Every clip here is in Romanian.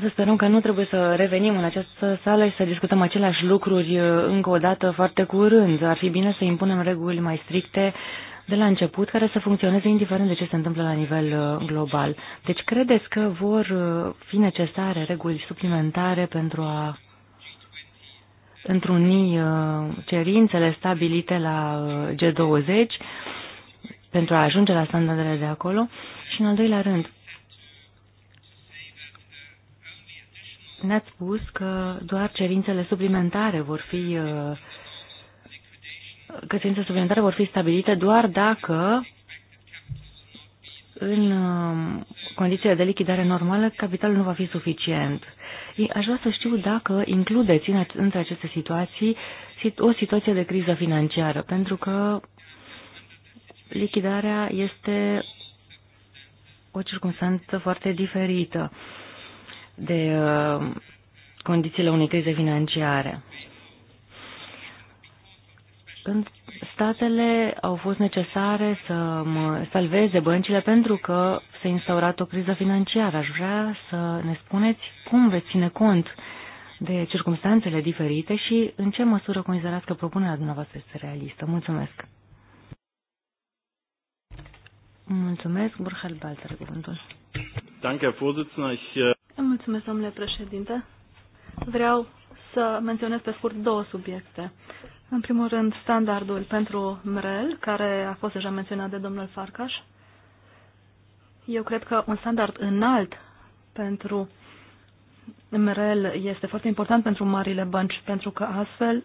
Să sperăm că nu trebuie să revenim în această sală și să discutăm aceleași lucruri uh, încă o dată foarte curând. Ar fi bine să impunem reguli mai stricte de la început care să funcționeze indiferent de ce se întâmplă la nivel uh, global. Deci credeți că vor uh, fi necesare reguli suplimentare pentru a întruni cerințele stabilite la G20 pentru a ajunge la standardele de acolo? Și în al doilea rând, Ne-ați spus că doar cerințele suplimentare vor fi uh, că cerințele suplimentare vor fi stabilite doar dacă în um, condițiile de lichidare normală capitalul nu va fi suficient. Aș vrea să știu dacă includeți în, între aceste situații o situație de criză financiară, pentru că lichidarea este o circunstanță foarte diferită de uh, condițiile crize financiare. Când statele au fost necesare să salveze băncile pentru că s-a instaurat o criză financiară. Aș vrea să ne spuneți cum veți ține cont de circumstanțele diferite și în ce măsură considerați că propunerea dumneavoastră este realistă. Mulțumesc! Mulțumesc, Burhal Balzer, cuvântul. Danke, Herr Vorsitzender. Ich äh, Mulțumesc, domnule președinte. Vreau să menționez pe scurt două subiecte. În primul rând, standardul pentru MREL, care a fost deja menționat de domnul Farcaș. Eu cred că un standard înalt pentru MREL este foarte important pentru marile bănci, pentru că astfel,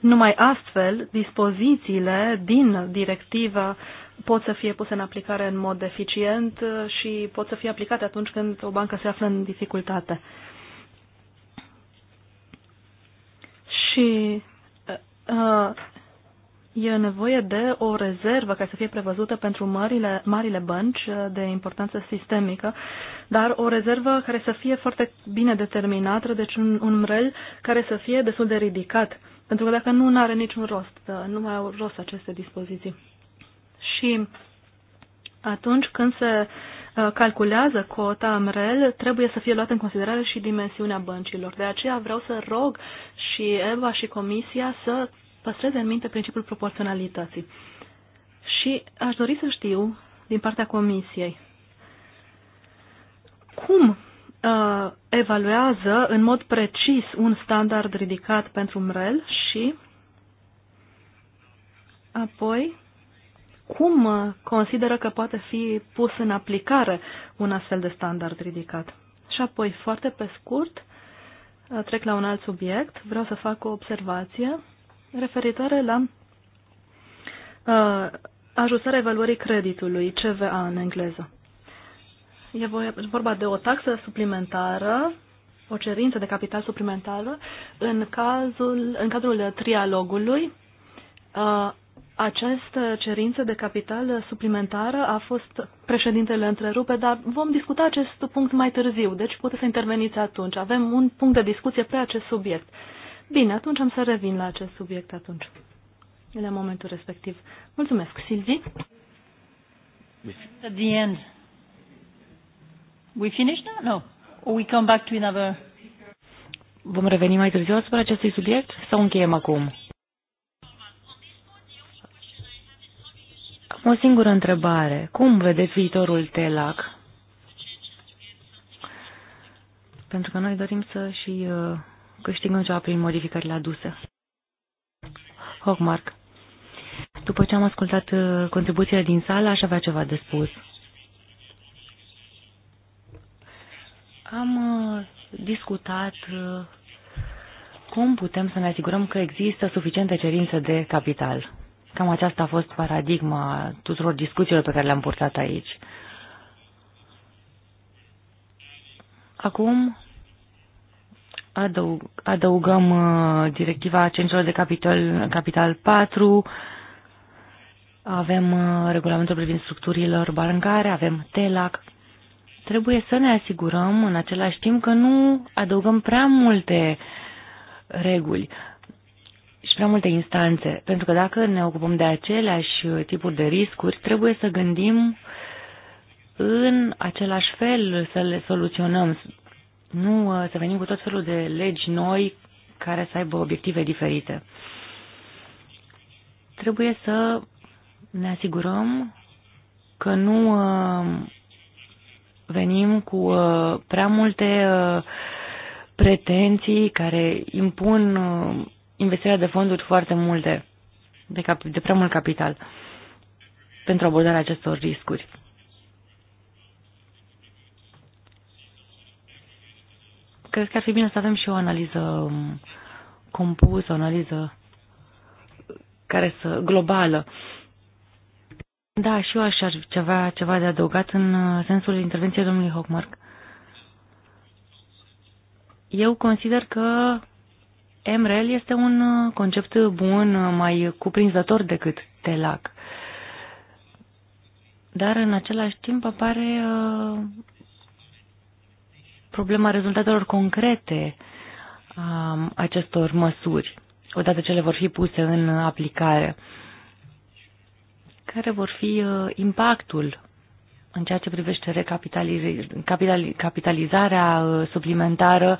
numai astfel, dispozițiile din directiva pot să fie puse în aplicare în mod eficient uh, și pot să fie aplicate atunci când o bancă se află în dificultate. Și uh, uh e nevoie de o rezervă care să fie prevăzută pentru marile, marile bănci uh, de importanță sistemică, dar o rezervă care să fie foarte bine determinată, deci un, un mrel care să fie destul de ridicat. Pentru că dacă nu, nu are niciun rost, nu mai au rost aceste dispoziții. Și atunci când se uh, calculează cota mrel trebuie să fie luată în considerare și dimensiunea băncilor. De aceea vreau să rog și Eva și Comisia să păstreze în minte principiul proporționalității. Și aș dori să știu, din partea Comisiei, cum uh, evaluează în mod precis un standard ridicat pentru MREL și apoi cum uh, consideră că poate fi pus în aplicare un astfel de standard ridicat. Și apoi, foarte pe scurt, uh, trec la un alt subiect. Vreau să fac o observație referitoare la uh, ajustarea evaluării creditului, CVA în engleză. E vorba de o taxă suplimentară, o cerință de capital suplimentară, în, cazul, în cadrul trialogului uh, această cerință de capital suplimentară a fost președintele întrerupe, dar vom discuta acest punct mai târziu, deci puteți să interveniți atunci. Avem un punct de discuție pe acest subiect. Bine, atunci am să revin la acest subiect atunci, la momentul respectiv. Mulțumesc, Silvi. At the end. We finish now? No. Or we come back to another... Vom reveni mai târziu asupra acestui subiect sau încheiem acum? O singură întrebare. Cum vedeți viitorul TELAC? Pentru că noi dorim să și uh, câștigăm ceva prin modificările aduse. Hogmark, După ce am ascultat uh, contribuțiile din sală, aș avea ceva de spus. Am uh, discutat cum putem să ne asigurăm că există suficiente cerințe de capital. Cam aceasta a fost paradigma tuturor discuțiilor pe care le-am purtat aici. Acum adăug, adăugăm uh, directiva Centrului de capital, capital 4, avem uh, regulamentul privind structurilor balancare, avem TELAC. Trebuie să ne asigurăm în același timp că nu adăugăm prea multe reguli și prea multe instanțe. Pentru că dacă ne ocupăm de aceleași uh, tipuri de riscuri, trebuie să gândim în același fel să le soluționăm. Nu uh, să venim cu tot felul de legi noi care să aibă obiective diferite. Trebuie să ne asigurăm că nu uh, venim cu prea multe pretenții care impun investirea de fonduri foarte multe, de, cap, de prea mult capital, pentru abordarea acestor riscuri. Cred că ar fi bine să avem și o analiză um, compusă, o analiză care să, globală. Da, și eu aș ceva, ceva de adăugat în uh, sensul intervenției domnului Hockmark. Eu consider că MREL este un uh, concept bun, uh, mai cuprinzător decât TELAC. Dar în același timp apare uh, problema rezultatelor concrete a um, acestor măsuri, odată ce le vor fi puse în aplicare. Care vor fi impactul în ceea ce privește recapitalizarea suplimentară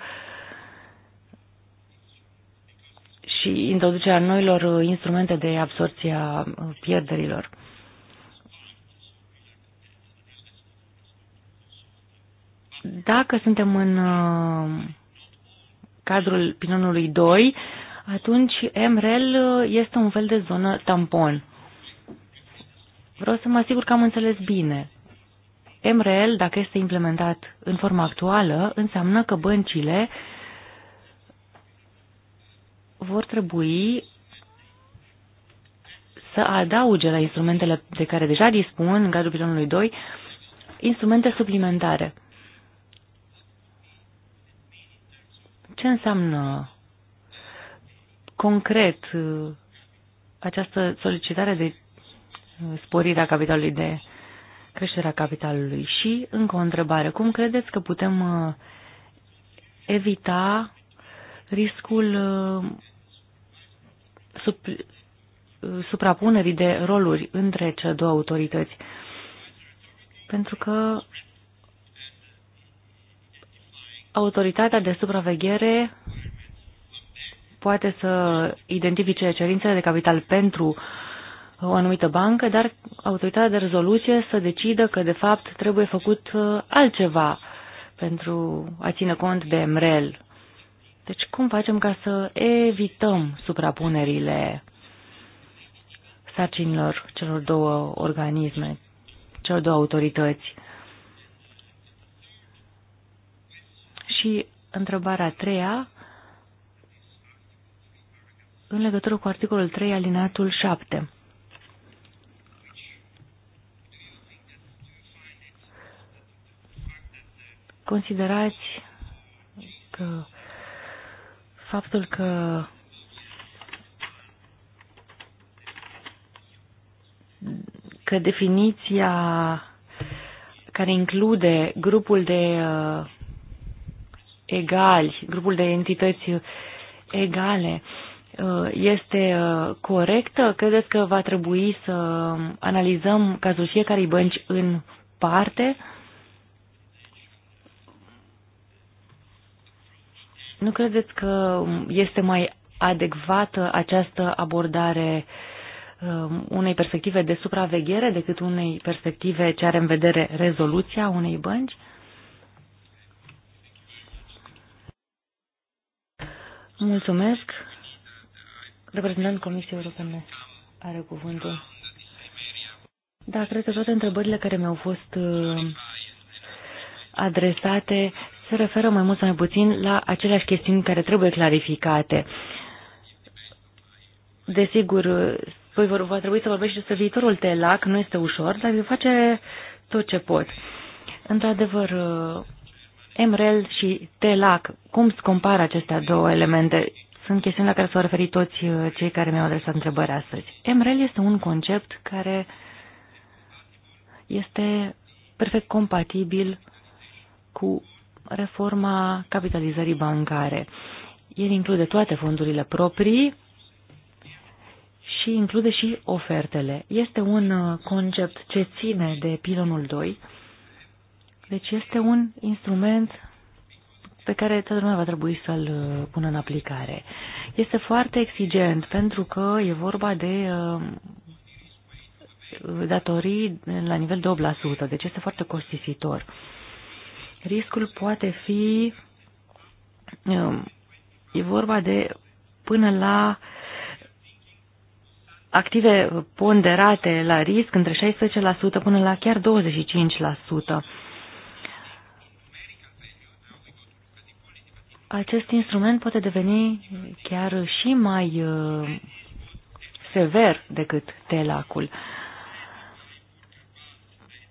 și introducerea noilor uh, instrumente de absorție a uh, pierderilor. Dacă suntem în uh, cadrul pinonului 2, atunci MREL este un fel de zonă tampon. Vreau să mă asigur că am înțeles bine. MREL, dacă este implementat în forma actuală, înseamnă că băncile uh, vor trebui să adauge la instrumentele de care deja dispun în cadrul pilonului 2 instrumente suplimentare. Ce înseamnă concret uh, această solicitare de uh, sporirea capitalului, de creșterea capitalului? Și, încă o întrebare, cum credeți că putem uh, evita riscul sub, suprapunerii de roluri între cele două autorități. Pentru că autoritatea de supraveghere poate să identifice cerințele de capital pentru o anumită bancă, dar autoritatea de rezoluție să decidă că, de fapt, trebuie făcut uh, altceva pentru a ține cont de MREL deci cum facem ca să evităm suprapunerile sarcinilor celor două organisme, celor două autorități? Și întrebarea a treia, în legătură cu articolul 3, alineatul 7. Considerați că faptul că că definiția care include grupul de uh, egali, grupul de entități egale, uh, este uh, corectă? Credeți că va trebui să analizăm cazul fiecarei bănci în parte? Uh, Nu credeți că este mai adecvată această abordare um, unei perspective de supraveghere decât unei perspective ce are în vedere rezoluția unei bănci? Mulțumesc. Reprezentant Comisiei Europene are cuvântul. Da, cred că toate întrebările care mi-au fost uh, adresate se referă mai mult sau mai puțin la aceleași chestiuni care trebuie clarificate. Desigur, voi vor, va trebui să vorbești despre viitorul TELAC, nu este ușor, dar vei face tot ce pot. Într-adevăr, MREL și TELAC, cum se compară acestea două elemente? Sunt chestiuni la care s-au referit toți uh, cei care mi-au adresat întrebări astăzi. MREL este un concept care este perfect compatibil cu reforma capitalizării bancare. El include toate fondurile proprii și include și ofertele. Este un uh, concept ce ține de pilonul 2, deci este un instrument pe care toată lumea va trebui să-l uh, pună în aplicare. Este foarte exigent pentru că e vorba de uh, datorii la nivel 2%, deci este foarte costisitor riscul poate fi, um, e vorba de până la active ponderate la risc între 16% până la chiar 25%. Acest instrument poate deveni chiar și mai uh, sever decât telacul.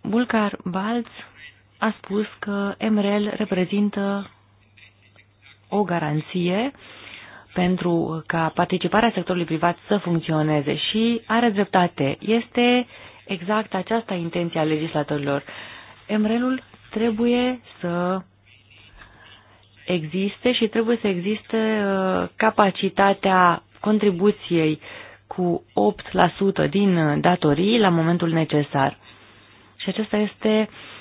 Bulgar Balz a spus că MRL reprezintă o garanție pentru ca participarea sectorului privat să funcționeze și are dreptate. Este exact aceasta intenția legislatorilor. mrl ul trebuie să existe și trebuie să existe uh, capacitatea contribuției cu 8% din datorii la momentul necesar. Și acesta este uh,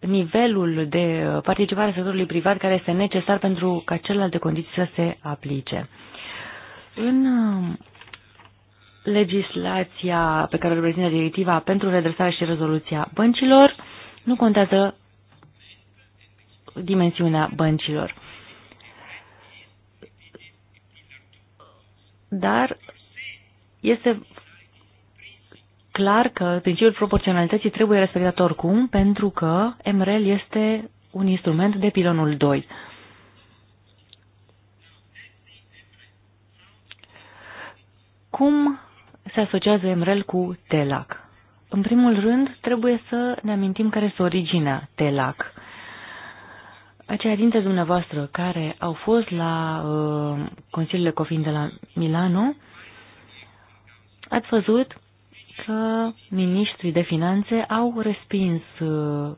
nivelul de participare a sectorului privat care este necesar pentru ca celelalte condiții să se aplice. În uh, legislația pe care o reprezintă directiva pentru redresarea și rezoluția băncilor, nu contează dimensiunea băncilor. Dar este clar că principiul proporționalității trebuie respectat oricum, pentru că MREL este un instrument de pilonul 2. Cum se asociază MREL cu TELAC? În primul rând, trebuie să ne amintim care este originea TELAC. Aceia dintre dumneavoastră care au fost la uh, Consiliile COFIN de la Milano, ați văzut că ministrii de finanțe au respins uh,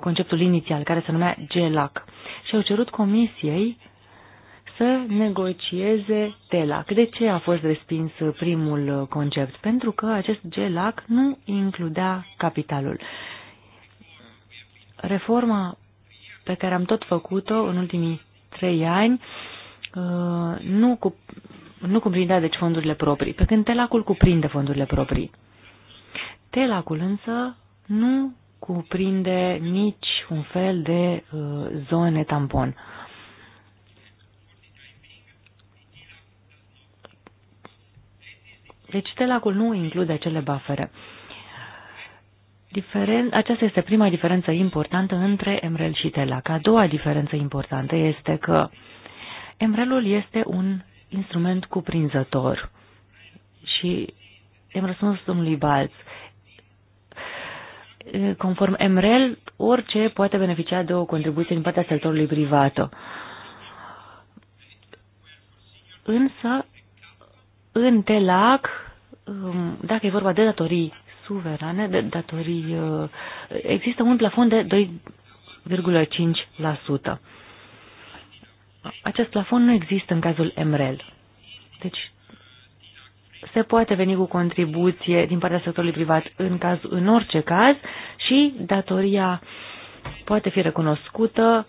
conceptul inițial, care se numea GELAC, și au cerut comisiei să negocieze TELAC. De ce a fost respins primul uh, concept? Pentru că acest GELAC nu includea capitalul. Reforma pe care am tot făcut-o în ultimii trei ani uh, nu, cu, nu cuprindea deci fondurile proprii, pe când telacul cuprinde fondurile proprii. Telacul însă nu cuprinde nici un fel de uh, zone tampon. Deci telacul nu include acele bafere. Diferen... Aceasta este prima diferență importantă între Emrel și Telac. A doua diferență importantă este că Emrelul este un instrument cuprinzător și am răspuns domnului Balț. Uh, conform MREL, orice poate beneficia de o contribuție din partea sectorului privat. Însă, în TELAC, um, dacă e vorba de datorii suverane, de datorii, uh, există un plafon de 2,5%. Acest plafon nu există în cazul MREL. Deci, se poate veni cu contribuție din partea sectorului privat în, caz, în orice caz și datoria poate fi recunoscută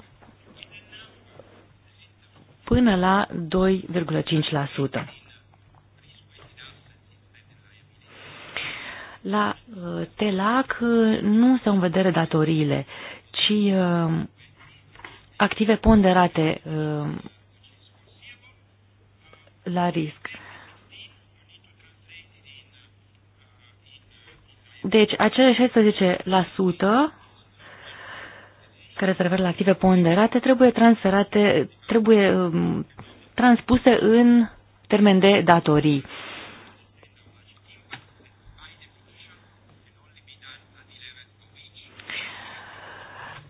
până la 2,5%. La uh, TELAC uh, nu se au în vedere datoriile, ci uh, active ponderate la risc. Deci, acele 16% care se referă la active ponderate trebuie transferate, trebuie um, transpuse în termen de datorii.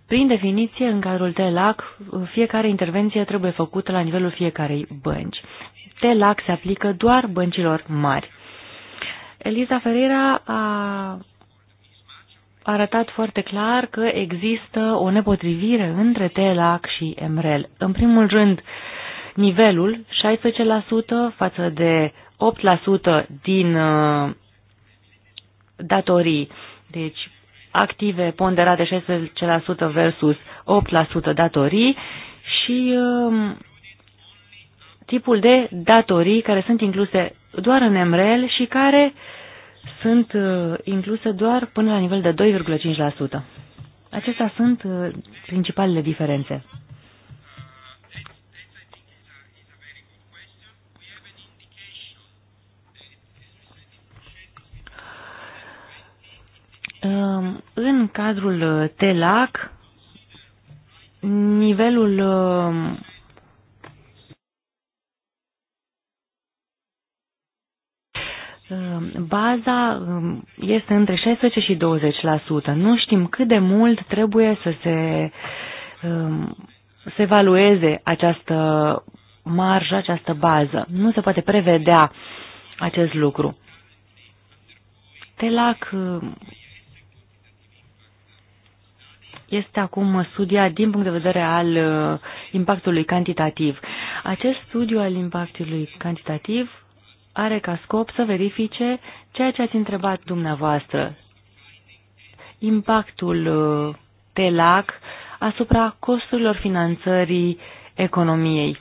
Prin definiție, în cadrul TELAC, fiecare intervenție trebuie făcută la nivelul fiecarei bănci. TELAC se aplică doar băncilor mari. Eliza Ferreira a arătat foarte clar că există o nepotrivire între TELAC și MREL. În primul rând, nivelul 16% față de 8% din uh, datorii. Deci, active ponderate 16% versus 8% datorii și uh, tipul de datorii care sunt incluse doar în MREL și care sunt uh, incluse doar până la nivel de 2,5%. Acestea sunt uh, principalele diferențe. Um, în cadrul uh, TELAC, nivelul um, Ehm, baza ehm, este între 16 și 20%. Nu știm cât de mult trebuie să se, ehm, se evalueze această marjă, această bază. Nu se poate prevedea acest lucru. TELAC este acum studiat din punct de vedere al impactului cantitativ. Acest studiu al impactului cantitativ are ca scop să verifice ceea ce ați întrebat dumneavoastră, impactul uh, TELAC asupra costurilor finanțării economiei.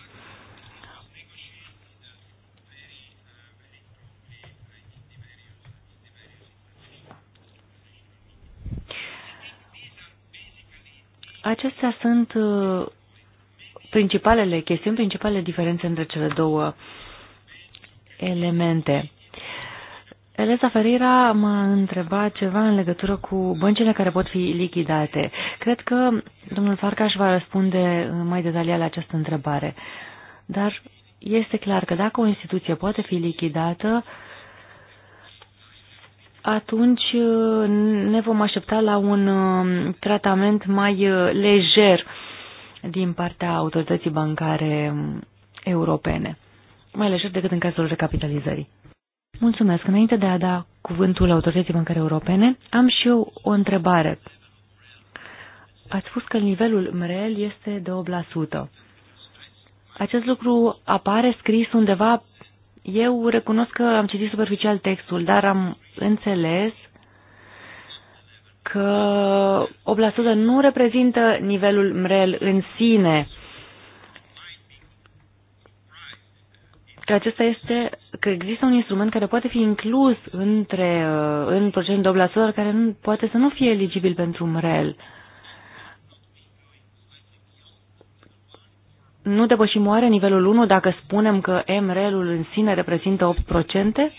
Acestea sunt uh, principalele chestiuni, principalele diferențe între cele două uh, elemente. Elesa Ferreira m-a întrebat ceva în legătură cu băncile care pot fi lichidate. Cred că domnul Farcaș va răspunde mai detaliat la această întrebare. Dar este clar că dacă o instituție poate fi lichidată, atunci uh, ne vom aștepta la un um, tratament mai uh, lejer din partea autorității bancare um, europene mai lejer decât în cazul recapitalizării. Mulțumesc. Înainte de a da cuvântul Autorității Bancare Europene, am și eu o întrebare. Ați spus că nivelul MREL este de 8%. Acest lucru apare scris undeva. Eu recunosc că am citit superficial textul, dar am înțeles că 8% nu reprezintă nivelul MREL în sine, că acesta este, că există un instrument care poate fi inclus între, uh, în procentul de oblaților care nu, poate să nu fie eligibil pentru MREL. Nu depășim oare nivelul 1 dacă spunem că MREL-ul în sine reprezintă 8%?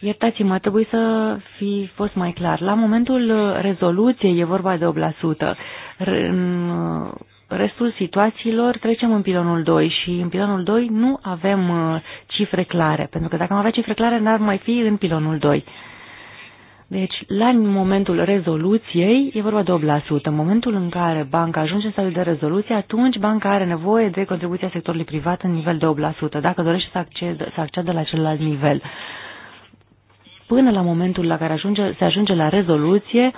Iertați-mă, trebuie să fi fost mai clar. La momentul uh, rezoluției e vorba de 8% restul situațiilor trecem în pilonul 2 și în pilonul 2 nu avem uh, cifre clare, pentru că dacă am avea cifre clare n-ar mai fi în pilonul 2. Deci, la momentul rezoluției, e vorba de 8%. În momentul în care banca ajunge în stadiul de rezoluție, atunci banca are nevoie de contribuția sectorului privat în nivel de 8%, dacă dorește să, accede, să accede la celălalt nivel. Până la momentul la care ajunge, se ajunge la rezoluție, uh,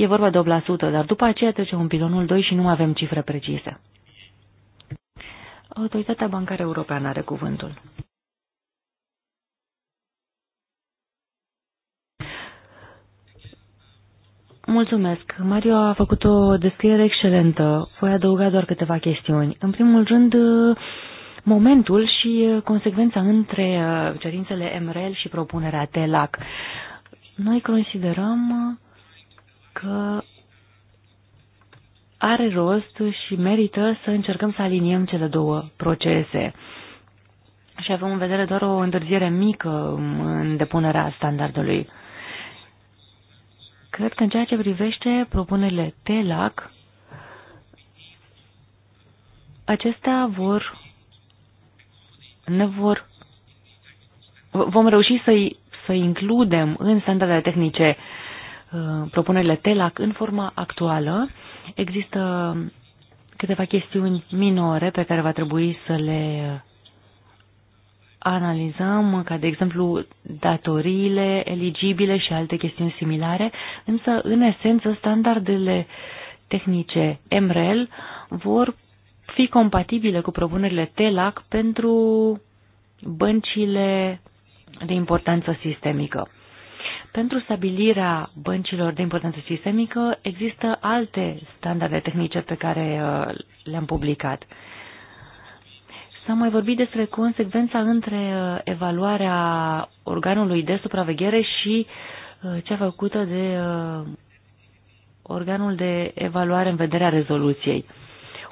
e vorba de 8%, dar după aceea trece un pilonul 2 și nu avem cifre precise. Autoritatea Bancară Europeană are cuvântul. Mulțumesc. Mario a făcut o descriere excelentă. Voi adăuga doar câteva chestiuni. În primul rând, momentul și consecvența între uh, cerințele MREL și propunerea TELAC. Noi considerăm că are rost și merită să încercăm să aliniem cele două procese. Și avem în vedere doar o întârziere mică în depunerea standardului. Cred că în ceea ce privește propunerile TELAC, acestea vor ne vor vom reuși să-i să includem în standardele tehnice Uh, propunerile TELAC în forma actuală. Există câteva chestiuni minore pe care va trebui să le analizăm, ca de exemplu datoriile eligibile și alte chestiuni similare, însă în esență standardele tehnice MREL vor fi compatibile cu propunerile TELAC pentru băncile de importanță sistemică. Pentru stabilirea băncilor de importanță sistemică există alte standarde tehnice pe care uh, le-am publicat. S-a mai vorbit despre consecvența între uh, evaluarea organului de supraveghere și uh, cea făcută de organul de evaluare în vederea rezoluției.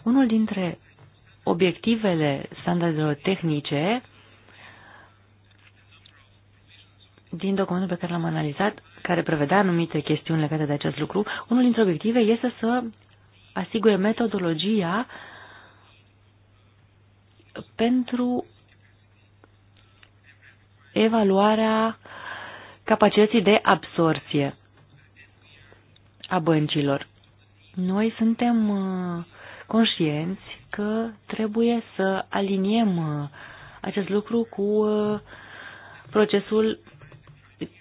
Unul dintre obiectivele standardelor tehnice din documentul pe care l-am analizat, care prevedea anumite chestiuni legate de acest lucru, unul dintre obiective este să asigure metodologia pentru evaluarea capacității de absorție a băncilor. Noi suntem uh, conștienți că trebuie să aliniem uh, acest lucru cu uh, procesul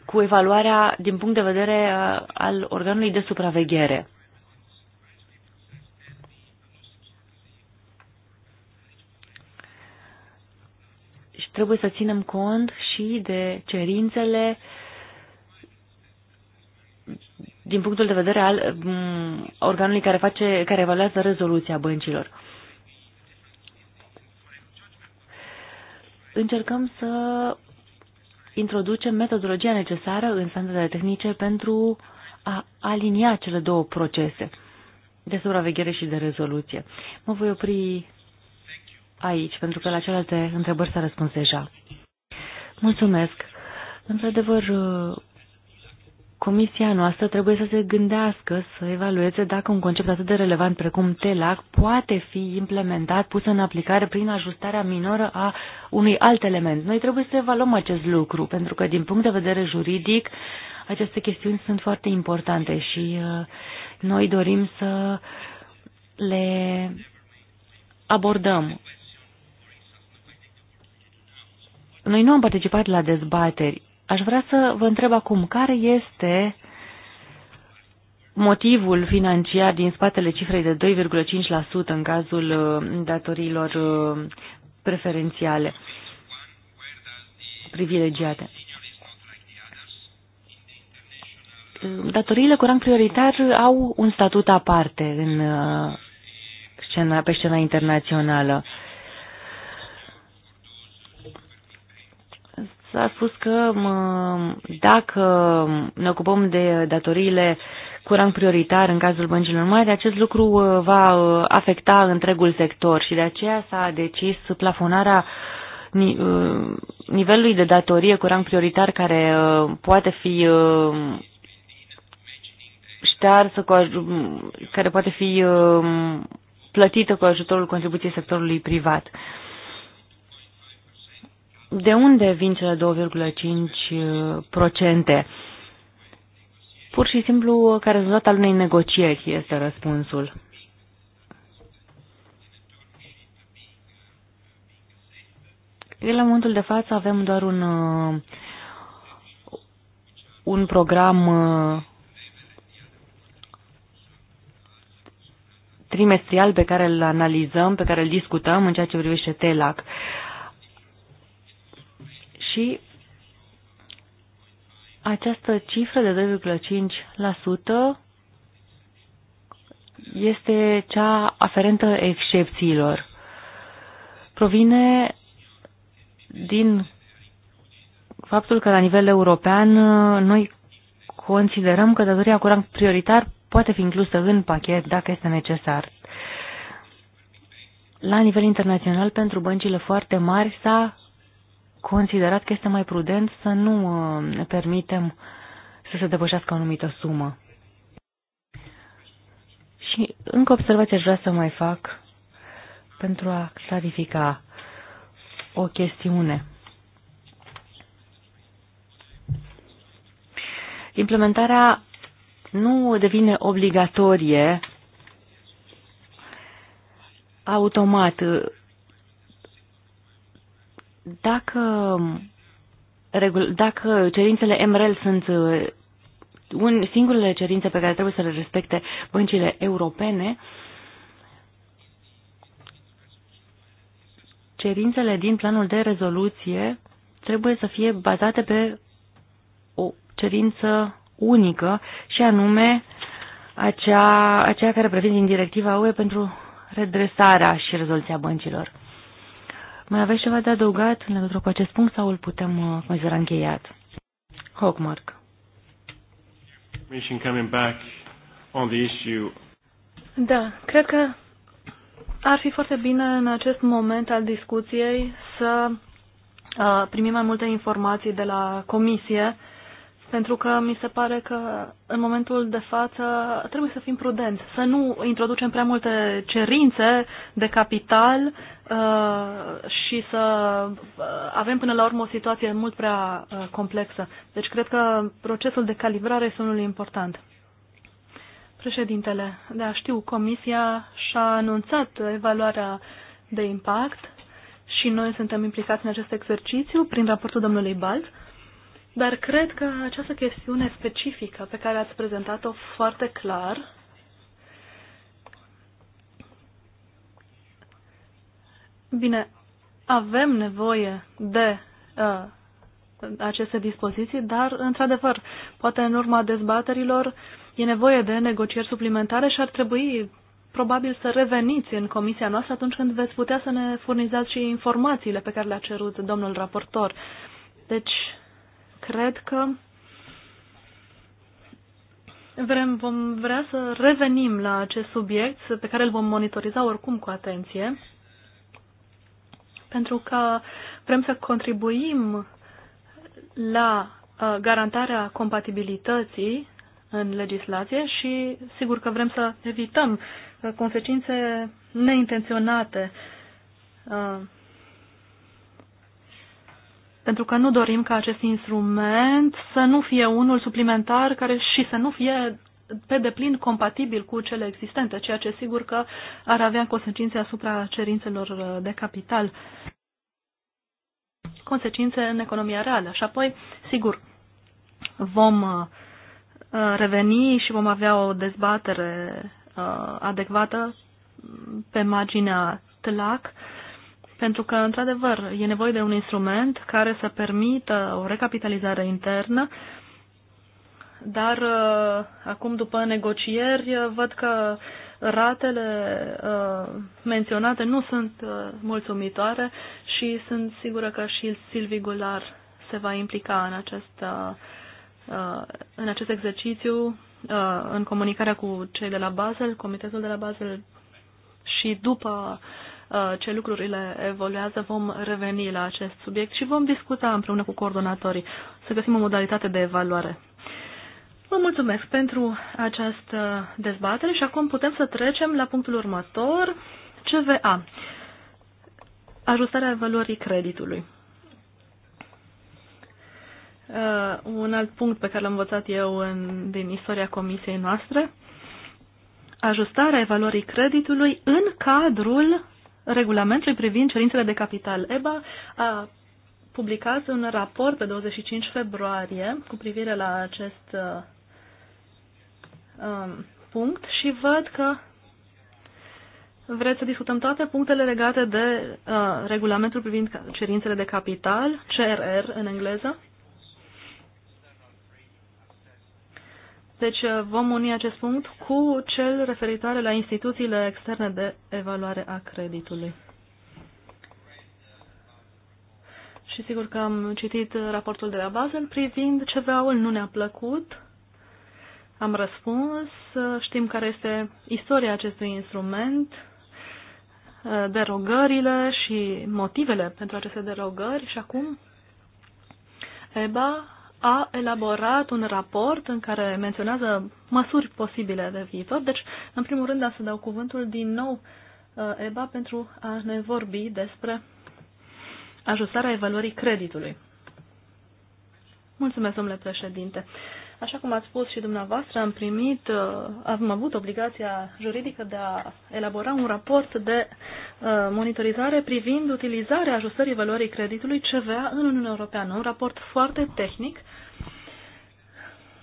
cu evaluarea din punct de vedere uh, al organului de supraveghere. Și trebuie să ținem cont și de cerințele din punctul de vedere al mm, organului care, face, care evaluează rezoluția băncilor. Încercăm să introduce metodologia necesară în standardele tehnice pentru a alinia cele două procese de supraveghere și de rezoluție. Mă voi opri aici, pentru că la celelalte întrebări s-a răspuns deja. Mulțumesc! Într-adevăr, Comisia noastră trebuie să se gândească, să evalueze dacă un concept atât de relevant precum TELAC poate fi implementat, pus în aplicare prin ajustarea minoră a unui alt element. Noi trebuie să evaluăm acest lucru, pentru că din punct de vedere juridic, aceste chestiuni sunt foarte importante și uh, noi dorim să le abordăm. Noi nu am participat la dezbateri Aș vrea să vă întreb acum, care este motivul financiar din spatele cifrei de 2,5% în cazul uh, datoriilor uh, preferențiale privilegiate? Uh, datoriile cu rang prioritar au un statut aparte în scena, pe scena internațională. Uh, a spus că dacă ne ocupăm de datoriile cu rang prioritar în cazul băncilor mari, acest lucru uh, va uh, afecta întregul sector și de aceea s-a decis plafonarea uh, nivelului de datorie cu rang prioritar care poate fi ștearsă, care poate fi plătită cu ajutorul contribuției sectorului privat de unde vin cele 2,5%? Pur și simplu ca rezultat al unei negocieri este răspunsul. La momentul de față avem doar un, uh, un program uh, trimestrial pe care îl analizăm, pe care îl discutăm în ceea ce privește TELAC și această cifră de 2,5% este cea aferentă excepțiilor. Provine din faptul că la nivel european noi considerăm că datoria cu rang prioritar poate fi inclusă în pachet dacă este necesar. La nivel internațional, pentru băncile foarte mari s-a considerat că este mai prudent să nu uh, permitem să se depășească o anumită sumă. Și încă observație aș vrea să mai fac pentru a clarifica o chestiune. Implementarea nu devine obligatorie automat dacă, dacă cerințele MREL sunt uh, un, singurele cerințe pe care trebuie să le respecte băncile europene, cerințele din planul de rezoluție trebuie să fie bazate pe o cerință unică și anume acea, aceea care previne din directiva UE pentru redresarea și rezoluția băncilor. Mai aveți ceva de adăugat în legătură cu acest punct sau îl putem considera uh, încheiat? Hockmark. Da, cred că ar fi foarte bine în acest moment al discuției să uh, primim mai multe informații de la comisie pentru că mi se pare că în momentul de față trebuie să fim prudenți, să nu introducem prea multe cerințe de capital uh, și să uh, avem până la urmă o situație mult prea uh, complexă. Deci cred că procesul de calibrare este unul important. Președintele, da, știu, Comisia și-a anunțat evaluarea de impact și noi suntem implicați în acest exercițiu prin raportul domnului Balz. Dar cred că această chestiune specifică pe care ați prezentat-o foarte clar Bine, avem nevoie de uh, aceste dispoziții, dar, într-adevăr, poate în urma dezbaterilor e nevoie de negocieri suplimentare și ar trebui probabil să reveniți în comisia noastră atunci când veți putea să ne furnizați și informațiile pe care le-a cerut domnul raportor. Deci, Cred că vrem, vom vrea să revenim la acest subiect pe care îl vom monitoriza oricum cu atenție, pentru că vrem să contribuim la uh, garantarea compatibilității în legislație și sigur că vrem să evităm uh, consecințe neintenționate uh, pentru că nu dorim ca acest instrument să nu fie unul suplimentar care și să nu fie pe deplin compatibil cu cele existente, ceea ce sigur că ar avea consecințe asupra cerințelor de capital, consecințe în economia reală. Și apoi, sigur, vom uh, reveni și vom avea o dezbatere uh, adecvată pe marginea TLAC pentru că, într-adevăr, e nevoie de un instrument care să permită o recapitalizare internă, dar uh, acum, după negocieri, uh, văd că ratele uh, menționate nu sunt mulțumitoare și sunt sigură că și Silvi Gular se va implica în acest, în acest exercițiu, în comunicarea cu cei de la Basel, comitetul de la Basel și după uh, Uh, ce lucrurile evoluează, vom reveni la acest subiect și vom discuta împreună cu coordonatorii să găsim o modalitate de evaluare. Vă mulțumesc pentru această dezbatere și acum putem să trecem la punctul următor, CVA, ajustarea evaluării creditului. Uh, un alt punct pe care l-am învățat eu în, din istoria comisiei noastre, ajustarea evaluării creditului în cadrul regulamentului privind cerințele de capital. EBA a publicat un raport pe 25 februarie cu privire la acest uh, um, punct și văd că vreți să discutăm toate punctele legate de uh, regulamentul privind cerințele de capital, CRR în engleză. Deci uh, vom uni acest punct cu cel referitoare la instituțiile externe de evaluare a creditului. Și sigur că am citit raportul de la Basel privind ce vreau, nu ne-a plăcut. Am răspuns, uh, știm care este istoria acestui instrument, uh, derogările și motivele pentru aceste derogări și acum EBA a elaborat un raport în care menționează măsuri posibile de viitor. Deci, în primul rând, am da, să dau cuvântul din nou uh, EBA pentru a ne vorbi despre ajustarea evaluării creditului. Mulțumesc, domnule președinte. Uh, Așa cum ați spus și dumneavoastră, am primit, uh, am avut obligația juridică de a elabora un raport de uh, monitorizare privind utilizarea ajustării valorii creditului CVA în Uniunea Europeană. Un raport foarte tehnic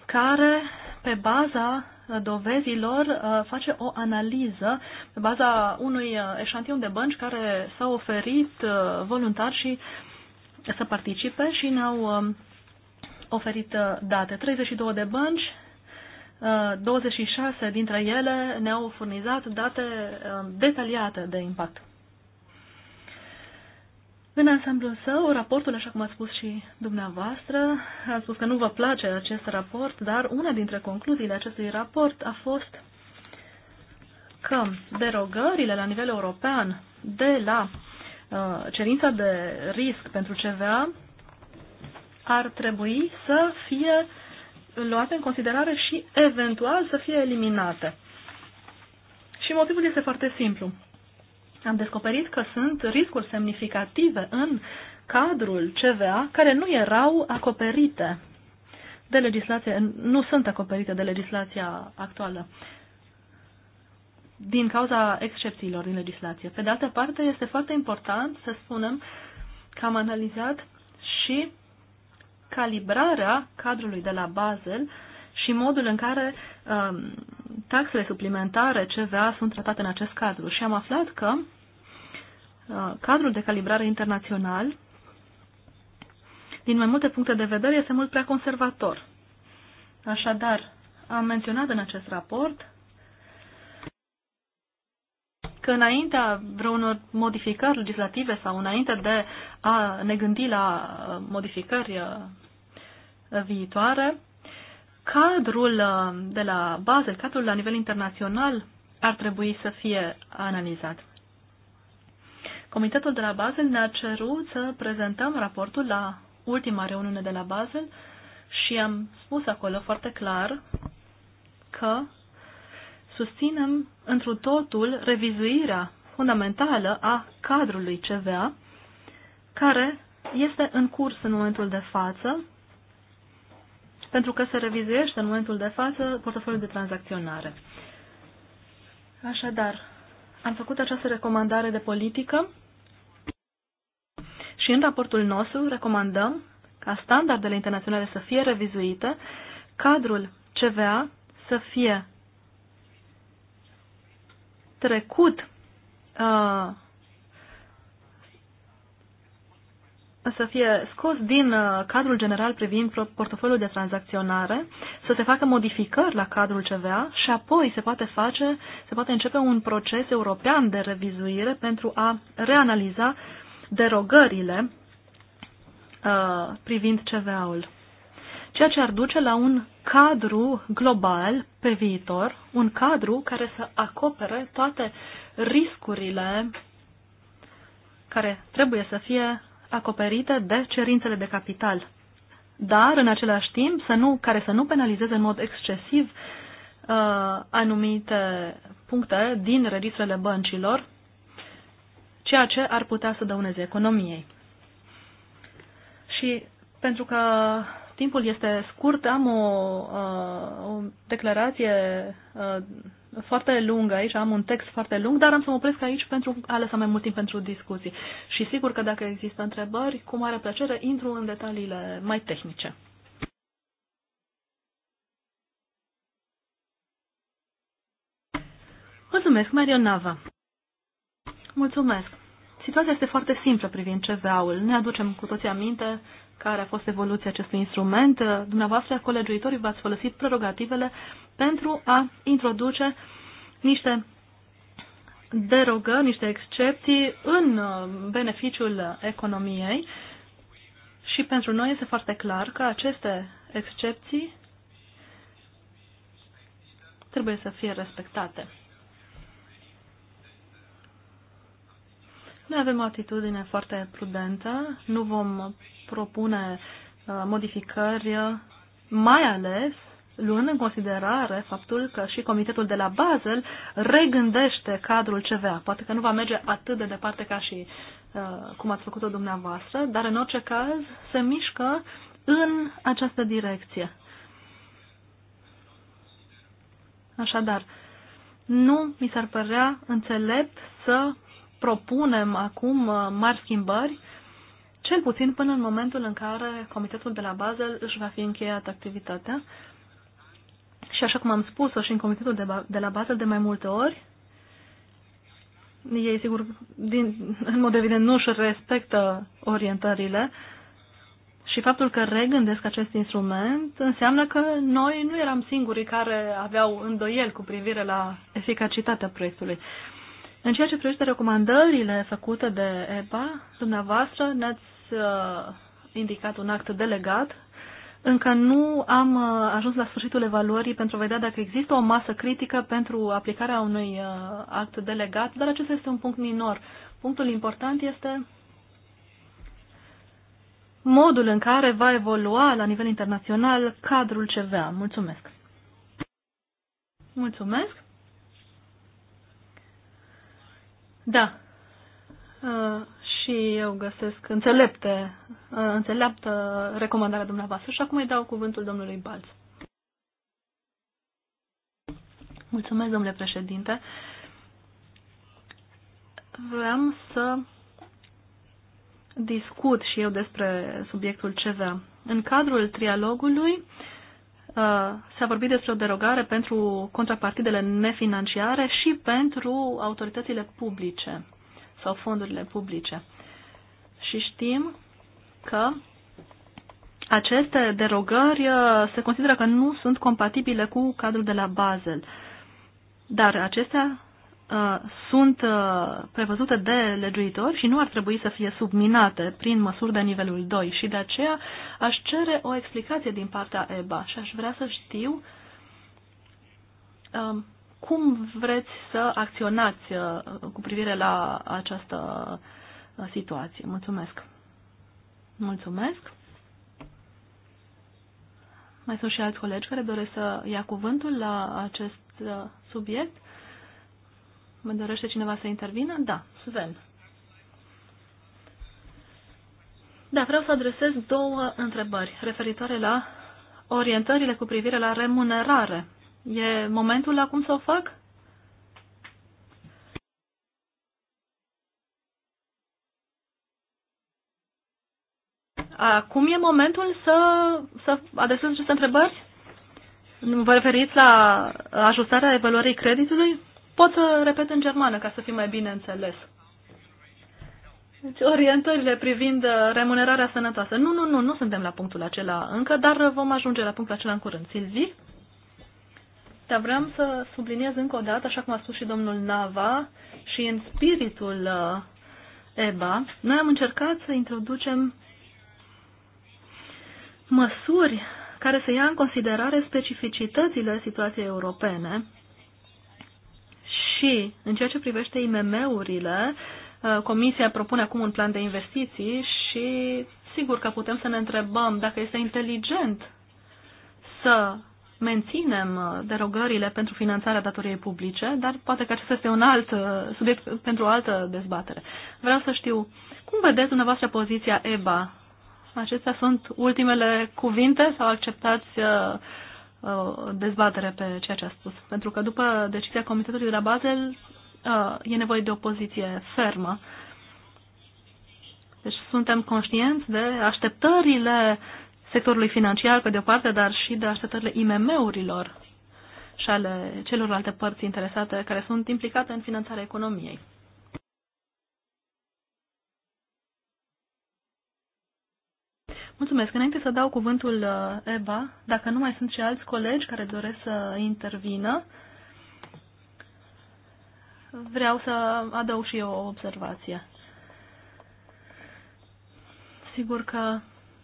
care, pe baza uh, dovezilor, face o analiză pe baza unui eșantion de bănci care s-au oferit voluntar și să participe și ne-au um, oferit uh, date. 32 de bănci, 26 uh, dintre ele ne-au furnizat date uh, detaliate de impact. În ansamblul său, raportul, așa cum a spus și dumneavoastră, a spus că nu vă place acest raport, dar una dintre concluziile acestui raport a fost că derogările la nivel european de la uh, cerința de risc pentru CVA ar trebui să fie luate în considerare și eventual să fie eliminate. Și motivul este foarte simplu. Am descoperit că sunt riscuri semnificative în cadrul CVA care nu erau acoperite de legislație, nu sunt acoperite de legislația actuală din cauza excepțiilor din legislație. Pe de altă parte, este foarte important să spunem că am analizat și calibrarea cadrului de la Basel și modul în care um, taxele suplimentare CVA sunt tratate în acest cadru. Și am aflat că uh, cadrul de calibrare internațional, din mai multe puncte de vedere, este mult prea conservator. Așadar, am menționat în acest raport că înaintea vreunor modificări legislative sau înainte de a ne gândi la uh, modificări uh, viitoare, cadrul uh, de la bază, cadrul la nivel internațional ar trebui să fie analizat. Comitetul de la Basel ne-a cerut să prezentăm raportul la ultima reuniune de la Basel și am spus acolo foarte clar că susținem întru totul revizuirea fundamentală a cadrului CVA, care este în curs în momentul de față pentru că se revizuiește în momentul de față portofoliul de tranzacționare. Așadar, am făcut această recomandare de politică și în raportul nostru recomandăm ca standardele internaționale să fie revizuite, cadrul CVA să fie trecut uh, să fie scos din uh, cadrul general privind portofoliul de tranzacționare, să se facă modificări la cadrul CVA și apoi se poate face, se poate începe un proces european de revizuire pentru a reanaliza derogările uh, privind CVA-ul. Ceea ce ar duce la un cadru global pe viitor, un cadru care să acopere toate riscurile care trebuie să fie acoperită de cerințele de capital. Dar, în același timp, să nu, care să nu penalizeze în mod excesiv uh, anumite puncte din registrele băncilor, ceea ce ar putea să dăuneze economiei. Și pentru că timpul este scurt, am o, uh, o declarație uh, foarte lungă aici, am un text foarte lung, dar am să mă opresc aici pentru a lăsa mai mult timp pentru discuții. Și sigur că dacă există întrebări, cu mare plăcere intru în detaliile mai tehnice. Mulțumesc, Marion Nava. Mulțumesc. Situația este foarte simplă privind CVA-ul. Ne aducem cu toții aminte care a fost evoluția acestui instrument. Dumneavoastră, colegiuitorii, v-ați folosit prerogativele pentru a introduce niște derogări, niște excepții în uh, beneficiul economiei și pentru noi este foarte clar că aceste excepții trebuie să fie respectate. Noi avem o atitudine foarte prudentă, nu vom propune uh, modificări, uh, mai ales luând în considerare faptul că și comitetul de la Basel regândește cadrul CVA. Poate că nu va merge atât de departe ca și uh, cum ați făcut-o dumneavoastră, dar în orice caz se mișcă în această direcție. Așadar, nu mi s-ar părea înțelept să propunem acum uh, mari schimbări, cel puțin până în momentul în care Comitetul de la Basel își va fi încheiat activitatea. Și așa cum am spus-o și în Comitetul de, de la Basel de mai multe ori, ei, sigur, din, în mod evident, nu își respectă orientările și faptul că regândesc acest instrument înseamnă că noi nu eram singurii care aveau îndoieli cu privire la eficacitatea proiectului. Uh, în ceea ce privește recomandările făcute de EPA dumneavoastră ne-ați uh, indicat un act delegat. Încă nu am uh, ajuns la sfârșitul evaluării pentru a vedea dacă există o masă critică pentru aplicarea unui uh, act delegat, dar acesta este un punct minor. Punctul important este modul în care va evolua la nivel internațional cadrul CVA. Mulțumesc! Mulțumesc! Da. Uh, și eu găsesc înțelepte, uh, înțeleaptă recomandarea dumneavoastră și acum îi dau cuvântul domnului Balț. Mulțumesc, domnule președinte. Vreau să discut și eu despre subiectul CVA. În cadrul trialogului, uh, Uh, s-a vorbit despre o derogare pentru contrapartidele nefinanciare și pentru autoritățile publice sau fondurile publice. Și știm că aceste derogări uh, se consideră că nu sunt compatibile cu cadrul de la Basel. Dar acestea Uh, sunt uh, prevăzute de legiuitori și nu ar trebui să fie subminate prin măsuri de nivelul 2 și de aceea aș cere o explicație din partea EBA și aș vrea să știu um, cum vreți să acționați uh, cu privire la această situație. Mulțumesc! Mulțumesc! Mai sunt și alți colegi care doresc să ia cuvântul la acest subiect. Mă dorește cineva să intervină? Da, Sven. Da, vreau să adresez două întrebări referitoare la orientările cu privire la remunerare. E momentul acum să o fac? Acum e momentul să, să adresez aceste întrebări? Vă referiți la ajustarea evaluării creditului? Pot să repet în germană ca să fie mai bine înțeles. Deci, orientările privind uh, remunerarea sănătoasă. Nu, nu, nu, nu suntem la punctul acela încă, dar uh, vom ajunge la punctul acela în curând. Silvi? Dar vreau să subliniez încă o dată, așa cum a spus și domnul Nava, și în spiritul uh, EBA, noi am încercat să introducem măsuri care să ia în considerare specificitățile situației europene și în ceea ce privește IMM-urile, uh, Comisia propune acum un plan de investiții și sigur că putem să ne întrebăm dacă este inteligent să menținem uh, derogările pentru finanțarea datoriei publice, dar poate că acesta este un alt uh, subiect pentru o altă dezbatere. Vreau să știu, cum vedeți dumneavoastră poziția EBA? Acestea sunt ultimele cuvinte sau acceptați Uh, dezbatere pe ceea ce a spus. Pentru că după decizia Comitetului de la Basel uh, e nevoie de o poziție fermă. Deci suntem conștienți de așteptările sectorului financiar, pe de o parte, dar și de așteptările IMM-urilor și ale celorlalte părți interesate care sunt implicate în finanțarea economiei. Mulțumesc. Înainte să dau cuvântul uh, Eva, dacă nu mai sunt și alți colegi care doresc să intervină, vreau să adaug și eu o observație. Sigur că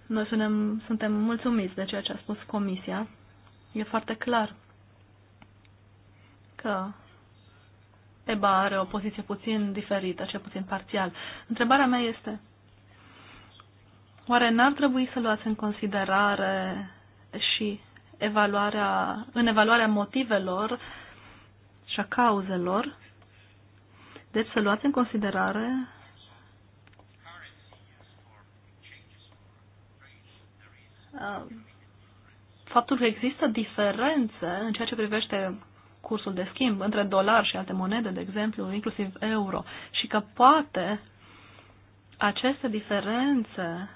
noi suntem, suntem mulțumiți de ceea ce a spus Comisia. E foarte clar că EBA are o poziție puțin diferită, cel puțin parțial. Întrebarea mea este, Oare n-ar trebui să luați în considerare și evaluarea, în evaluarea motivelor și a cauzelor? Deci să luați în considerare uh, faptul că există diferențe în ceea ce privește cursul de schimb între dolar și alte monede, de exemplu, inclusiv euro, și că poate aceste diferențe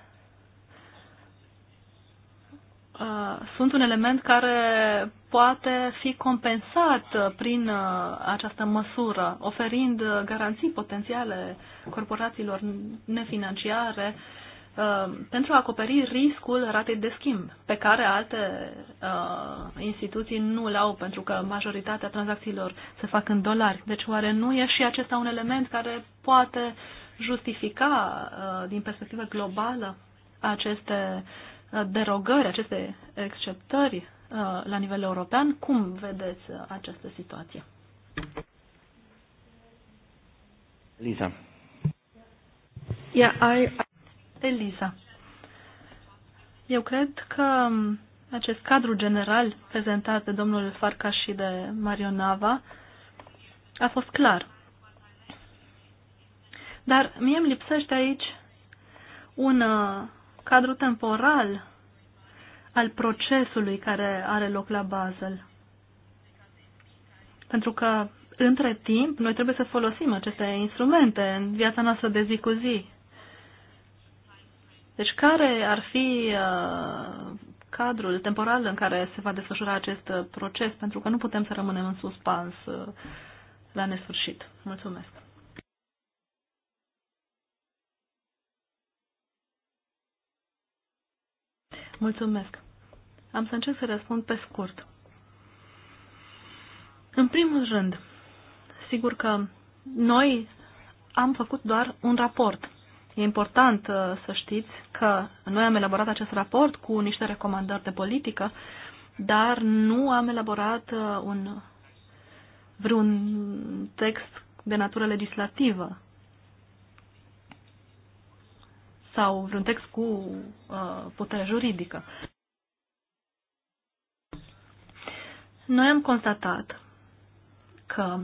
Uh, sunt un element care poate fi compensat prin uh, această măsură, oferind garanții potențiale corporațiilor nefinanciare uh, pentru a acoperi riscul ratei de schimb, pe care alte instituții nu le au, pentru că majoritatea tranzacțiilor se fac în dolari. Deci oare nu e și acesta un element care poate justifica din perspectivă globală aceste uh, derogări, aceste exceptări uh, la nivel european. Cum vedeți uh, această situație? Elisa. Yeah, I... Elisa. Eu cred că um, acest cadru general prezentat de domnul Farca și de Marionava a fost clar. Dar mie îmi lipsește aici un uh, cadru temporal al procesului care are loc la Basel. Pentru că, între timp, noi trebuie să folosim aceste instrumente în viața noastră de zi cu zi. Deci, care ar fi uh, cadrul temporal în care se va desfășura acest uh, proces? Pentru că nu putem să rămânem în suspans uh, la nesfârșit. Mulțumesc! Mulțumesc. Am să încerc să răspund pe scurt. În primul rând, sigur că noi am făcut doar un raport. E important uh, să știți că noi am elaborat acest raport cu niște recomandări de politică, dar nu am elaborat uh, un, vreun text de natură legislativă sau vreun text cu uh, putere juridică. Noi am constatat că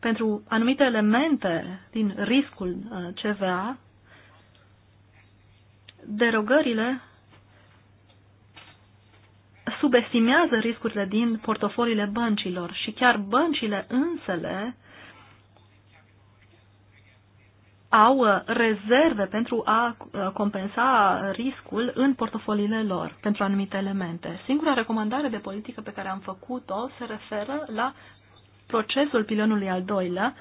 pentru anumite elemente din riscul uh, CVA, derogările subestimează riscurile din portofoliile băncilor și chiar băncile însele au uh, rezerve pentru a uh, compensa riscul în portofoliile lor pentru anumite elemente. Singura recomandare de politică pe care am făcut-o se referă la procesul pilonului al doilea,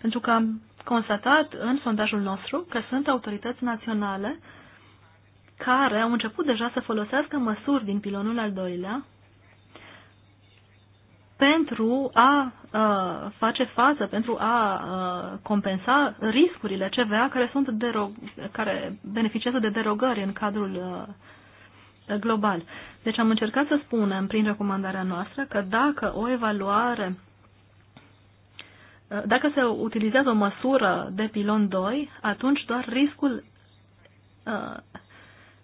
pentru că am constatat în sondajul nostru că sunt autorități naționale care au început deja să folosească măsuri din pilonul al doilea pentru a uh, face față, pentru a uh, compensa riscurile CVA care, sunt derog- care beneficiază de derogări în cadrul uh, global. Deci am încercat să spunem prin recomandarea noastră că dacă o evaluare uh, dacă se utilizează o măsură de pilon 2, atunci doar riscul uh,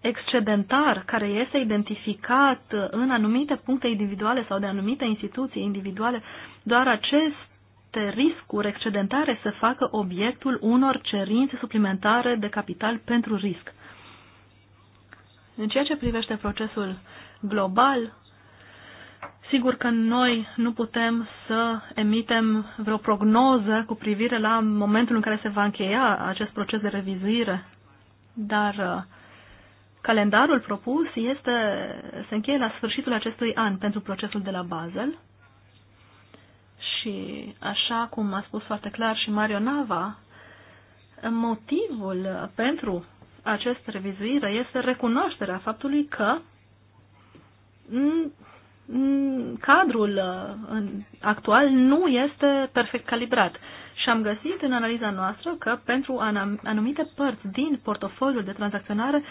excedentar care este identificat în anumite puncte individuale sau de anumite instituții individuale, doar aceste riscuri excedentare să facă obiectul unor cerințe suplimentare de capital pentru risc. În ceea ce privește procesul global, sigur că noi nu putem să emitem vreo prognoză cu privire la momentul în care se va încheia acest proces de revizuire, dar uh, Calendarul propus este, se încheie la sfârșitul acestui an pentru procesul de la Basel și, așa cum a spus foarte clar și Mario Nava, motivul pentru această revizuire este recunoașterea faptului că cadrul actual nu este perfect calibrat. Și am găsit în analiza noastră că pentru anumite părți din portofoliul de tranzacționare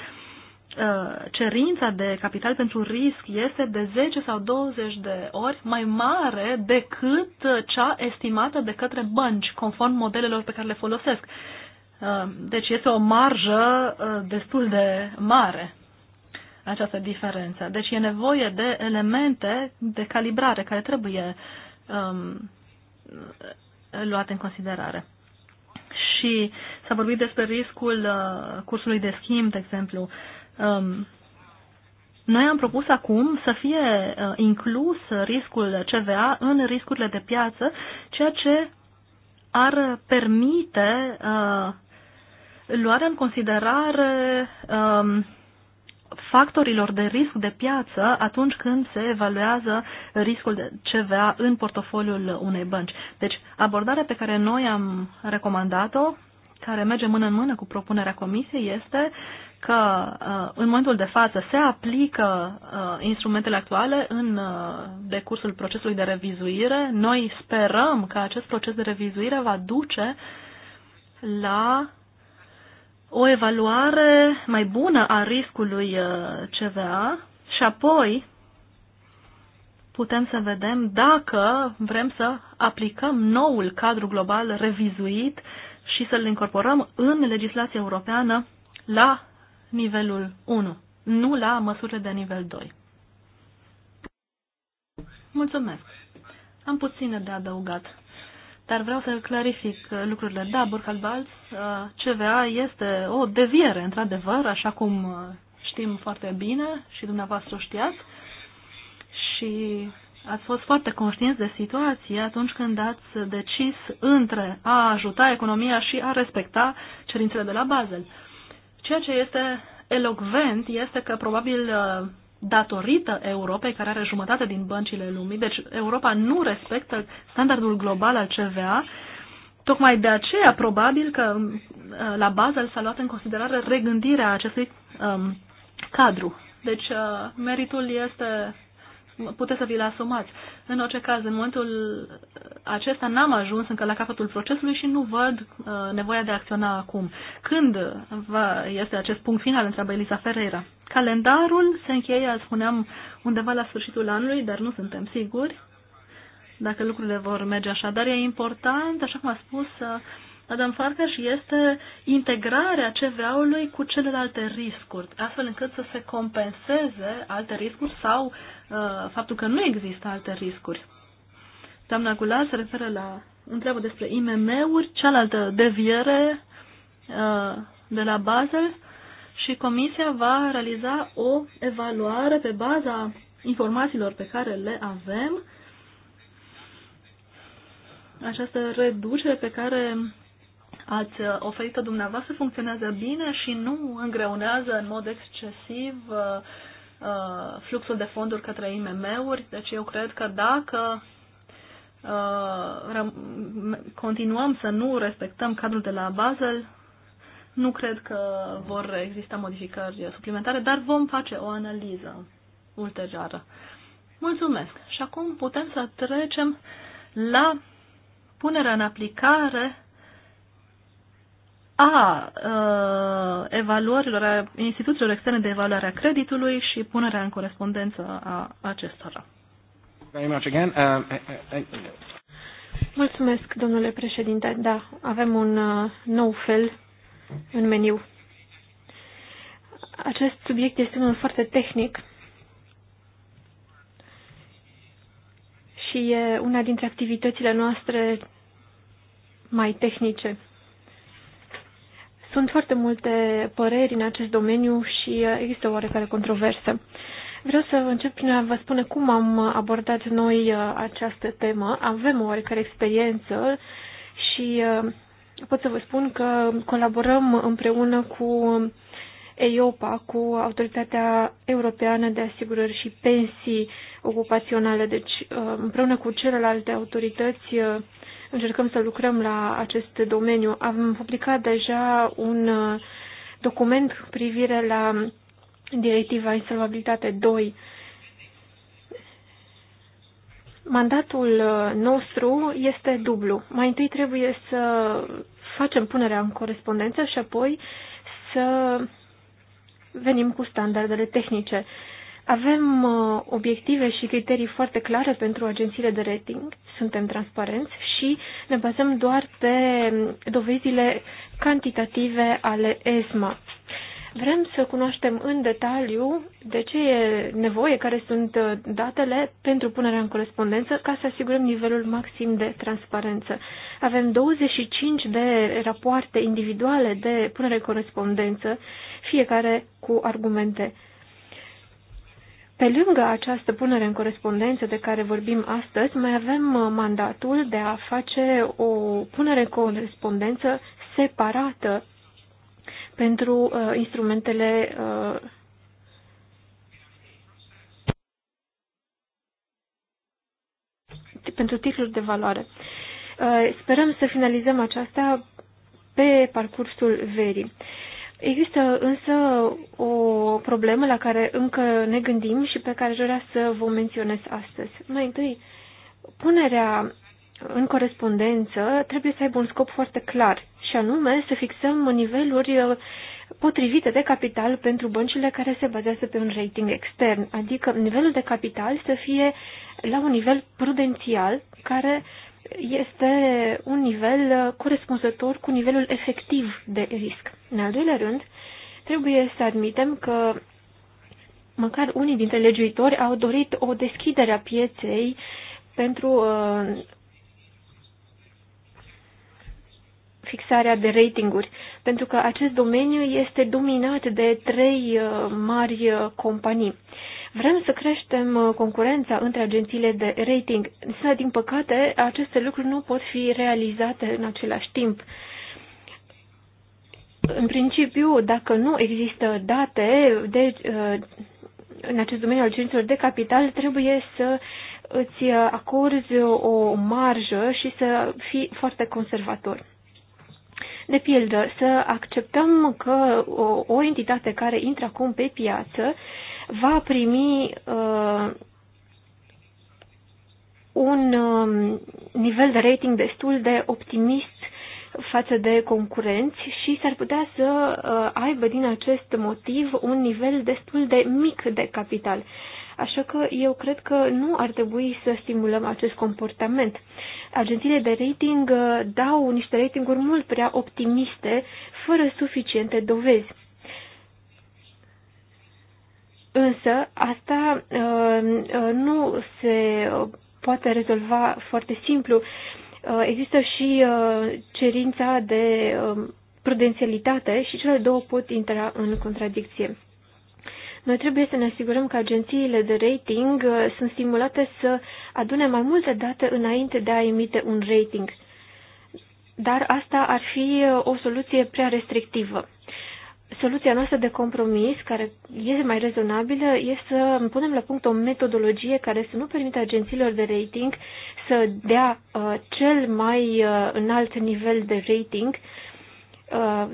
Uh, cerința de capital pentru risc este de 10 sau 20 de ori mai mare decât cea estimată de către bănci, conform modelelor pe care le folosesc. Uh, deci este o marjă uh, destul de mare această diferență. Deci e nevoie de elemente de calibrare care trebuie um, luate în considerare. Și s-a vorbit despre riscul uh, cursului de schimb, de exemplu. Uh, Um, noi am propus acum să fie uh, inclus riscul CVA în riscurile de piață, ceea ce ar permite uh, luarea în considerare um, factorilor de risc de piață atunci când se evaluează riscul de CVA în portofoliul unei bănci. Deci, abordarea pe care noi am recomandat-o, care merge mână în mână cu propunerea comisiei, este că uh, în momentul de față se aplică uh, instrumentele actuale în uh, decursul procesului de revizuire. Noi sperăm că acest proces de revizuire va duce la o evaluare mai bună a riscului CVA și apoi putem să vedem dacă vrem să aplicăm noul cadru global revizuit și să-l incorporăm în legislația europeană la nivelul 1, nu la măsurile de nivel 2. Mulțumesc. Am puține de adăugat, dar vreau să clarific uh, lucrurile. Da, Burkhard Balz, uh, CVA este o deviere, într-adevăr, așa cum uh, știm foarte bine și dumneavoastră știați. Și ați fost foarte conștienți de situație atunci când ați decis între a ajuta economia și a respecta cerințele de la Basel. Ceea ce este elocvent este că probabil uh, datorită Europei, care are jumătate din băncile lumii, deci Europa nu respectă standardul global al CVA, tocmai de aceea probabil că uh, la bază s-a luat în considerare regândirea acestui um, cadru. Deci uh, meritul este puteți să vi le asumați. În orice caz, în momentul acesta n-am ajuns încă la capătul procesului și nu văd uh, nevoia de a acționa acum. Când va, este acest punct final, întreabă Elisa Ferreira. Calendarul se încheie, spuneam, undeva la sfârșitul anului, dar nu suntem siguri dacă lucrurile vor merge așa. Dar e important, așa cum a spus, să uh, Adam Farkas este integrarea CVA-ului cu celelalte riscuri, astfel încât să se compenseze alte riscuri sau uh, faptul că nu există alte riscuri. Doamna Gula se referă la întreabă despre IMM-uri, cealaltă deviere uh, de la Basel și Comisia va realiza o evaluare pe baza informațiilor pe care le avem această reducere pe care ați uh, oferit-o dumneavoastră funcționează bine și nu îngreunează în mod excesiv uh, uh, fluxul de fonduri către IMM-uri. Deci eu cred că dacă continuăm să nu respectăm cadrul de la Basel, nu cred că vor exista modificări suplimentare, dar vom face o analiză ulterioară. Mulțumesc! Și acum putem să trecem la punerea în aplicare a uh, evaluărilor, a instituțiilor externe de evaluare a creditului și punerea în corespondență a acestora. Uh, uh, uh, Mulțumesc, domnule președinte. Da, avem un uh, nou fel în meniu. Acest subiect este unul foarte tehnic și e una dintre activitățile noastre mai tehnice. Sunt foarte multe păreri în acest domeniu și uh, există oarecare controversă. Vreau să încep prin a vă spune cum am abordat noi uh, această temă. Avem o oarecare experiență și uh, pot să vă spun că colaborăm împreună cu EIOPA, cu Autoritatea Europeană de Asigurări și Pensii Ocupaționale, deci împreună cu celelalte autorități încercăm să lucrăm la acest domeniu. Am publicat deja un uh, document cu privire la Directiva Insolvabilitate 2. Mandatul uh, nostru este dublu. Mai întâi trebuie să facem punerea în corespondență și apoi să venim cu standardele tehnice. Avem uh, obiective și criterii foarte clare pentru agențiile de rating, suntem transparenți și ne bazăm doar pe dovezile cantitative ale ESMA. Vrem să cunoaștem în detaliu de ce e nevoie, care sunt uh, datele pentru punerea în corespondență, ca să asigurăm nivelul maxim de transparență. Avem 25 de rapoarte individuale de punere în corespondență, fiecare cu argumente pe lângă această punere în corespondență de care vorbim astăzi, mai avem uh, mandatul de a face o punere în corespondență separată pentru uh, instrumentele uh, pentru titluri de valoare. Uh, sperăm să finalizăm aceasta pe parcursul verii. Există însă o problemă la care încă ne gândim și pe care vrea să vă menționez astăzi. Mai întâi, punerea în corespondență trebuie să aibă un scop foarte clar și anume să fixăm niveluri potrivite de capital pentru băncile care se bazează pe un rating extern, adică nivelul de capital să fie la un nivel prudențial care este un nivel corespunzător cu nivelul efectiv de risc. În al doilea rând, trebuie să admitem că măcar unii dintre legiuitori au dorit o deschidere a pieței pentru uh, fixarea de ratinguri, pentru că acest domeniu este dominat de trei uh, mari uh, companii. Vrem să creștem uh, concurența între agențiile de rating, însă, din păcate, aceste lucruri nu pot fi realizate în același timp. Uh, în principiu, dacă nu există date de, uh, în acest domeniu al cerințelor de capital, trebuie să îți acorzi o marjă și să fii foarte conservator. De pildă, să acceptăm că o, o entitate care intră acum pe piață va primi uh, un uh, nivel de rating destul de optimist față de concurenți și s-ar putea să uh, aibă din acest motiv un nivel destul de mic de capital. Așa că eu cred că nu ar trebui să stimulăm acest comportament. Agențiile de rating uh, dau niște ratinguri mult prea optimiste, fără suficiente dovezi. Însă asta uh, nu se poate rezolva foarte simplu. Uh, există și uh, cerința de um, prudențialitate și cele două pot intra în contradicție. Noi trebuie să ne asigurăm că agențiile de rating uh, sunt stimulate să adune mai multe date înainte de a emite un rating. Dar asta ar fi o soluție prea restrictivă soluția noastră de compromis, care este mai rezonabilă, este să punem la punct o metodologie care să nu permită agențiilor de rating să dea uh, cel mai uh, înalt nivel de rating uh,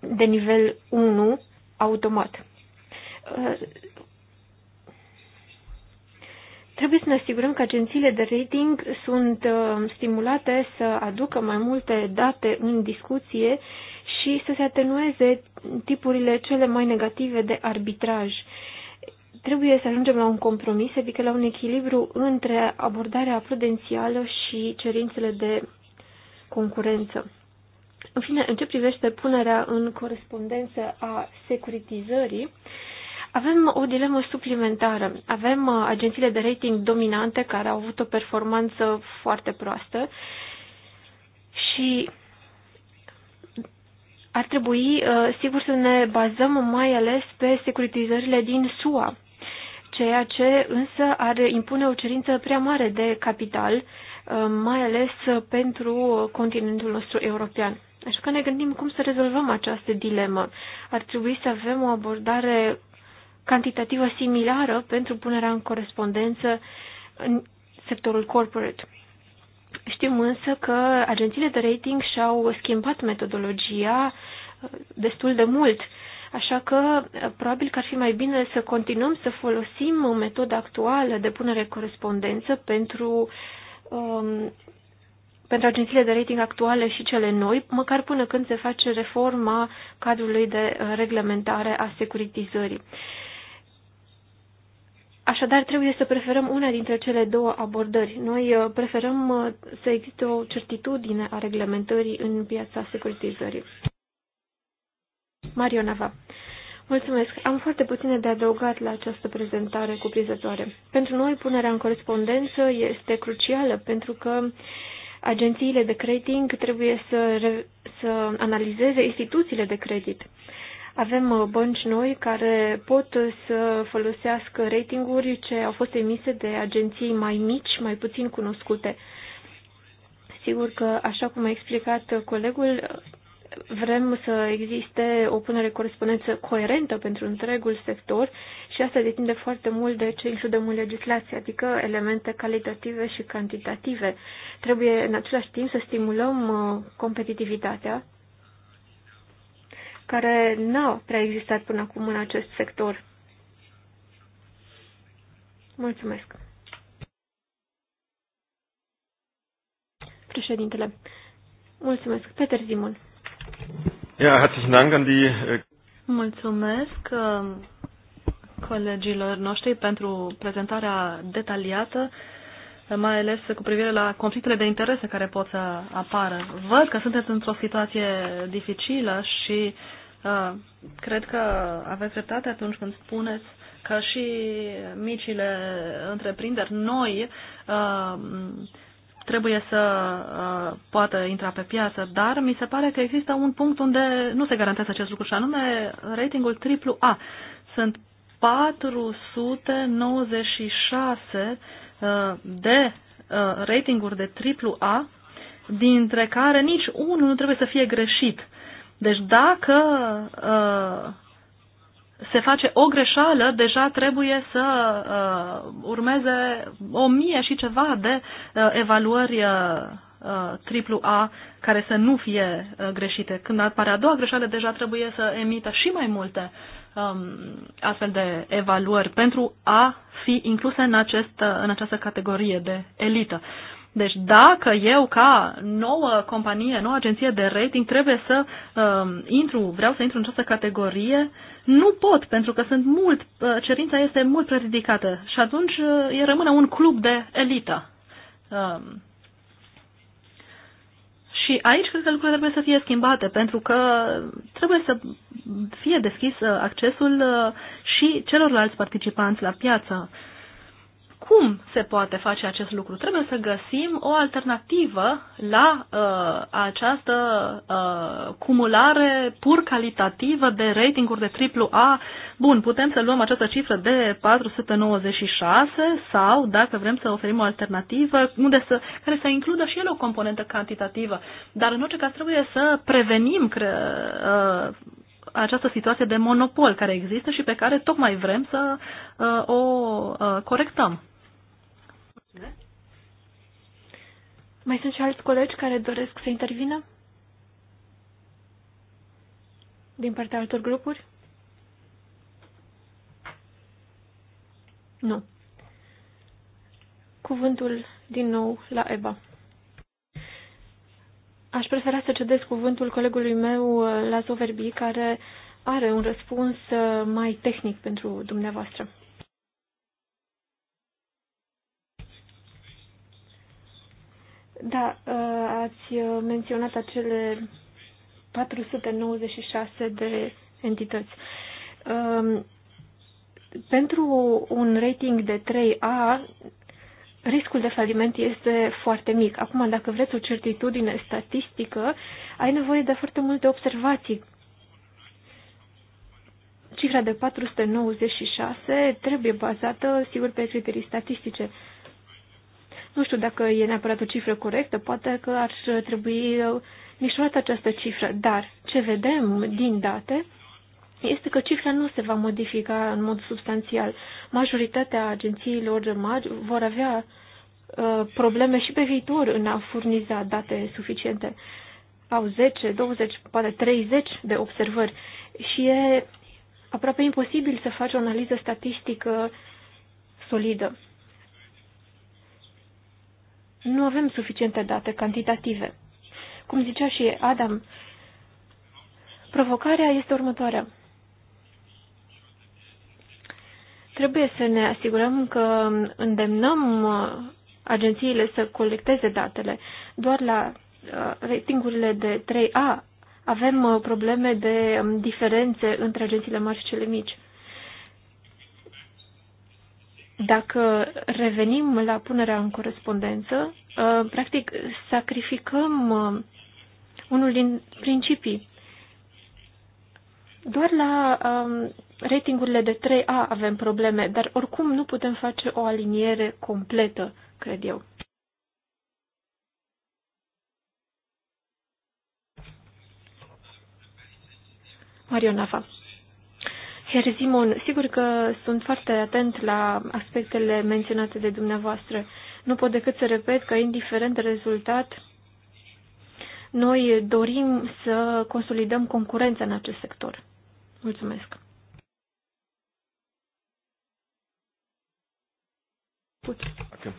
de nivel 1 automat. Uh, trebuie să ne asigurăm că agențiile de rating sunt uh, stimulate să aducă mai multe date în discuție uh, și să se atenueze tipurile cele mai negative de arbitraj. Trebuie să ajungem la un compromis, adică la un echilibru între abordarea prudențială și cerințele de concurență. În fine, în ce privește punerea în corespondență a securitizării, avem o dilemă suplimentară. Avem uh, agențiile de rating dominante care au avut o performanță foarte proastă și ar trebui, uh, sigur, să ne bazăm mai ales pe securitizările din SUA, ceea ce însă ar impune o cerință prea mare de capital, uh, mai ales pentru continentul nostru european. Așa că ne gândim cum să rezolvăm această dilemă. Ar trebui să avem o abordare cantitativă similară pentru punerea în corespondență în sectorul corporate. Știm însă că agențiile de rating și-au schimbat metodologia uh, destul de mult, așa că uh, probabil că ar fi mai bine să continuăm să folosim metoda actuală de punere corespondență pentru, um, pentru agențiile de rating actuale și cele noi, măcar până când se face reforma cadrului de uh, reglementare a securitizării. Uh, Așadar, trebuie să preferăm una dintre cele două abordări. Noi uh, preferăm uh, să existe o certitudine a reglementării în piața securitizării. Marionava. Mulțumesc. Am foarte puține de adăugat la această prezentare cuprinzătoare. Pentru noi, punerea în corespondență este crucială pentru că agențiile de crediting trebuie să, re, să analizeze instituțiile de credit. Avem uh, bănci noi care pot să folosească ratinguri ce au fost emise de agenții mai mici, mai puțin cunoscute. Sigur că, așa cum a explicat colegul, vrem să existe o punere corespondență coerentă pentru întregul sector și asta depinde foarte mult de ce includem în legislație, adică elemente calitative și cantitative. Trebuie în același timp să stimulăm uh, competitivitatea care n-au prea existat până acum în acest sector. Mulțumesc. Președintele. Mulțumesc. Peter Zimon. Ja, herzlichen Dank an die... Äh, mulțumesc um, colegilor noștri pentru prezentarea detaliată mai ales cu privire la conflictele de interese care pot să apară. Văd că sunteți într-o situație dificilă și uh, cred că aveți dreptate atunci când spuneți că și micile întreprinderi noi uh, trebuie să uh, poată intra pe piață, dar mi se pare că există un punct unde nu se garantează acest lucru și anume ratingul AAA. Sunt 496 Ă, de ă, ratinguri de A, dintre care nici unul nu trebuie să fie greșit. Deci dacă ă, se face o greșeală, deja trebuie să urmeze o mie și ceva de evaluări triplu A care să nu fie greșite. Când apare a doua greșeală, deja trebuie să emită și mai multe um, astfel de evaluări pentru a fi incluse în, acest, în această categorie de elită. Deci dacă eu ca nouă companie, nouă agenție de rating trebuie să um, intru, vreau să intru în această categorie, nu pot pentru că sunt mult, uh, cerința este mult prea ridicată și atunci uh, rămâne un club de elită. Um, și aici cred că lucrurile trebuie să fie schimbate, pentru că trebuie să fie deschis uh, accesul uh, și celorlalți participanți la piață cum se poate face acest lucru? Trebuie să găsim o alternativă la uh, această uh, cumulare pur calitativă de ratinguri de A. Bun, putem să luăm această cifră de 496 sau, dacă vrem să oferim o alternativă, unde să, care să includă și el o componentă cantitativă. Dar, în orice caz, trebuie să prevenim cre, uh, această situație de monopol care există și pe care tocmai vrem să uh, o uh, corectăm. Mai sunt și alți colegi care doresc să intervină? Din partea altor grupuri? Nu. Cuvântul din nou la Eva. Aș prefera să cedez cuvântul colegului meu, uh, la Zoverbi, care are un răspuns uh, mai tehnic pentru dumneavoastră. Da, ă, ați menționat acele 496 de entități. Ă, pentru un rating de 3A, riscul de faliment este foarte mic. Acum, dacă vreți o certitudine statistică, ai nevoie de foarte multe observații. Cifra de 496 trebuie bazată, sigur, pe criterii statistice. Nu știu dacă e neapărat o cifră corectă, poate că ar trebui mișorată această cifră, dar ce vedem din date este că cifra nu se va modifica în mod substanțial. Majoritatea agențiilor mari vor avea uh, probleme și pe viitor în a furniza date suficiente. Au 10, 20, poate 30 de observări și e aproape imposibil să faci o analiză statistică solidă nu avem suficiente date cantitative. Cum zicea și Adam, provocarea este următoarea. Trebuie să ne asigurăm că îndemnăm uh, agențiile să colecteze datele. Doar la uh, ratingurile de 3A avem uh, probleme de um, diferențe între agențiile mari și cele mici. Dacă revenim la punerea în corespondență, uh, practic sacrificăm uh, unul din principii. Doar la um, ratingurile de 3A avem probleme, dar oricum nu putem face o aliniere completă, cred eu. Marion Nava. Iar Simon, sigur că sunt foarte atent la aspectele menționate de dumneavoastră. Nu pot decât să repet că, indiferent de rezultat, noi dorim să consolidăm concurența în acest sector. Mulțumesc! Okay.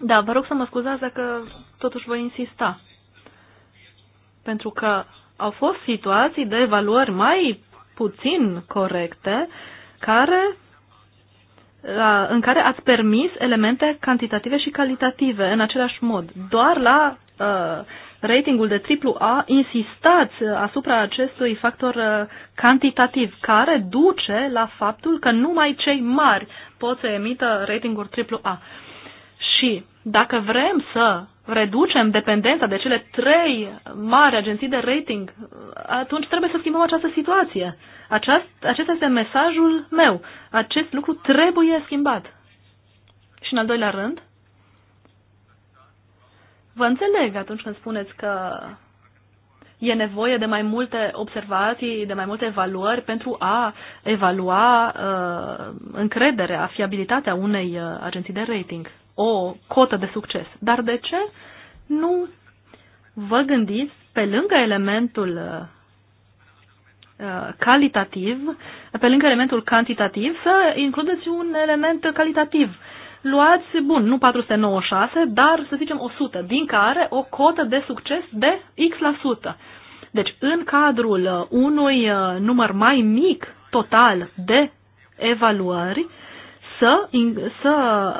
Da, vă rog să mă scuzați dacă totuși voi insista. Pentru că au fost situații de evaluări mai puțin corecte, care, în care ați permis elemente cantitative și calitative în același mod. Doar la uh, ratingul de A insistați asupra acestui factor cantitativ, care duce la faptul că numai cei mari pot să emită ratinguri A. Și dacă vrem să reducem dependența de cele trei mari agenții de rating, atunci trebuie să schimbăm această situație. Aceast, acesta este mesajul meu. Acest lucru trebuie schimbat. Și în al doilea rând, vă înțeleg atunci când spuneți că e nevoie de mai multe observații, de mai multe evaluări pentru a evalua uh, încrederea, fiabilitatea unei uh, agenții de rating o cotă de succes. Dar de ce nu vă gândiți pe lângă elementul uh, calitativ, pe lângă elementul cantitativ, să includeți un element calitativ. Luați, bun, nu 496, dar să zicem 100, din care o cotă de succes de X%. Deci, în cadrul uh, unui uh, număr mai mic total de evaluări, să, să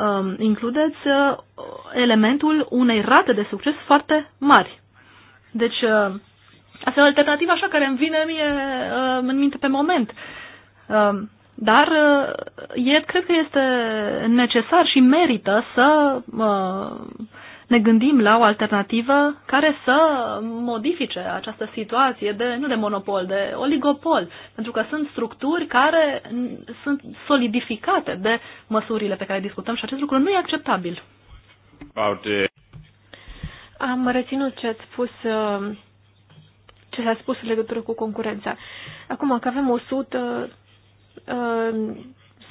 um, includeți uh, elementul unei rate de succes foarte mari. Deci, asta e o alternativă așa care îmi vine mie uh, în minte pe moment. Um, dar uh, e, cred că este necesar și merită să ne gândim la o alternativă care să modifice această situație de, nu de monopol, de oligopol, pentru că sunt structuri care sunt solidificate de măsurile pe care discutăm și acest lucru nu e acceptabil. Am reținut ce ați spus ce s-a spus în legătură cu concurența. Acum că avem 100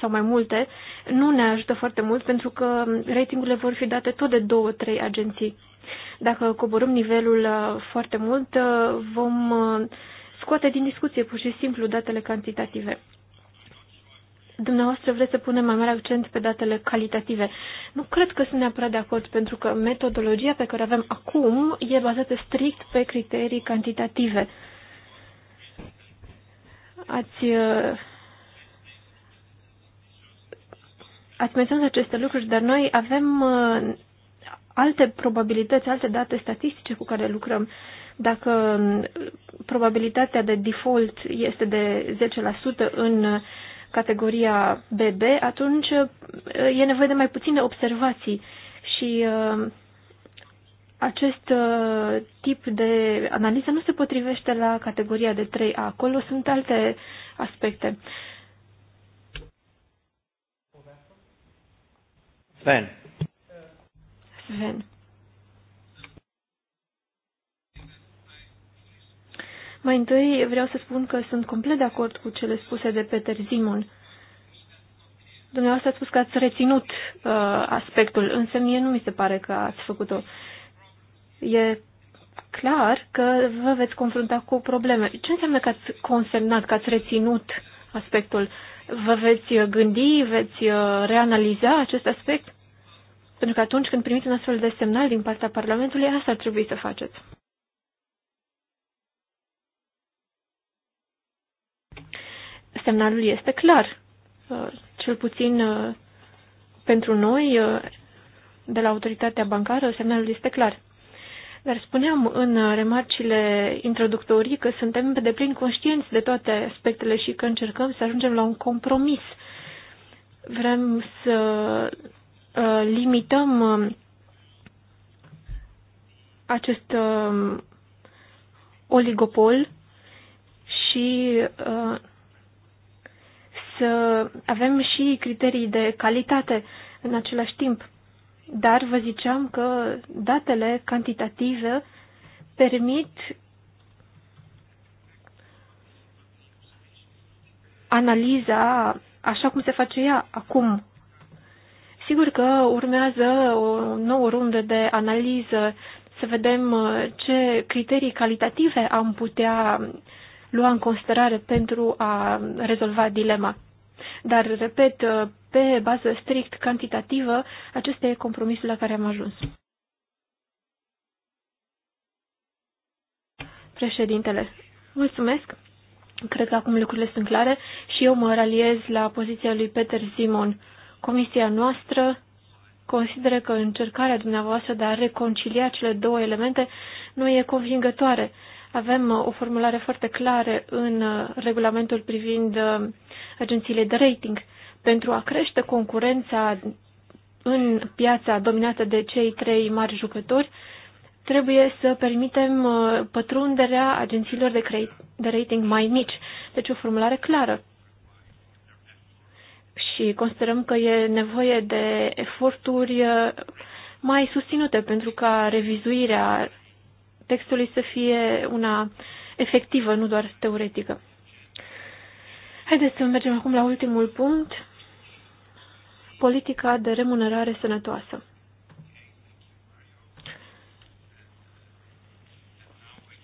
sau mai multe, nu ne ajută foarte mult pentru că ratingurile vor fi date tot de două, trei agenții. Dacă coborâm nivelul uh, foarte mult, uh, vom uh, scoate din discuție pur și simplu datele cantitative. Dumneavoastră vreți să punem mai mare accent pe datele calitative. Nu cred că sunt neapărat de acord, pentru că metodologia pe care o avem acum e bazată strict pe criterii cantitative. Ați ați menționat aceste lucruri, dar noi avem uh, alte probabilități, alte date statistice cu care lucrăm. Dacă um, probabilitatea de default este de 10% în uh, categoria BB, atunci uh, e nevoie de mai puține observații și acest tip de analiză nu se potrivește la categoria de 3A. Acolo sunt alte aspecte. Sven. Sven. Mai întâi vreau să spun că sunt complet de acord cu cele spuse de Peter Zimon. Dumneavoastră ați spus că ați reținut uh, aspectul, însă mie nu mi se pare că ați făcut-o. E clar că vă veți confrunta cu probleme. Ce înseamnă că ați consemnat, că ați reținut aspectul? Uh, Vă veți uh, gândi, veți uh, reanaliza acest aspect? Pentru că atunci când primiți un astfel de semnal din partea Parlamentului, asta ar trebui să faceți. Semnalul este clar. Uh, cel puțin pentru noi, de la autoritatea bancară, semnalul este clar. Dar spuneam în remarcile introductorii că suntem pe deplin conștienți de toate aspectele și că încercăm să ajungem la un compromis. Vrem să uh, limităm uh, acest uh, oligopol și să avem și criterii de calitate în același timp. Dar vă ziceam că datele cantitative permit analiza așa cum se face ea acum. Sigur că urmează o nouă rundă de analiză, să vedem uh, ce criterii calitative am putea lua în considerare pentru a rezolva dilema. Dar, repet, uh, pe bază strict cantitativă acesta e compromisul la care am ajuns. Președintele, mulțumesc. Cred că acum lucrurile sunt clare și eu mă raliez la poziția lui Peter Simon. Comisia noastră consideră că încercarea dumneavoastră de a reconcilia cele două elemente nu e convingătoare. Avem o formulare foarte clară în regulamentul privind uh, agențiile de rating pentru a crește concurența în piața dominată de cei trei mari jucători, trebuie să permitem uh, pătrunderea agențiilor de, de rating mai mici. Deci o formulare clară. Și considerăm că e nevoie de eforturi uh, mai susținute pentru ca revizuirea textului să fie una efectivă, nu doar teoretică. Haideți să mergem acum la ultimul punct, politica de remunerare sănătoasă.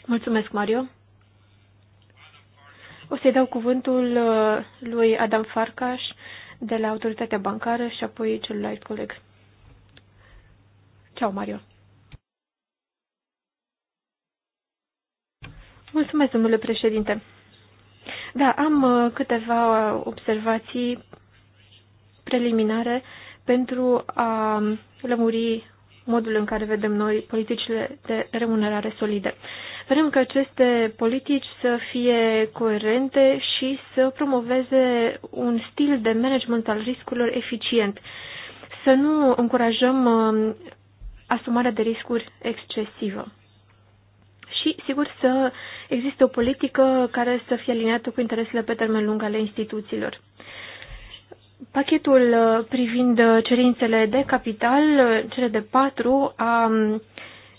Mulțumesc, Mario. O să-i dau cuvântul uh, lui Adam Farcaș de la Autoritatea Bancară și apoi celuilalt coleg. Ceau, Mario. Mulțumesc, domnule președinte. Da, am uh, câteva observații preliminare pentru a lămuri modul în care vedem noi politicile de remunerare solide. Vrem că aceste politici să fie coerente și să promoveze un stil de management al riscurilor eficient, să nu încurajăm um, asumarea de riscuri excesivă. Și, sigur, să existe o politică care să fie aliniată cu interesele pe termen lung ale instituțiilor. Pachetul uh, privind uh, cerințele de capital, uh, cele de patru, a um,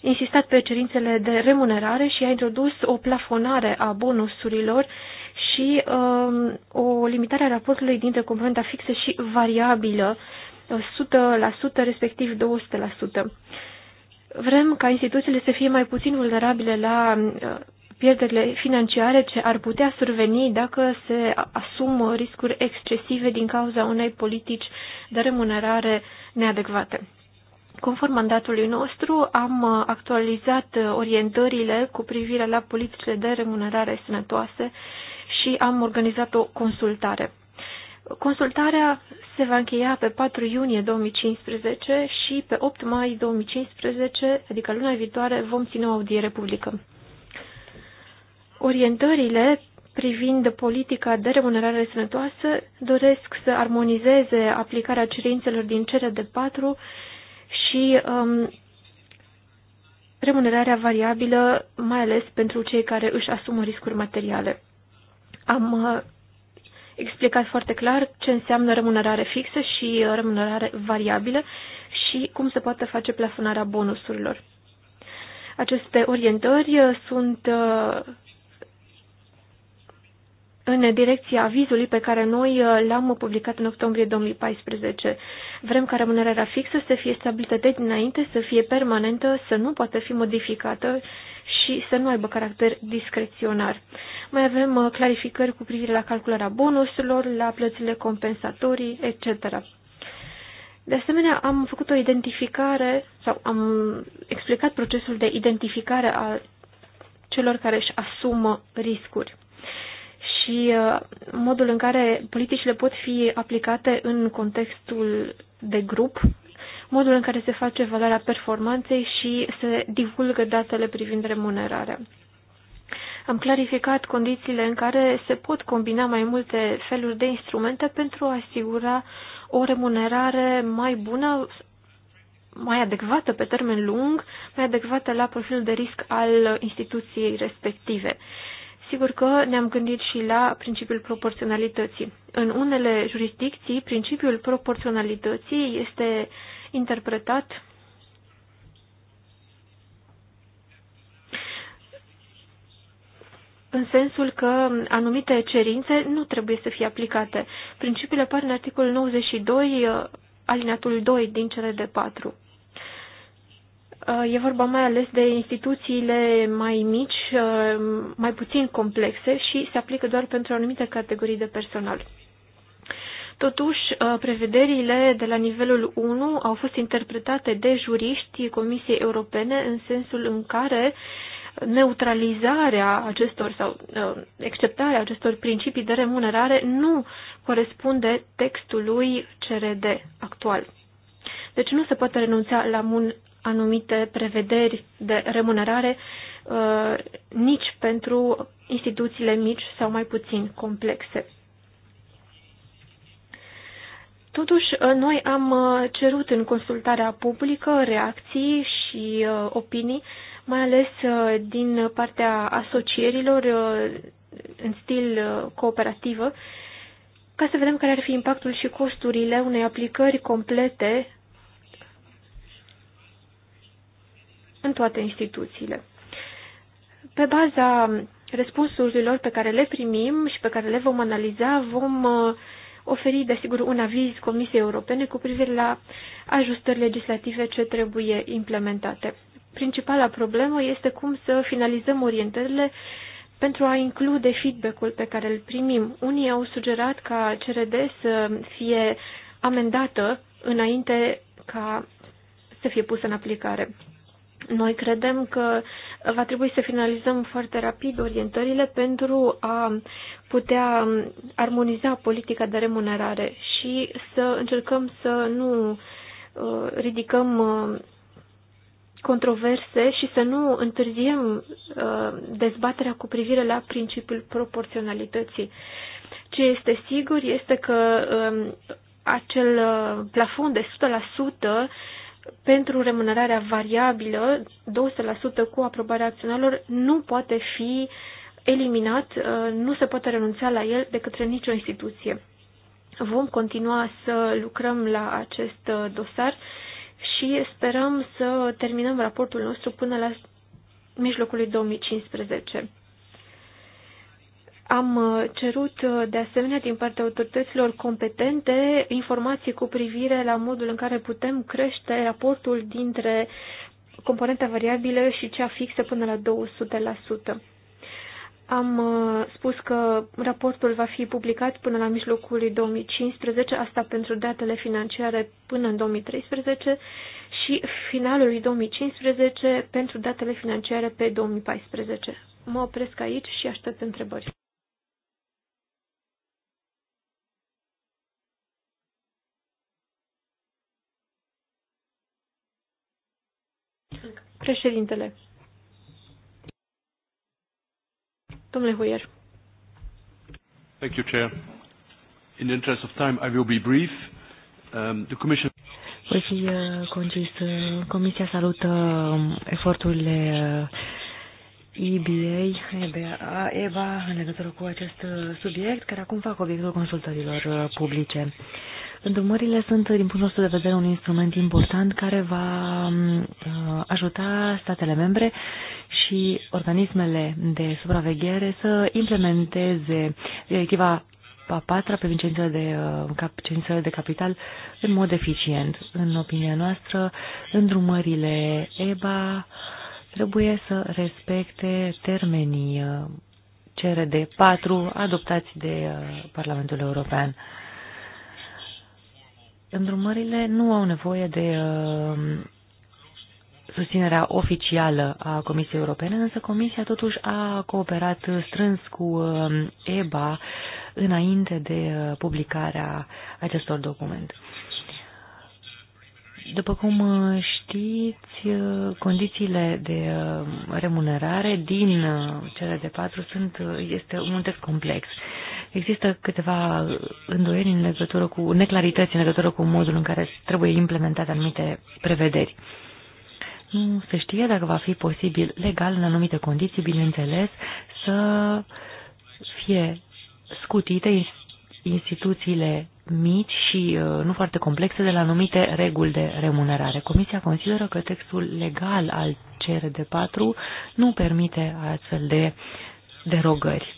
insistat pe cerințele de remunerare și a introdus o plafonare a bonusurilor și um, o limitare a raportului dintre componenta fixă și variabilă, 100% respectiv 200%. Vrem ca instituțiile să fie mai puțin vulnerabile la pierderile financiare ce ar putea surveni dacă se asumă riscuri excesive din cauza unei politici de remunerare neadecvate. Conform mandatului nostru, am actualizat orientările cu privire la politicile de remunerare sănătoase și am organizat o consultare. Consultarea se va încheia pe 4 iunie 2015 și pe 8 mai 2015, adică luna viitoare, vom ține o audiere publică. Orientările privind politica de remunerare sănătoasă doresc să armonizeze aplicarea cerințelor din cele de patru și um, remunerarea variabilă, mai ales pentru cei care își asumă riscuri materiale. Am uh, explicat foarte clar ce înseamnă remunerare fixă și uh, remunerare variabilă și cum se poate face plafonarea bonusurilor. Aceste orientări uh, sunt uh, în direcția avizului pe care noi uh, l-am publicat în octombrie 2014. Vrem ca remunerarea fixă să fie stabilită de dinainte, să fie permanentă, să nu poată fi modificată și să nu aibă caracter discreționar. Mai avem uh, clarificări cu privire la calcularea bonusurilor, la plățile compensatorii, etc. De asemenea, am făcut o identificare sau am explicat procesul de identificare a celor care își asumă riscuri și uh, modul în care politicile pot fi aplicate în contextul de grup, modul în care se face valoarea performanței și se divulgă datele privind remunerarea. Am clarificat condițiile în care se pot combina mai multe feluri de instrumente pentru a asigura o remunerare mai bună, mai adecvată pe termen lung, mai adecvată la profilul de risc al instituției respective. Sigur că ne-am gândit și la principiul proporționalității. În unele jurisdicții, principiul proporționalității este interpretat în sensul că anumite cerințe nu trebuie să fie aplicate. Principiile apar în articolul 92, alineatul 2 din cele de 4. Uh, e vorba mai ales de instituțiile mai mici, uh, mai puțin complexe și se aplică doar pentru anumite categorii de personal. Totuși, uh, prevederile de la nivelul 1 au fost interpretate de juriști Comisiei Europene în sensul în care neutralizarea acestor sau acceptarea acestor principii de remunerare nu corespunde textului CRD actual. Deci nu se poate renunța la mun? anumite prevederi de remunerare uh, nici pentru instituțiile mici sau mai puțin complexe. Totuși, uh, noi am uh, cerut în consultarea publică reacții și opinii, mai ales din partea asocierilor în stil cooperativă, ca să vedem care ar fi impactul și costurile unei aplicări complete în toate instituțiile. Pe baza răspunsurilor pe care le primim și pe care le vom analiza, vom uh, oferi, desigur, un aviz Comisiei Europene cu privire la ajustări legislative ce trebuie implementate. Principala problemă este cum să finalizăm orientările pentru a include feedback-ul pe care îl primim. Unii au sugerat ca CRD să fie amendată înainte ca să fie pusă în aplicare. Noi credem că va trebui să finalizăm foarte rapid orientările pentru a putea armoniza politica de remunerare și să încercăm să nu uh, ridicăm uh, controverse și să nu întârziem uh, dezbaterea cu privire la principiul proporționalității. Ce este sigur este că um, acel plafon de 100% pentru remunerarea variabilă, 200% cu aprobarea acționarilor, nu poate fi eliminat, uh, nu se poate renunța la el de către nicio instituție. Vom continua să lucrăm la acest uh, dosar și sperăm să terminăm raportul nostru până la mijlocul 2015. Am uh, cerut uh, de asemenea din partea autorităților competente informații cu privire la modul în care putem crește raportul dintre componenta variabilă și cea fixă până la 200%. Am uh, spus că raportul va fi publicat până la mijlocul 2015, asta pentru datele financiare până în 2013 și finalul 2015 pentru datele financiare pe 2014. Mă opresc aici și aștept întrebări. Președintele. Domnule Hoier. Thank you, Chair. In the interest of time, I will be brief. Um, the Commission... Voi fi uh, concis. Uh, Comisia salută um, eforturile uh, EBA, EBA, EBA în legătură cu acest subiect, care acum fac obiectul consultărilor publice. Îndrumările sunt, din punctul nostru de vedere, un instrument important care va mm, uh, ajuta statele membre și organismele de supraveghere să implementeze directiva a patra pe licențele de, licențele uh, de capital în mod eficient. În opinia noastră, îndrumările EBA trebuie să respecte termenii uh, cere de patru adoptați de Parlamentul European. Îndrumările nu au nevoie de uh, susținerea oficială a Comisiei Europene, însă Comisia totuși a cooperat strâns cu uh, EBA înainte de uh, publicarea acestor documente. După cum știți, condițiile de remunerare din cele de patru sunt, este un text complex. Există câteva îndoieli în legătură cu neclarități în legătură cu modul în care trebuie implementate anumite prevederi. Nu se știe dacă va fi posibil legal în anumite condiții, bineînțeles, să fie scutite instituțiile mici și uh, nu foarte complexe de la anumite reguli de remunerare. Comisia consideră că textul legal al CRD4 nu permite astfel de derogări.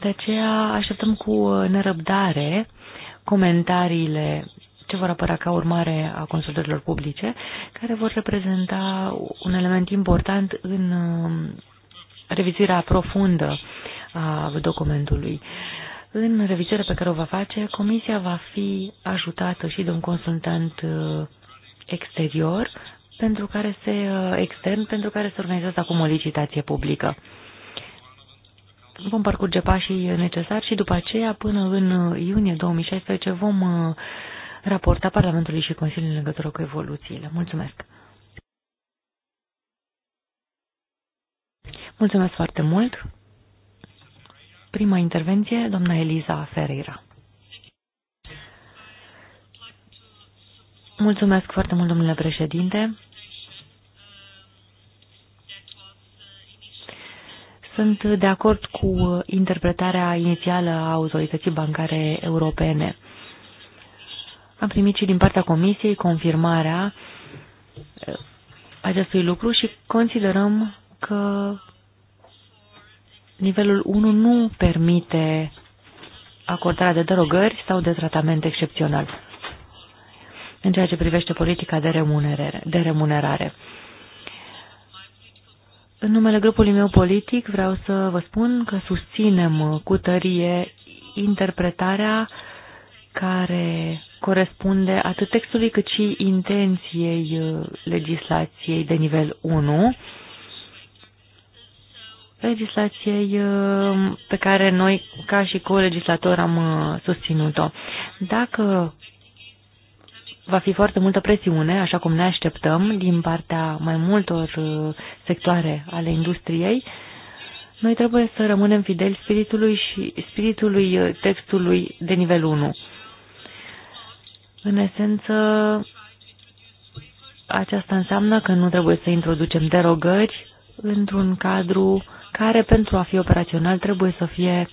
De aceea așteptăm cu nerăbdare comentariile ce vor apăra ca urmare a consultărilor publice, care vor reprezenta un element important în um, revizirea profundă a documentului. În revizirea pe care o va face, comisia va fi ajutată și de un consultant uh, exterior pentru care se uh, extern, pentru care se organizează acum o licitație publică vom parcurge pașii necesari și după aceea, până în iunie 2016, vom uh, raporta Parlamentului și Consiliului în legătură cu evoluțiile. Mulțumesc! Mulțumesc foarte mult! Prima intervenție, doamna Eliza Ferreira. Mulțumesc foarte mult, domnule președinte. Sunt de acord cu interpretarea inițială a autorității bancare europene. Am primit și din partea Comisiei confirmarea uh, acestui lucru și considerăm că nivelul 1 nu permite acordarea de derogări sau de tratament excepțional în ceea ce privește politica de remunerare. De remunerare. În numele grupului meu politic vreau să vă spun că susținem cu tărie interpretarea care corespunde atât textului cât și intenției uh, legislației de nivel 1, legislației uh, pe care noi, ca și co-legislator, am uh, susținut-o. Dacă va fi foarte multă presiune, așa cum ne așteptăm, din partea mai multor uh, sectoare ale industriei. Noi trebuie să rămânem fideli spiritului și spiritului uh, textului de nivel 1. În esență, aceasta înseamnă că nu trebuie să introducem derogări într-un cadru care, pentru a fi operațional, trebuie să fie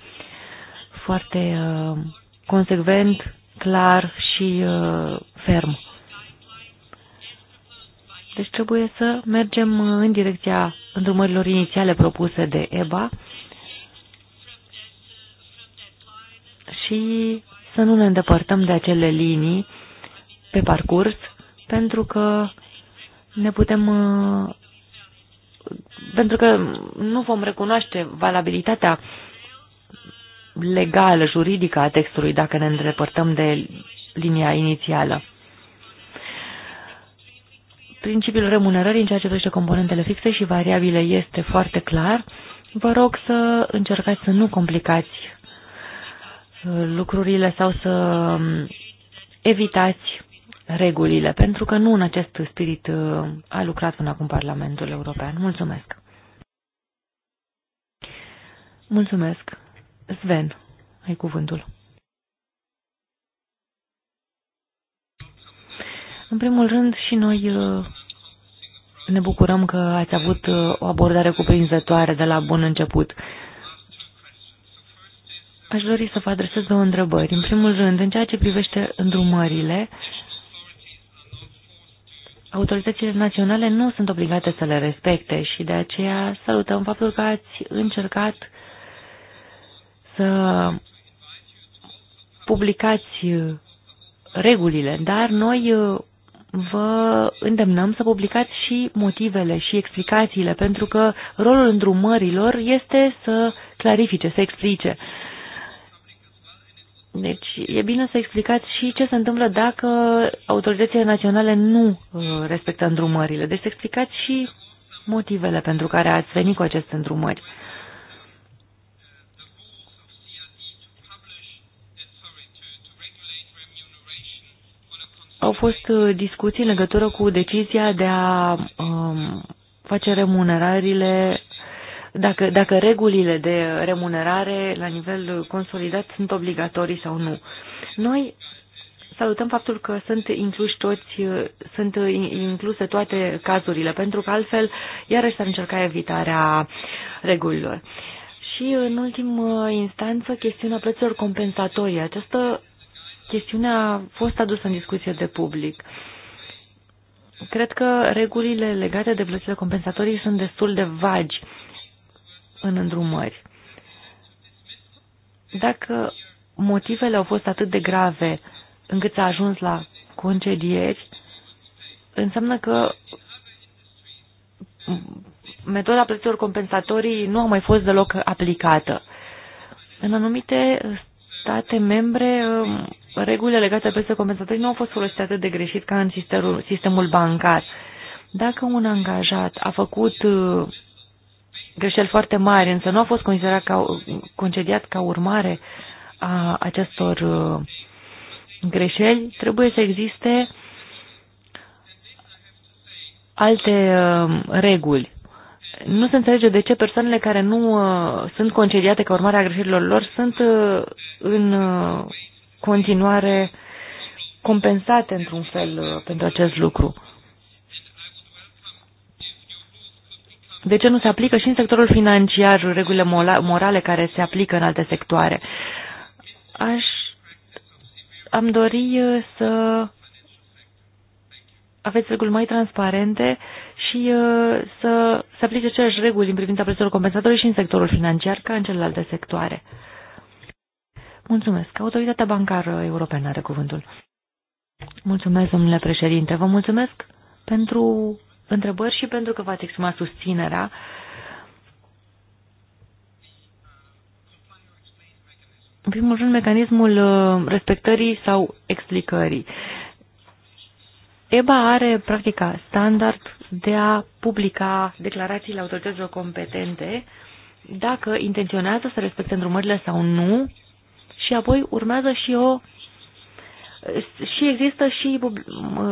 foarte uh, consecvent clar și uh, ferm. Deci trebuie să mergem uh, în direcția îndrumărilor inițiale propuse de EBA și să nu ne îndepărtăm de acele linii pe parcurs, pentru că ne putem uh, pentru că nu vom recunoaște valabilitatea legală, juridică a textului dacă ne îndepărtăm de linia inițială. Principiul remunerării în ceea ce privește componentele fixe și variabile este foarte clar. Vă rog să încercați să nu complicați uh, lucrurile sau să um, evitați regulile, pentru că nu în acest spirit uh, a lucrat până acum Parlamentul European. Mulțumesc! Mulțumesc! Sven, ai cuvântul. În primul rând, și noi uh, ne bucurăm că ați avut uh, o abordare cuprinzătoare de la bun început. Aș dori să vă adresez două întrebări. În primul rând, în ceea ce privește îndrumările, autoritățile naționale nu sunt obligate să le respecte și de aceea salutăm faptul că ați încercat să publicați regulile, dar noi uh, vă îndemnăm să publicați și motivele și explicațiile, pentru că rolul îndrumărilor este să clarifice, să explice. Deci e bine să explicați și ce se întâmplă dacă autoritățile naționale nu uh, respectă îndrumările. Deci să explicați și motivele pentru care ați venit cu aceste îndrumări. Au fost uh, discuții în legătură cu decizia de a um, face remunerările, dacă, dacă regulile de remunerare la nivel consolidat sunt obligatorii sau nu. Noi salutăm faptul că sunt, incluși toți, uh, sunt uh, incluse toate cazurile, pentru că altfel iarăși s-ar încerca evitarea regulilor. Și în ultimă instanță, chestiunea prețurilor compensatorii. Această chestiunea a fost adusă în discuție de public. Cred că regulile legate de plățile compensatorii sunt destul de vagi în îndrumări. Dacă motivele au fost atât de grave încât s-a ajuns la concedieri, înseamnă că metoda plăților compensatorii nu a mai fost deloc aplicată. În anumite state membre regulile legate plăți compensatorii nu au fost folosite atât de greșit ca în sistemul, sistemul bancar. Dacă un angajat a făcut uh, greșeli foarte mari, însă nu a fost considerat ca, concediat ca urmare a acestor uh, greșeli, trebuie să existe alte uh, reguli. Nu se înțelege de ce persoanele care nu sunt concediate ca urmare a greșelilor lor sunt în continuare compensate într-un fel uh, pentru acest lucru. De ce nu se aplică și în sectorul financiar regulile morale care se aplică în alte sectoare? Aș, am dori uh, să aveți reguli mai transparente și uh, să se aplice aceleași reguli în privința prețurilor compensatorii și în sectorul financiar ca în celelalte sectoare. Mulțumesc. Autoritatea bancară europeană are cuvântul. Mulțumesc, domnule președinte. Vă mulțumesc pentru întrebări și pentru că v-ați exprimat susținerea. În primul rând, mecanismul uh, respectării sau explicării. EBA are practica standard de a publica declarațiile autorităților competente dacă intenționează să respecte îndrumările sau nu și apoi urmează și o și există și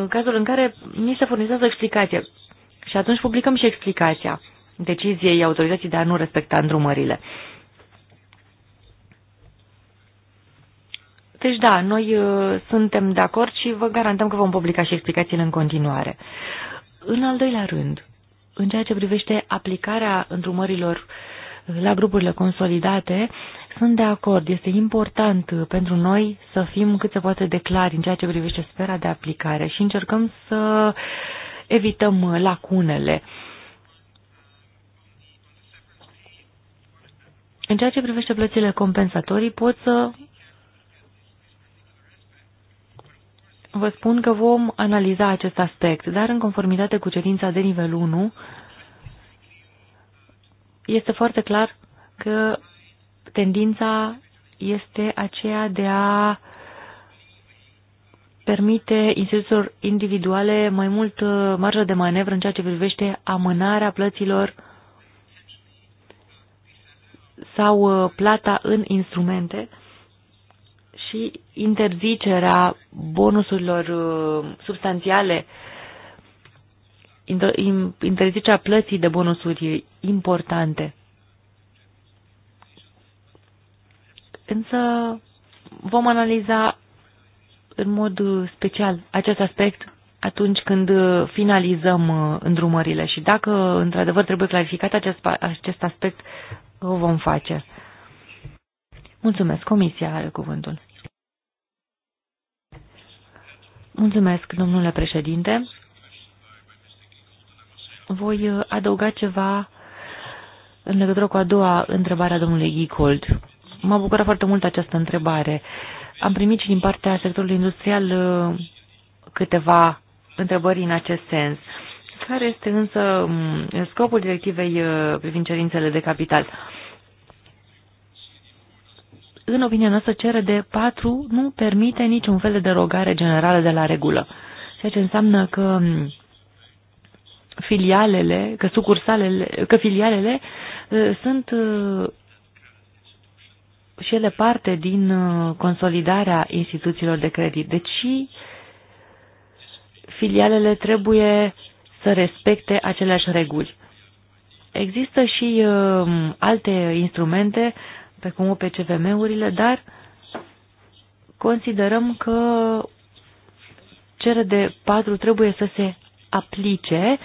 cazul în care ni se furnizează explicație și atunci publicăm și explicația deciziei autorității de a nu respecta îndrumările. Deci da, noi uh, suntem de acord și vă garantăm că vom publica și explicațiile în continuare. În al doilea rând, în ceea ce privește aplicarea îndrumărilor la grupurile consolidate, sunt de acord, este important pentru noi să fim cât se poate de clar în ceea ce privește sfera de aplicare și încercăm să evităm lacunele. În ceea ce privește plățile compensatorii, pot să vă spun că vom analiza acest aspect, dar în conformitate cu cerința de nivel 1, este foarte clar că tendința este aceea de a permite instituțiilor individuale mai mult uh, marjă de manevră în ceea ce privește amânarea plăților sau uh, plata în instrumente și interzicerea bonusurilor uh, substanțiale, interzicerea plății de bonusuri importante. Însă vom analiza în mod special acest aspect atunci când finalizăm uh, îndrumările și dacă într-adevăr trebuie clarificat acest, acest aspect, o vom face. Mulțumesc. Comisia are cuvântul. Mulțumesc, domnule președinte. Voi uh, adăuga ceva în legătură cu a doua întrebare a domnului Ghicold. M-a bucurat foarte mult această întrebare. Am primit și din partea sectorului industrial uh, câteva întrebări în acest sens. Care este însă mm, scopul directivei uh, privind cerințele de capital? În opinia noastră, cere de 4 nu permite niciun fel de derogare generală de la regulă. Ceea ce înseamnă că mm, filialele, că sucursalele, că filialele uh, sunt și ele parte din uh, consolidarea instituțiilor de credit. Deci filialele trebuie să respecte aceleași reguli. Există și uh, alte instrumente, precum OPCVM-urile, dar considerăm că cele de patru trebuie să se aplice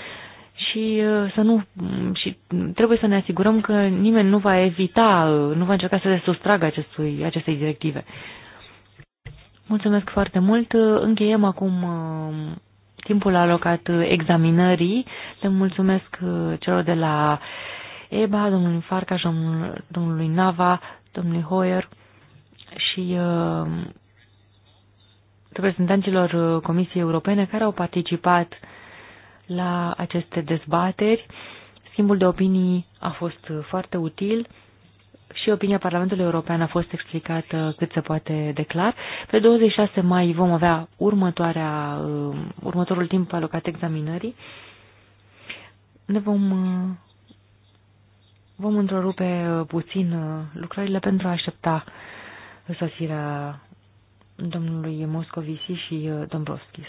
și uh, să nu și trebuie să ne asigurăm că nimeni nu va evita, uh, nu va încerca să se sustragă acestui, acestei directive. Mulțumesc foarte mult. Uh, încheiem acum timpul alocat examinării. Le mulțumesc celor de la EBA, domnului Farca, domnului Nava, domnului Hoyer și reprezentanților Comisiei Europene care au participat la aceste dezbateri. Schimbul de opinii a fost foarte util și opinia Parlamentului European a fost explicată cât se poate de clar. Pe 26 mai vom avea următoarea, um, următorul timp alocat examinării. Ne vom, uh, vom întrerupe uh, puțin uh, lucrările pentru a aștepta sosirea domnului Moscovici și Dombrovskis.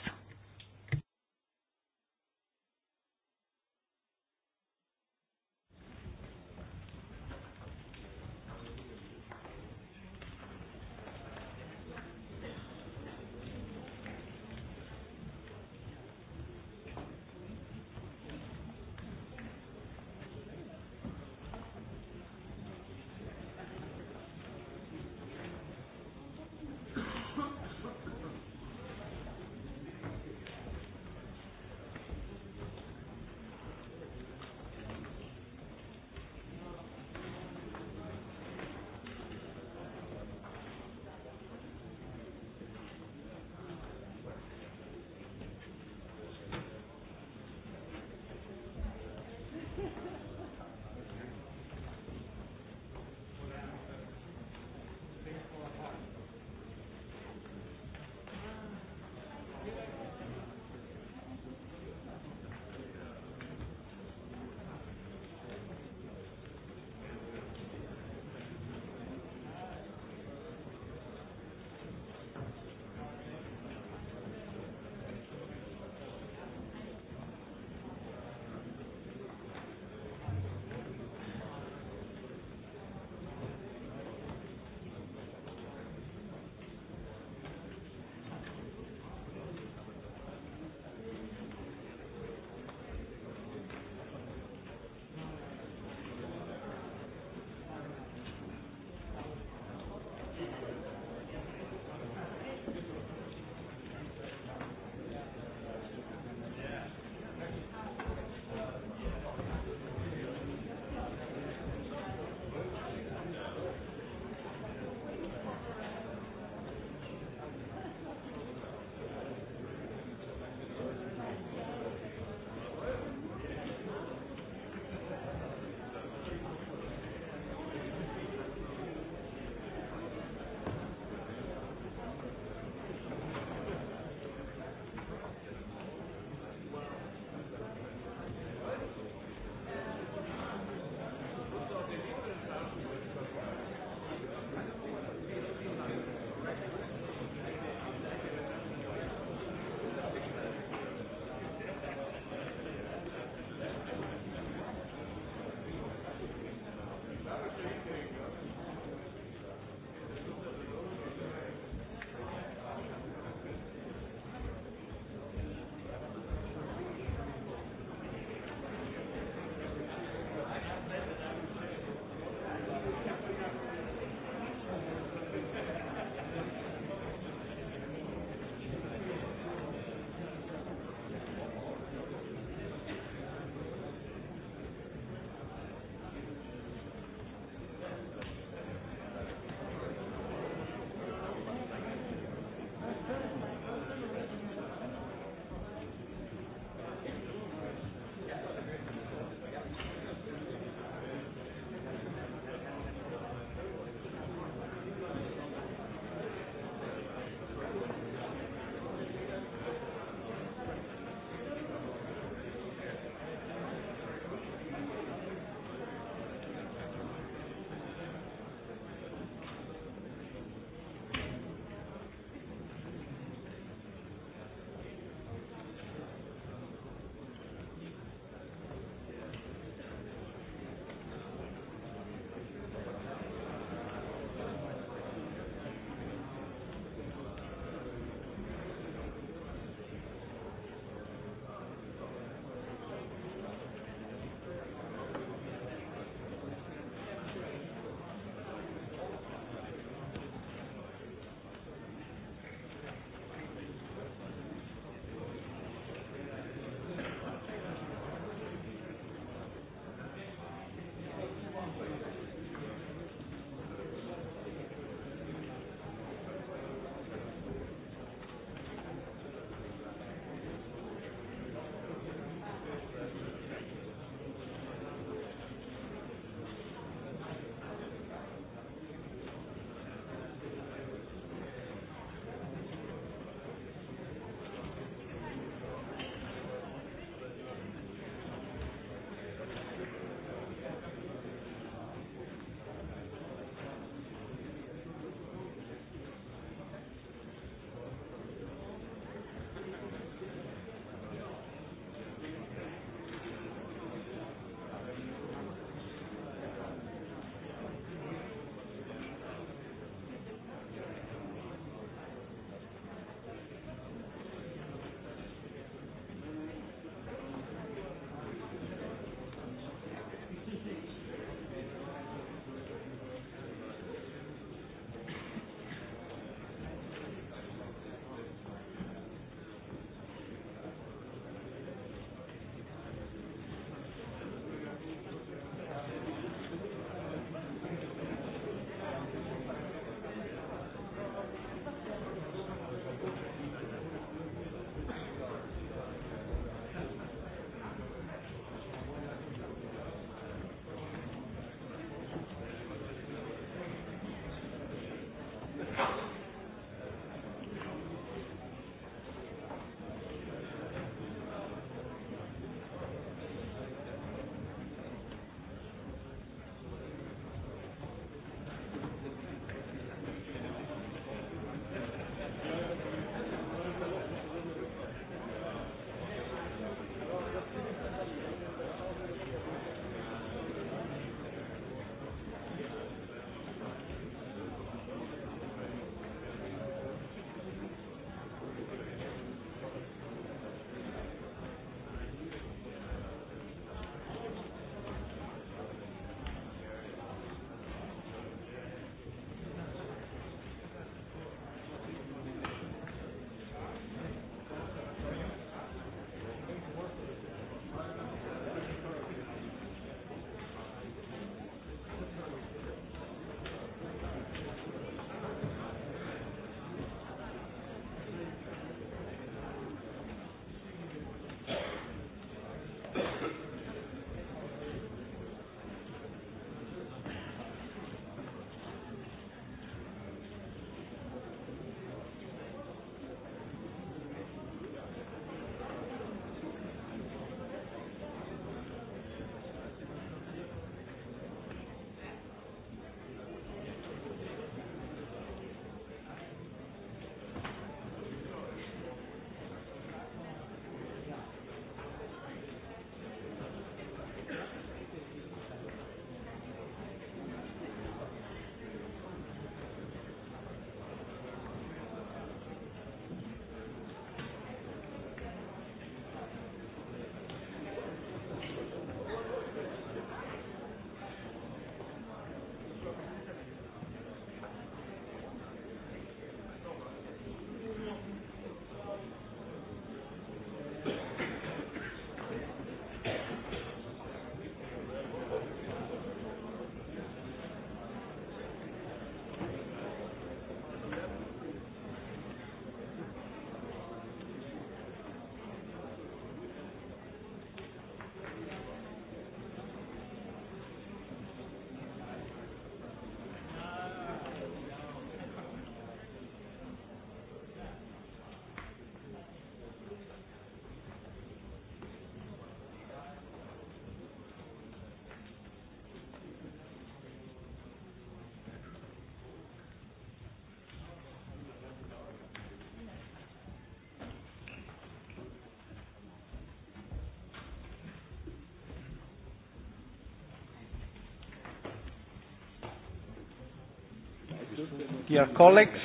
Dear colleagues,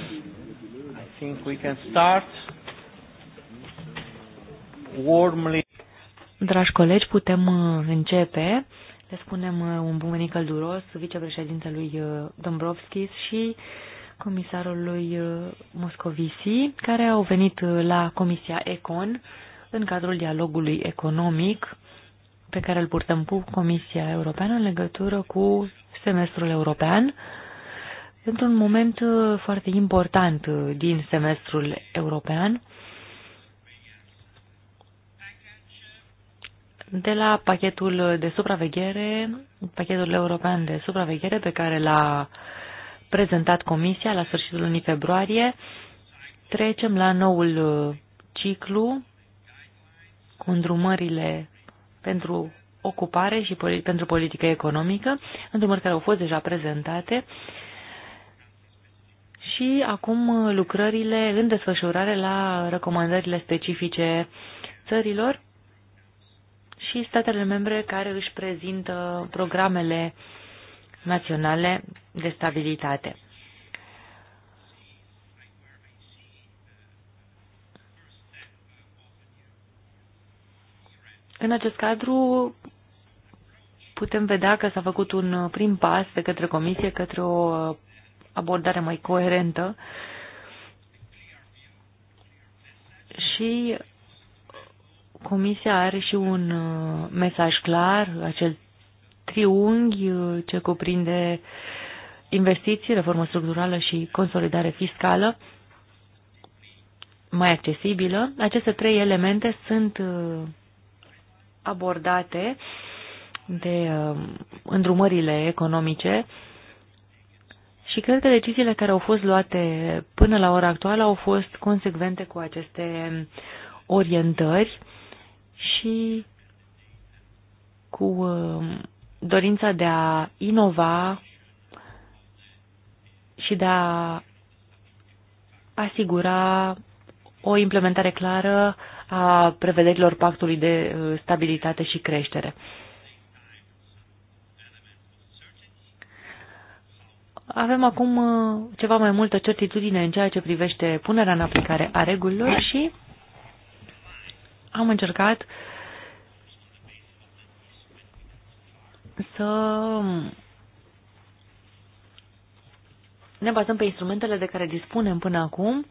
I think we can start warmly. Dragi colegi, putem uh, începe. Le spunem uh, un bun venit călduros vicepreședintelui uh, Dombrovskis și comisarului Moscovici, care au venit la Comisia Econ în cadrul dialogului economic pe care îl purtăm cu Comisia Europeană în legătură cu semestrul european într-un moment uh, foarte important uh, din semestrul european, de la pachetul de supraveghere, pachetul european de supraveghere pe care l-a prezentat Comisia la sfârșitul lunii februarie, trecem la noul uh, ciclu cu îndrumările pentru ocupare și pentru politică economică, îndrumări care au fost deja prezentate și acum lucrările în desfășurare la recomandările specifice țărilor și statele membre care își prezintă programele naționale de stabilitate. În acest cadru putem vedea că s-a făcut un prim pas de către Comisie către o abordare mai coerentă și Comisia are și un uh, mesaj clar, acel triunghi uh, ce cuprinde investiții, reformă structurală și consolidare fiscală mai accesibilă. Aceste trei elemente sunt uh, abordate de îndrumările economice și cred că deciziile care au fost luate până la ora actuală au fost consecvente cu aceste orientări și cu um, dorința de a inova și de a asigura o implementare clară a prevederilor pactului de uh, stabilitate și creștere. Avem acum uh, ceva mai multă certitudine în ceea ce privește punerea în aplicare a regulilor și am încercat să ne bazăm pe instrumentele de care dispunem până acum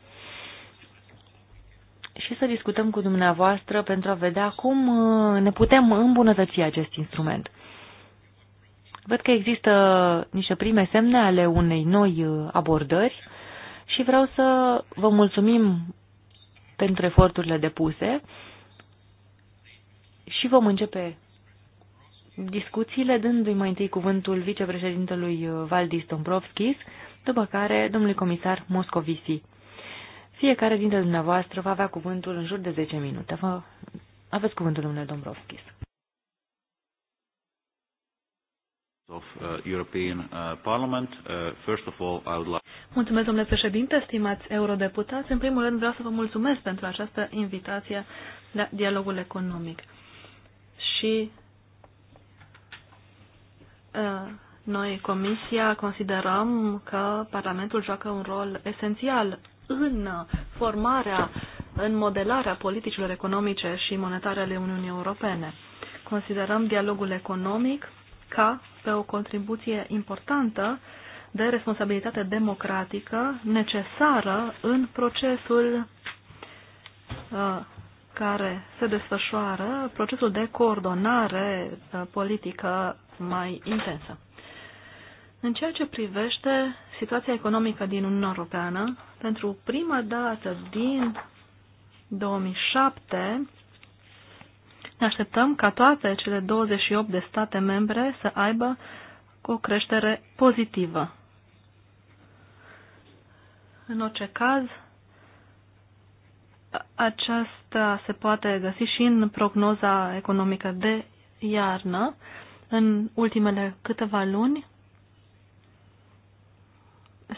și să discutăm cu dumneavoastră pentru a vedea cum uh, ne putem îmbunătăți acest instrument. Văd că există niște prime semne ale unei noi uh, abordări și vreau să vă mulțumim pentru eforturile depuse și vom începe discuțiile dându-i mai întâi cuvântul vicepreședintelui uh, Valdis Dombrovskis, după care domnului comisar Moscovici. Fiecare dintre dumneavoastră va avea cuvântul în jur de 10 minute. Vă... Aveți cuvântul, domnule Dombrovskis. of uh, European uh, Parliament. Uh, first of all, I would like Mulțumesc, domnule președinte, stimați eurodeputați. În primul rând, vreau să vă mulțumesc pentru această invitație la dialogul economic. Și uh, noi, Comisia, considerăm că Parlamentul joacă un rol esențial în formarea, în modelarea politicilor economice și monetare ale Uniunii Europene. Considerăm dialogul economic ca pe o contribuție importantă de responsabilitate democratică necesară în procesul uh, care se desfășoară, procesul de coordonare uh, politică mai intensă. În ceea ce privește situația economică din Uniunea Europeană, pentru prima dată din 2007, ne așteptăm ca toate cele 28 de state membre să aibă o creștere pozitivă. În orice caz, aceasta se poate găsi și în prognoza economică de iarnă. În ultimele câteva luni,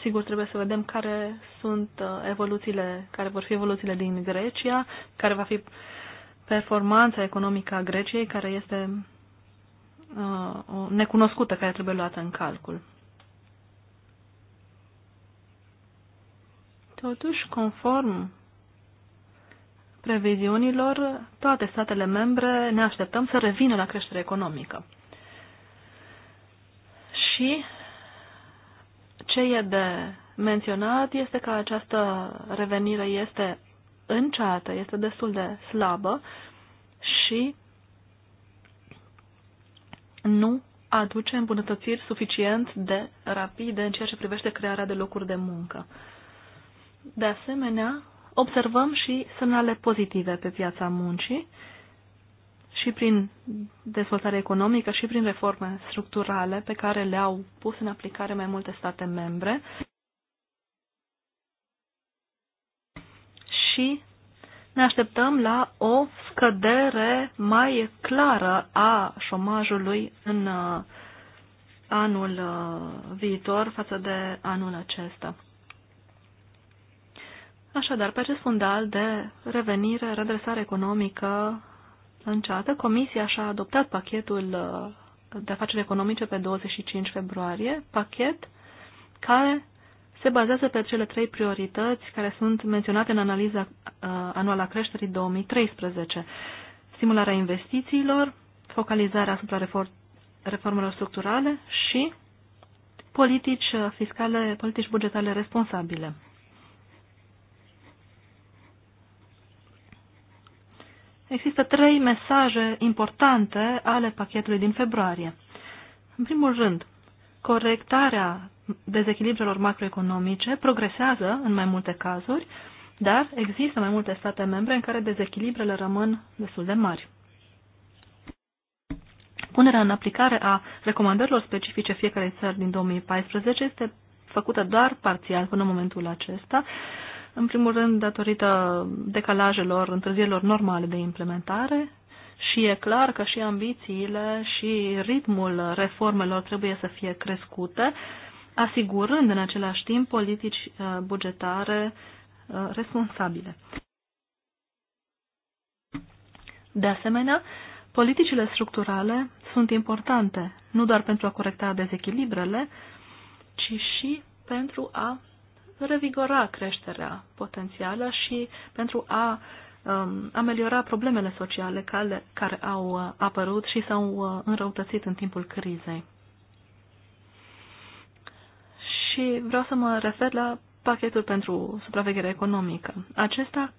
sigur trebuie să vedem care sunt uh, evoluțiile, care vor fi evoluțiile din Grecia, care va fi performanța economică a Greciei, care este uh, necunoscută, care trebuie luată în calcul. Totuși, conform previziunilor, toate statele membre ne așteptăm să revină la creștere economică. Și ce e de menționat este că această revenire este înceată, este destul de slabă și nu aduce îmbunătățiri suficient de rapide în ceea ce privește crearea de locuri de muncă. De asemenea, observăm și semnale pozitive pe piața muncii și prin dezvoltare economică și prin reforme structurale pe care le-au pus în aplicare mai multe state membre. și ne așteptăm la o scădere mai clară a șomajului în uh, anul uh, viitor față de anul acesta. Așadar, pe acest fundal de revenire, redresare economică înceată, Comisia și-a adoptat pachetul uh, de afaceri economice pe 25 februarie, pachet care se bazează pe cele trei priorități care sunt menționate în analiza uh, anuală a creșterii 2013. Stimularea investițiilor, focalizarea asupra reformelor structurale și politici fiscale, politici bugetale responsabile. Există trei mesaje importante ale pachetului din februarie. În primul rând, corectarea dezechilibrelor macroeconomice progresează în mai multe cazuri, dar există mai multe state membre în care dezechilibrele rămân destul de mari. Punerea în aplicare a recomandărilor specifice fiecarei țări din 2014 este făcută doar parțial până în momentul acesta, în primul rând datorită decalajelor, întârzierilor normale de implementare și e clar că și ambițiile și ritmul reformelor trebuie să fie crescute, asigurând în același timp politici uh, bugetare uh, responsabile. De asemenea, politicile structurale sunt importante nu doar pentru a corecta dezechilibrele, ci și pentru a revigora creșterea potențială și pentru a um, ameliora problemele sociale care, care au uh, apărut și s-au înrăutățit în timpul crizei și vreau să mă refer la pachetul pentru supraveghere economică. Acesta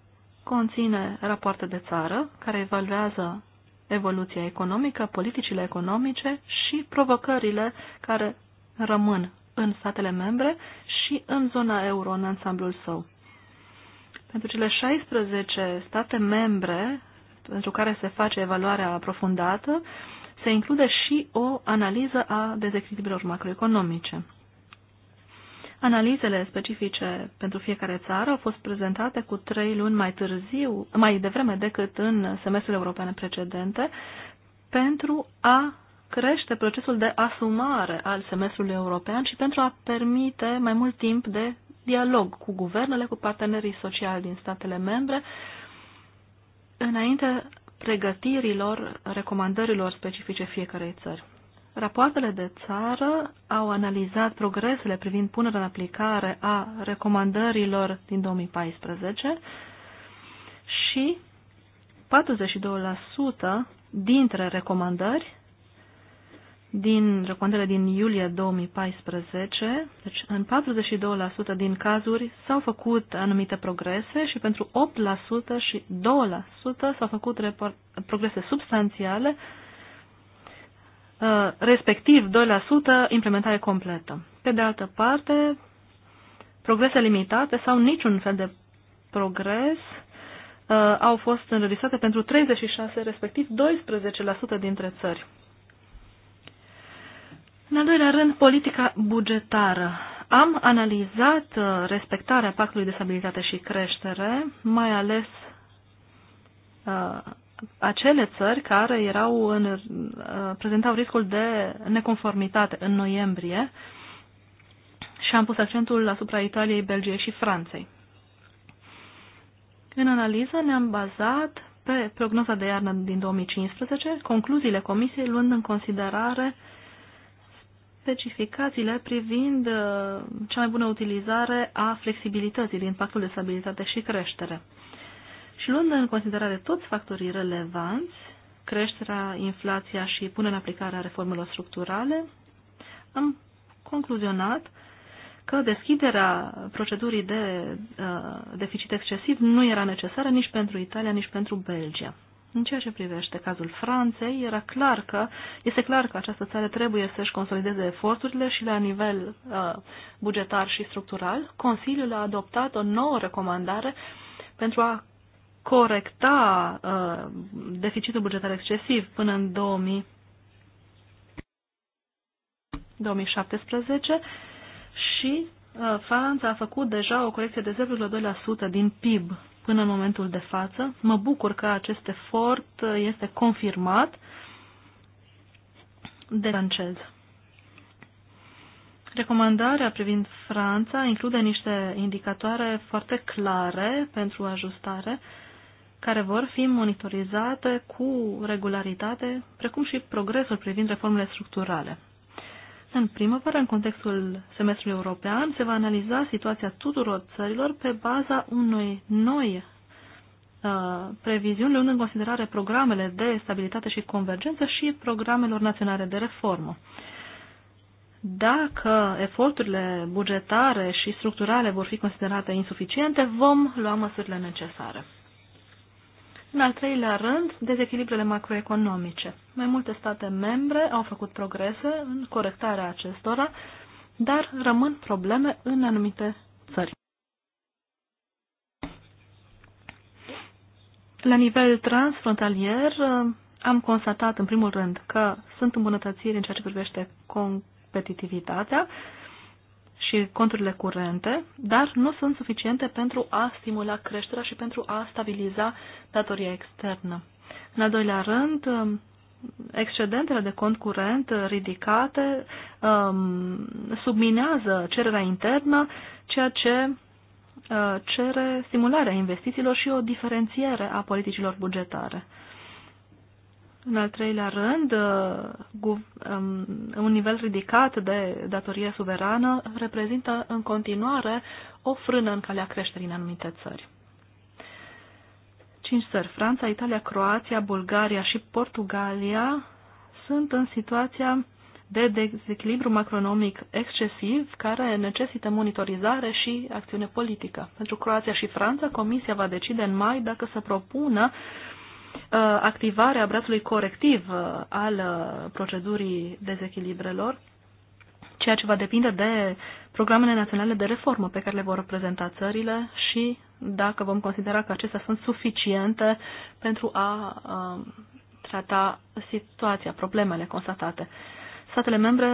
conține rapoarte de țară care evaluează evoluția economică, politicile economice și provocările care rămân în statele membre și în zona euro în ansamblul său. Pentru cele 16 state membre pentru care se face evaluarea aprofundată, se include și o analiză a dezechilibrelor macroeconomice. Analizele specifice pentru fiecare țară au fost prezentate cu trei luni mai târziu, mai devreme decât în semestrele europene precedente, pentru a crește procesul de asumare al semestrului european și pentru a permite mai mult timp de dialog cu guvernele, cu partenerii sociali din statele membre, înainte pregătirilor, recomandărilor specifice fiecarei țări. Rapoartele de țară au analizat progresele privind punerea în aplicare a recomandărilor din 2014 și 42% dintre recomandări din recomandările din iulie 2014, deci în 42% din cazuri s-au făcut anumite progrese și pentru 8% și 2% s-au făcut progrese substanțiale Uh, respectiv 2% implementare completă. Pe de altă parte, progrese limitate sau niciun fel de progres uh, au fost înregistrate pentru 36, respectiv 12% dintre țări. În al doilea rând, politica bugetară. Am analizat uh, respectarea Pactului de Stabilitate și Creștere, mai ales acele țări care erau în, uh, prezentau riscul de neconformitate în noiembrie și am pus accentul asupra Italiei, Belgiei și Franței. În analiză ne-am bazat pe prognoza de iarnă din 2015, concluziile comisiei luând în considerare specificațiile privind uh, cea mai bună utilizare a flexibilității din pactul de stabilitate și creștere. Și luând în considerare toți factorii relevanți, creșterea, inflația și punerea în aplicare a reformelor structurale, am concluzionat că deschiderea procedurii de uh, deficit excesiv nu era necesară nici pentru Italia, nici pentru Belgia. În ceea ce privește cazul Franței, era clar că, este clar că această țară trebuie să-și consolideze eforturile și la nivel uh, bugetar și structural. Consiliul a adoptat o nouă recomandare pentru a corecta uh, deficitul bugetar excesiv până în 2000, 2017 și uh, Franța a făcut deja o corecție de 0,2% din PIB până în momentul de față. Mă bucur că acest efort uh, este confirmat de francez. Recomandarea privind Franța include niște indicatoare foarte clare pentru ajustare care vor fi monitorizate cu regularitate, precum și progresul privind reformele structurale. În primăvară, în contextul semestrului european, se va analiza situația tuturor țărilor pe baza unei noi uh, previziuni, luând în considerare programele de stabilitate și convergență și programelor naționale de reformă. Dacă eforturile bugetare și structurale vor fi considerate insuficiente, vom lua măsurile necesare. În al treilea rând, dezechilibrele macroeconomice. Mai multe state membre au făcut progrese în corectarea acestora, dar rămân probleme în anumite țări. La nivel transfrontalier, am constatat, în primul rând, că sunt îmbunătățiri în ceea ce privește competitivitatea, și conturile curente, dar nu sunt suficiente pentru a stimula creșterea și pentru a stabiliza datoria externă. În al doilea rând, um, excedentele de cont curent ridicate um, subminează cererea internă, ceea ce uh, cere stimularea investițiilor și o diferențiere a politicilor bugetare. În al treilea rând, uh, um, un nivel ridicat de datorie suverană reprezintă în continuare o frână în calea creșterii în anumite țări. Cinci țări, Franța, Italia, Croația, Bulgaria și Portugalia, sunt în situația de dezechilibru macronomic excesiv care necesită monitorizare și acțiune politică. Pentru Croația și Franța, Comisia va decide în mai dacă să propună Uh, activare a brațului corectiv uh, al uh, procedurii dezechilibrelor, ceea ce va depinde de programele naționale de reformă pe care le vor prezenta țările și dacă vom considera că acestea sunt suficiente pentru a trata situația, problemele constatate. Statele membre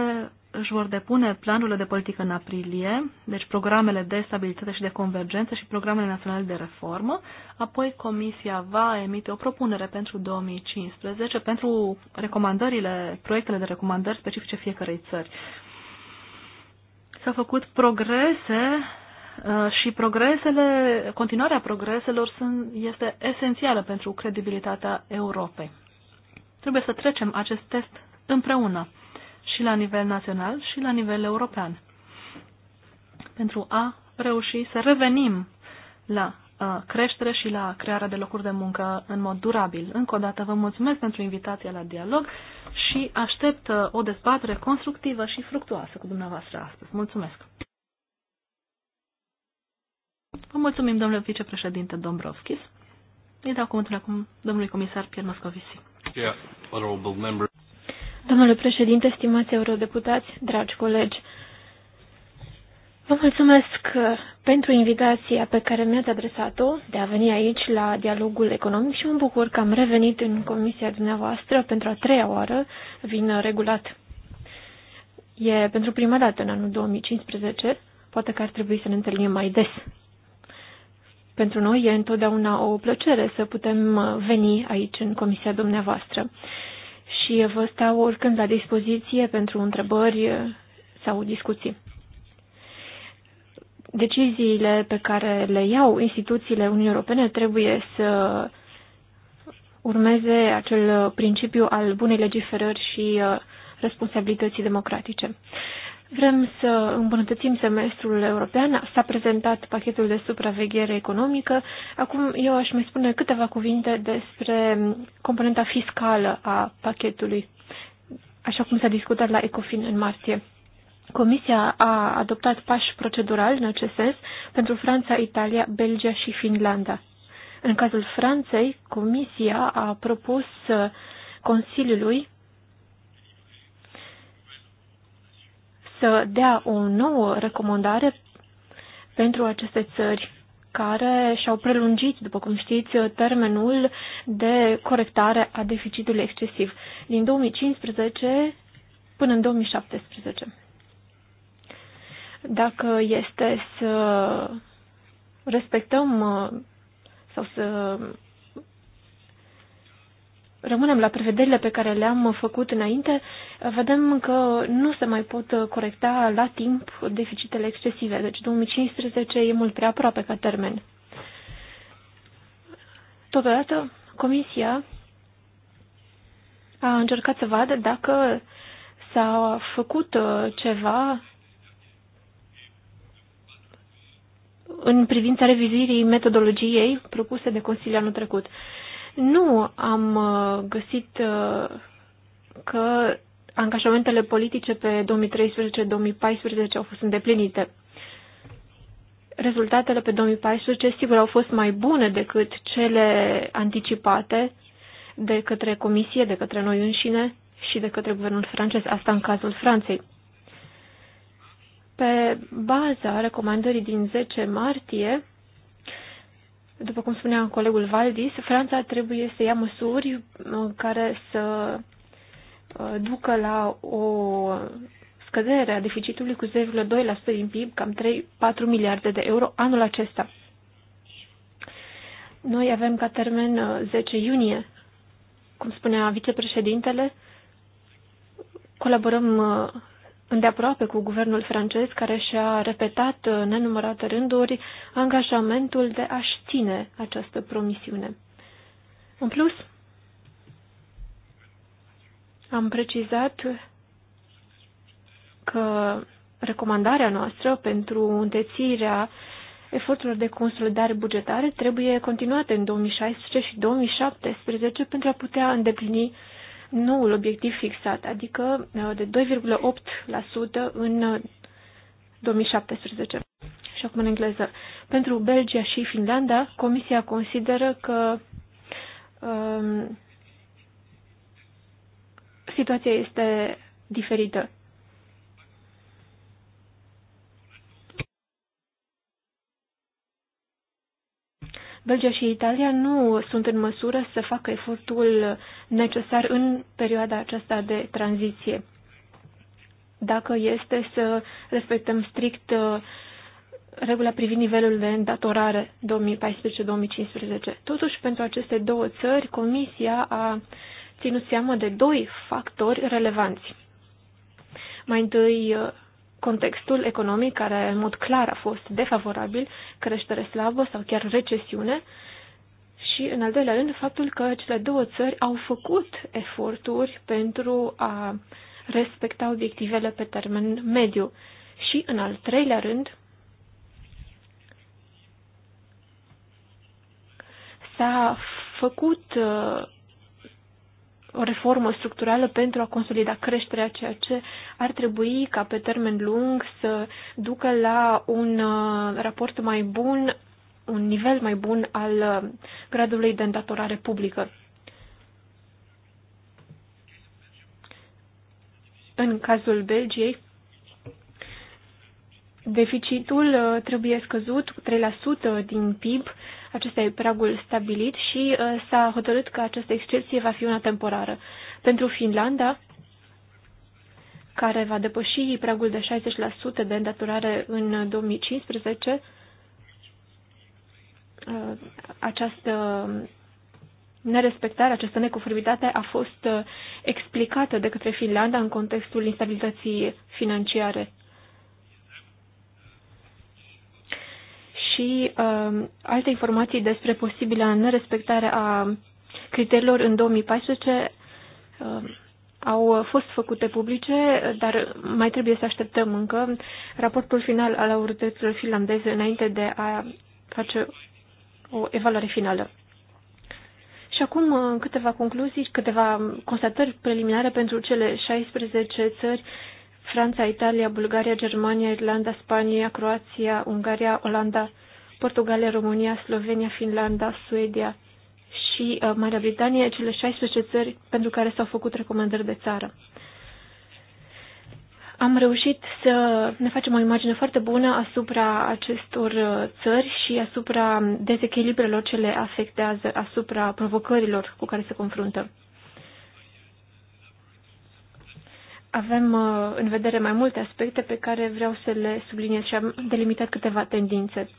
își vor depune planurile de politică în aprilie, deci programele de stabilitate și de convergență și programele naționale de reformă, apoi Comisia va emite o propunere pentru 2015 pentru recomandările, proiectele de recomandări specifice fiecarei țări. S-au făcut progrese uh, și progresele, continuarea progreselor sunt, este esențială pentru credibilitatea Europei. Trebuie să trecem acest test împreună și la nivel național și la nivel european. Pentru a reuși să revenim la uh, creștere și la crearea de locuri de muncă în mod durabil. Încă o dată vă mulțumesc pentru invitația la dialog și aștept uh, o dezbatere constructivă și fructuoasă cu dumneavoastră astăzi. Mulțumesc! Vă mulțumim, domnule vicepreședinte Dombrovskis. Îi dau cuvântul acum domnului comisar Pierre Moscovici. Yeah, Domnule președinte, stimați eurodeputați, dragi colegi, vă mulțumesc pentru invitația pe care mi-ați adresat-o de a veni aici la dialogul economic și mă bucur că am revenit în comisia dumneavoastră pentru a treia oară, vin regulat. E pentru prima dată în anul 2015, poate că ar trebui să ne întâlnim mai des. Pentru noi e întotdeauna o plăcere să putem veni aici în comisia dumneavoastră și vă stau oricând la dispoziție pentru întrebări sau discuții. Deciziile pe care le iau instituțiile Uniunii Europene trebuie să urmeze acel principiu al bunei legiferări și uh, responsabilității democratice. Vrem să îmbunătățim semestrul european. S-a prezentat pachetul de supraveghere economică. Acum eu aș mai spune câteva cuvinte despre componenta fiscală a pachetului, așa cum s-a discutat la ECOFIN în martie. Comisia a adoptat pași procedurali în acest sens pentru Franța, Italia, Belgia și Finlanda. În cazul Franței, Comisia a propus Consiliului să dea o nouă recomandare pentru aceste țări care și-au prelungit, după cum știți, termenul de corectare a deficitului excesiv din 2015 până în 2017. Dacă este să respectăm uh, sau să rămânem la prevederile pe care le-am făcut înainte, vedem că nu se mai pot corecta la timp deficitele excesive. Deci 2015 e mult prea aproape ca termen. Totodată, Comisia a încercat să vadă dacă s-a făcut uh, ceva în privința revizirii metodologiei propuse de Consiliul anul trecut. Nu am uh, găsit uh, că angajamentele politice pe 2013-2014 au fost îndeplinite. Rezultatele pe 2014, sigur, au fost mai bune decât cele anticipate de către Comisie, de către noi înșine și de către guvernul francez, asta în cazul Franței. Pe baza recomandării din 10 martie, după cum spunea colegul Valdis, Franța trebuie să ia măsuri uh, care să uh, ducă la o scădere a deficitului cu 0,2% din PIB, cam 3-4 miliarde de euro anul acesta. Noi avem ca termen 10 uh, iunie. Cum spunea vicepreședintele, colaborăm îndeaproape cu guvernul francez, care și-a repetat uh, în nenumărate rânduri angajamentul de a-și ține această promisiune. În plus, am precizat că recomandarea noastră pentru întețirea eforturilor de consolidare bugetare trebuie continuate în 2016 și 2017 pentru a putea îndeplini noul obiectiv fixat, adică uh, de 2,8% în 2017. Uh, și acum în engleză. Pentru Belgia și Finlanda, Comisia consideră că um, situația este diferită. Belgia și Italia nu sunt în măsură să facă efortul necesar în perioada aceasta de tranziție. Dacă este să respectăm strict uh, regula privind nivelul de îndatorare 2014-2015. Totuși, pentru aceste două țări, Comisia a ținut seamă de doi factori relevanți. Mai întâi, uh, contextul economic care în mod clar a fost defavorabil, creștere slabă sau chiar recesiune, și, în al doilea rând, faptul că cele două țări au făcut eforturi pentru a respecta obiectivele pe termen mediu. Și, în al treilea rând, s-a făcut uh, o reformă structurală pentru a consolida creșterea, ceea ce ar trebui ca pe termen lung să ducă la un uh, raport mai bun, un nivel mai bun al uh, gradului de îndatorare publică. În cazul Belgiei, deficitul uh, trebuie scăzut cu 3% din PIB, acesta e pragul stabilit și uh, s-a hotărât că această excepție va fi una temporară. Pentru Finlanda, care va depăși pragul de 60% de îndatorare în 2015, uh, această nerespectare această neconformitate a fost uh, explicată de către Finlanda în contextul instabilității financiare. și uh, um, alte informații despre posibilă nerespectare a criteriilor în 2014 uh, um, au fost făcute publice, dar mai trebuie să așteptăm încă raportul final al autorităților finlandeze înainte de a face o evaluare finală. Și acum uh, câteva concluzii, câteva constatări preliminare pentru cele 16 țări Franța, Italia, Bulgaria, Germania, Irlanda, Spania, Croația, Ungaria, Olanda, Portugalia, România, Slovenia, Finlanda, Suedia și uh, Marea Britanie, cele 16 țări pentru care s-au făcut recomandări de țară. Am reușit să ne facem o imagine foarte bună asupra acestor uh, țări și asupra dezechilibrelor ce le afectează, asupra provocărilor cu care se confruntă. Avem uh, în vedere mai multe aspecte pe care vreau să le subliniez și am delimitat câteva tendințe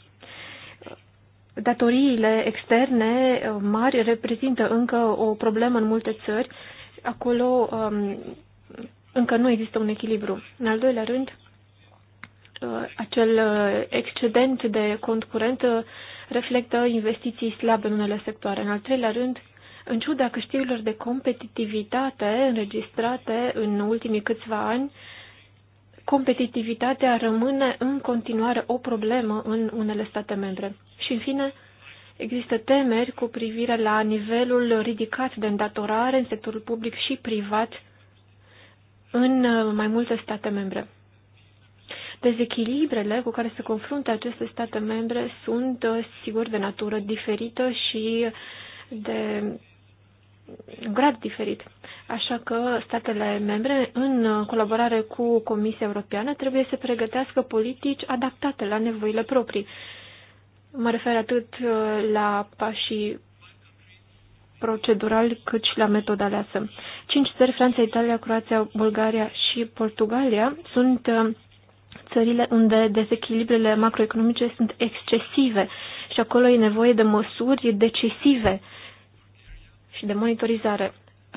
datoriile externe uh, mari reprezintă încă o problemă în multe țări. Acolo um, încă nu există un echilibru. În al doilea rând, uh, acel uh, excedent de cont curent reflectă investiții slabe în unele sectoare. În al treilea rând, în ciuda câștigurilor de competitivitate înregistrate în ultimii câțiva ani, competitivitatea rămâne în continuare o problemă în unele state membre. Și, în fine, există temeri cu privire la nivelul ridicat de îndatorare în sectorul public și privat în uh, mai multe state membre. Dezechilibrele cu care se confruntă aceste state membre sunt, uh, sigur, de natură diferită și de grad diferit. Așa că statele membre, în colaborare cu Comisia Europeană, trebuie să pregătească politici adaptate la nevoile proprii. Mă refer atât uh, la pașii procedural, cât și la metoda aleasă. Cinci țări, Franța, Italia, Croația, Bulgaria și Portugalia, sunt uh, țările unde dezechilibrele macroeconomice sunt excesive și acolo e nevoie de măsuri decisive și de monitorizare.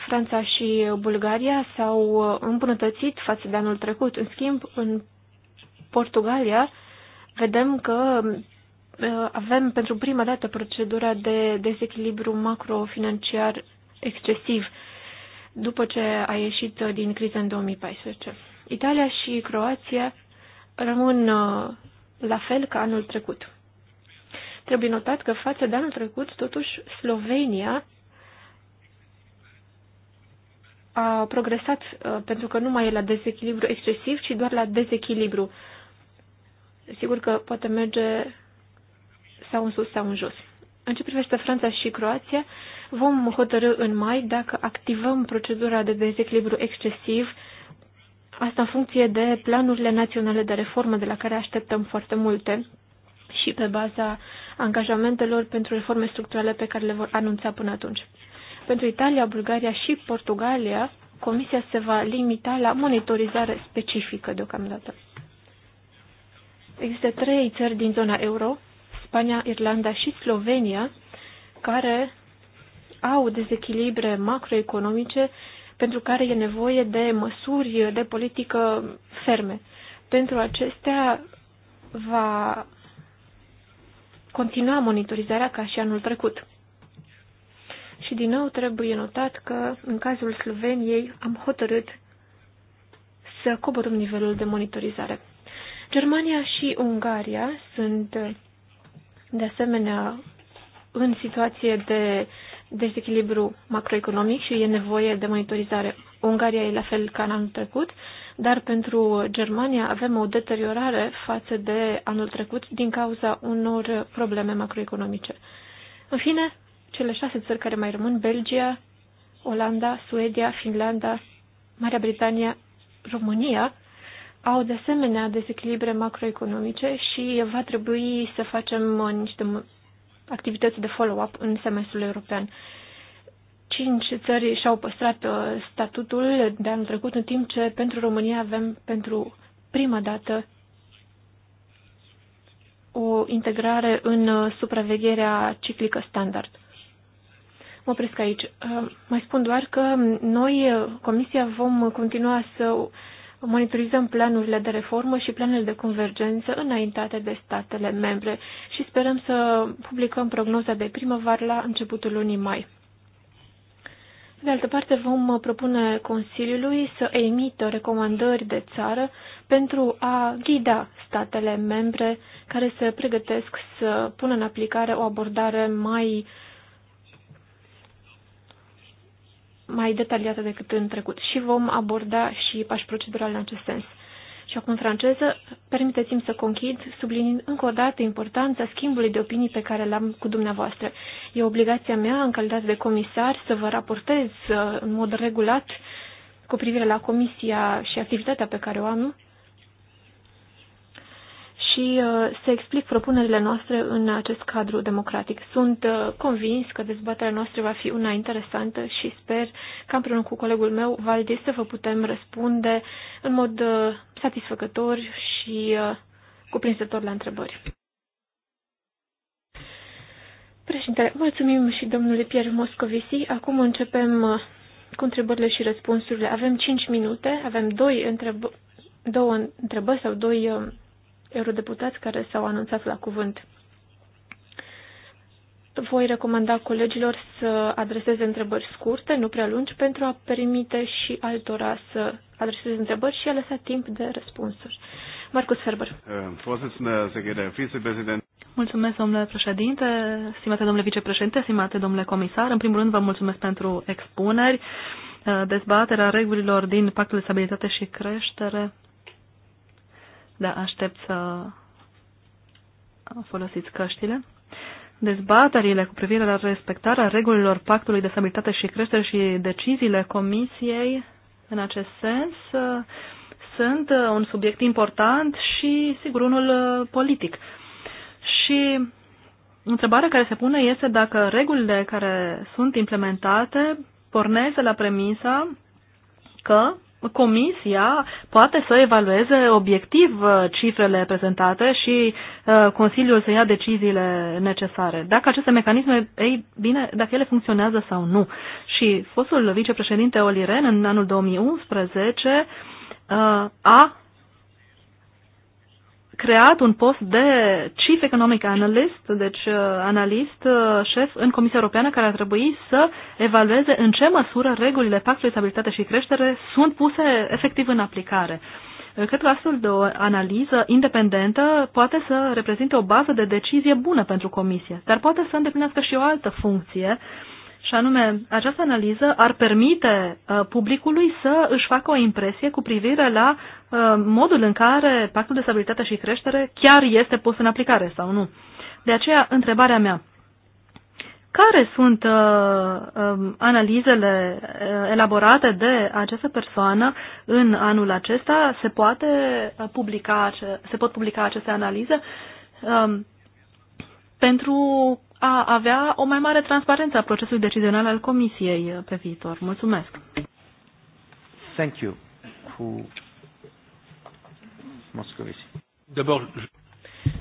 Franța și Bulgaria s-au îmbunătățit față de anul trecut. În schimb, în Portugalia vedem că uh, avem pentru prima dată procedura de dezechilibru macrofinanciar excesiv după ce a ieșit uh, din criză în 2014. Italia și Croația rămân uh, la fel ca anul trecut. Trebuie notat că față de anul trecut, totuși, Slovenia a progresat uh, pentru că nu mai e la dezechilibru excesiv, ci doar la dezechilibru. Sigur că poate merge sau în sus sau în jos. În ce privește Franța și Croația, vom hotărâ în mai dacă activăm procedura de dezechilibru excesiv, asta în funcție de planurile naționale de reformă de la care așteptăm foarte multe și pe baza angajamentelor pentru reforme structurale pe care le vor anunța până atunci. Pentru Italia, Bulgaria și Portugalia, Comisia se va limita la monitorizare specifică deocamdată. Există trei țări din zona euro, Spania, Irlanda și Slovenia, care au dezechilibre macroeconomice pentru care e nevoie de măsuri de politică ferme. Pentru acestea va continua monitorizarea ca și anul trecut. Și din nou trebuie notat că în cazul Sloveniei am hotărât să coborâm nivelul de monitorizare. Germania și Ungaria sunt de asemenea în situație de dezechilibru macroeconomic și e nevoie de monitorizare. Ungaria e la fel ca în anul trecut, dar pentru Germania avem o deteriorare față de anul trecut din cauza unor probleme macroeconomice. În fine, cele șase țări care mai rămân, Belgia, Olanda, Suedia, Finlanda, Marea Britanie, România, au de asemenea dezechilibre macroeconomice și va trebui să facem uh, niște activități de follow-up în semestrul european. Cinci țări și-au păstrat uh, statutul de anul trecut, în timp ce pentru România avem pentru prima dată o integrare în uh, supravegherea ciclică standard. Mă opresc aici. Uh, mai spun doar că noi, Comisia, vom continua să monitorizăm planurile de reformă și planurile de convergență înaintate de statele membre și sperăm să publicăm prognoza de primăvară la începutul lunii mai. De altă parte, vom propune Consiliului să emită recomandări de țară pentru a ghida statele membre care se pregătesc să pună în aplicare o abordare mai uh, mai detaliată decât în trecut și vom aborda și pași procedurali în acest sens. Și acum, franceză, permiteți-mi să conchid, sublinind încă o dată importanța schimbului de opinii pe care l-am cu dumneavoastră. E obligația mea, în calitate de comisar, să vă raportez uh, în mod regulat cu privire la comisia și activitatea pe care o am și uh, să explic propunerile noastre în acest cadru democratic. Sunt uh, convins că dezbaterea noastră va fi una interesantă și sper că împreună cu colegul meu, Valdis, să vă putem răspunde în mod uh, satisfăcător și cuprinzător la întrebări. Președintele, mulțumim și domnului Pierre Moscovici. Acum începem cu întrebările și răspunsurile. Avem 5 minute, avem 2 întrebări două întrebări sau doi eurodeputați care s-au anunțat la cuvânt. Voi recomanda colegilor să adreseze întrebări scurte, nu prea lungi, pentru a permite și altora să adreseze întrebări și a lăsa timp de răspunsuri. Marcus Ferber. Eh, eh, mulțumesc, domnule președinte, stimate domnule vicepreședinte, stimate domnule comisar. În primul rând, vă mulțumesc pentru expuneri, eh, dezbaterea regulilor din Pactul de Stabilitate și Creștere da, aștept să folosiți căștile. Dezbaterile cu privire la respectarea regulilor Pactului de Stabilitate și Creștere și deciziile Comisiei în acest sens uh, sunt uh, un subiect important și, sigur, unul uh, politic. Și întrebarea care se pune este dacă regulile care sunt implementate pornesc la premisa că Comisia poate să evalueze obiectiv uh, cifrele prezentate și uh, Consiliul să ia deciziile necesare. Dacă aceste mecanisme, ei bine, dacă ele funcționează sau nu. Și fostul vicepreședinte Oliren în anul 2011 uh, a creat un post de Chief Economic Analyst, deci uh, analist uh, șef în Comisia Europeană care ar trebui să evalueze în ce măsură regulile Pactului Stabilitate și Creștere sunt puse efectiv în aplicare. Uh, cred că astfel de o analiză independentă poate să reprezinte o bază de decizie bună pentru Comisie, dar poate să îndeplinească și o altă funcție uh, și anume, această analiză ar permite uh, publicului să își facă o impresie cu privire la uh, modul în care Pactul de Stabilitate și Creștere chiar este pus în aplicare sau nu. De aceea, întrebarea mea. Care sunt uh, uh, analizele uh, elaborate de această persoană în anul acesta? Se, poate uh, publica, se pot publica aceste analize? Uh, pentru a avea o mai mare transparență a procesului decizional al Comisiei uh, pe viitor. Mulțumesc! Thank you. Cu... Moscovici.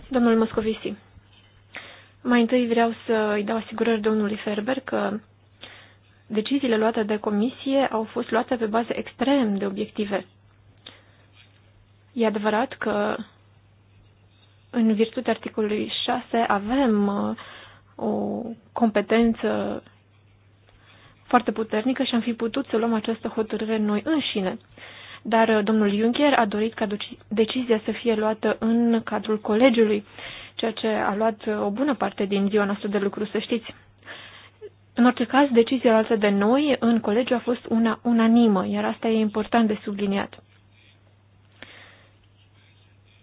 Domnul Moscovici, mai întâi vreau să îi dau asigurări domnului Ferber că deciziile luate de comisie au fost luate pe baze extrem de obiective. E adevărat că în virtutea articolului 6 avem uh, o competență foarte puternică și am fi putut să luăm această hotărâre noi înșine. Dar uh, domnul Juncker a dorit ca decizia să fie luată în cadrul colegiului, ceea ce a luat uh, o bună parte din ziua noastră de lucru, să știți. În orice caz, decizia luată de noi în colegiu a fost una unanimă, iar asta e important de subliniat.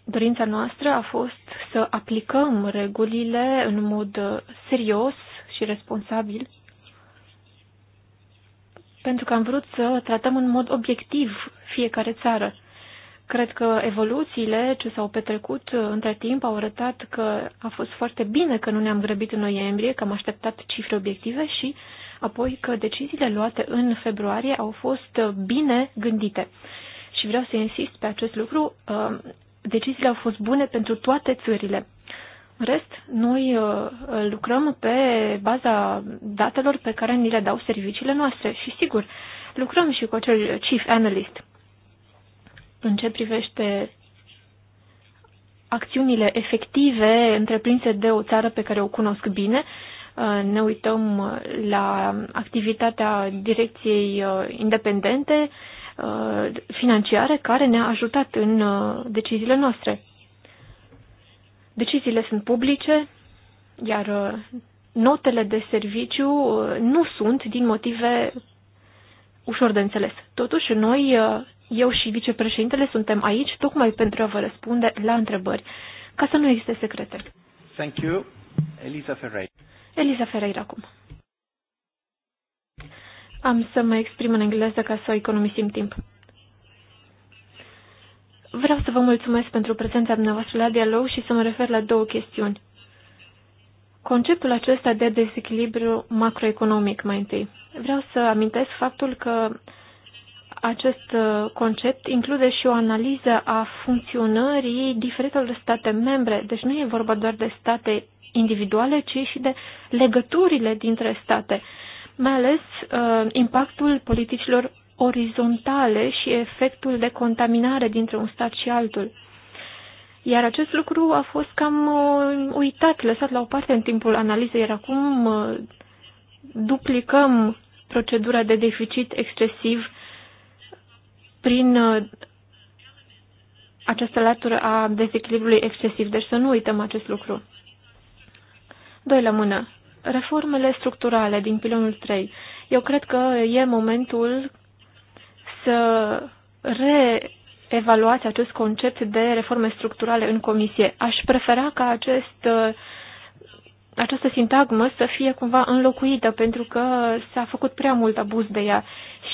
Dorința noastră a fost să aplicăm regulile în mod serios și responsabil, pentru că am vrut să tratăm în mod obiectiv fiecare țară. Cred că evoluțiile ce s-au petrecut uh, între timp au arătat că a fost foarte bine că nu ne-am grăbit în noiembrie, că am așteptat cifre obiective și apoi că deciziile luate în februarie au fost uh, bine gândite. Și vreau să insist pe acest lucru, uh, deciziile au fost bune pentru toate țările. În rest, noi uh, lucrăm pe baza datelor pe care ni le dau serviciile noastre și, sigur, lucrăm și cu acel chief analyst. În ce privește acțiunile efective întreprinse de o țară pe care o cunosc bine, uh, ne uităm la activitatea direcției uh, independente, Uh, financiare care ne-a ajutat în uh, deciziile noastre. Deciziile sunt publice, iar uh, notele de serviciu nu sunt din motive ușor de înțeles. Totuși, noi, eu și vicepreședintele, suntem aici tocmai pentru a vă răspunde la întrebări, ca să nu existe secrete. Thank you. Elisa Ferreira. Elisa Ferreira acum. Am să mă exprim în engleză ca să economisim timp. Vreau să vă mulțumesc pentru prezența dumneavoastră la dialog și să mă refer la două chestiuni. Conceptul acesta de dezechilibru macroeconomic mai întâi. Vreau să amintesc faptul că acest uh, concept include și o analiză a funcționării diferitelor state membre. Deci nu e vorba doar de state individuale, ci și de legăturile dintre state mai ales uh, impactul politicilor orizontale și efectul de contaminare dintre un stat și altul. Iar acest lucru a fost cam uh, uitat, lăsat la o parte în timpul analizei, iar acum uh, duplicăm procedura de deficit excesiv prin această latură a dezechilibrului excesiv. Deci să nu uităm acest lucru. Doi la mână. Reformele structurale din pilonul 3. Eu cred că e momentul să reevaluați acest concept de reforme structurale în comisie. Aș prefera ca acest, această sintagmă să fie cumva înlocuită, pentru că s-a făcut prea mult abuz de ea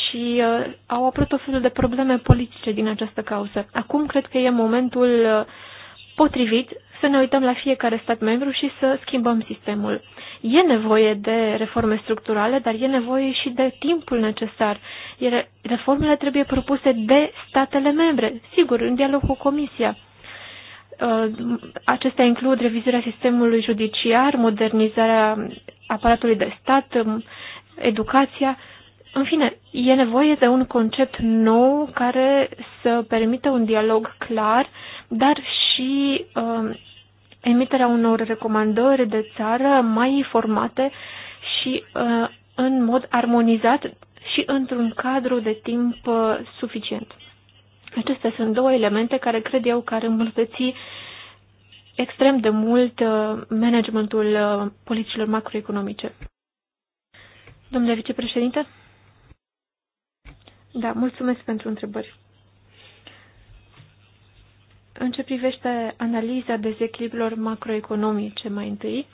și uh, au apărut o felul de probleme politice din această cauză. Acum cred că e momentul uh, potrivit să ne uităm la fiecare stat membru și să schimbăm sistemul. E nevoie de reforme structurale, dar e nevoie și de timpul necesar. Reformele trebuie propuse de statele membre, sigur, în dialog cu Comisia. Uh, acestea includ revizuirea sistemului judiciar, modernizarea aparatului de stat, um, educația. În fine, e nevoie de un concept nou care să permită un dialog clar, dar și uh, emiterea unor recomandări de țară mai formate și uh, în mod armonizat și într-un cadru de timp uh, suficient. Acestea sunt două elemente care cred eu că ar îmbunătăți extrem de mult uh, managementul uh, politicilor macroeconomice. Domnule vicepreședinte? Da, mulțumesc pentru întrebări. În ce privește analiza dezechilibrilor macroeconomice mai întâi,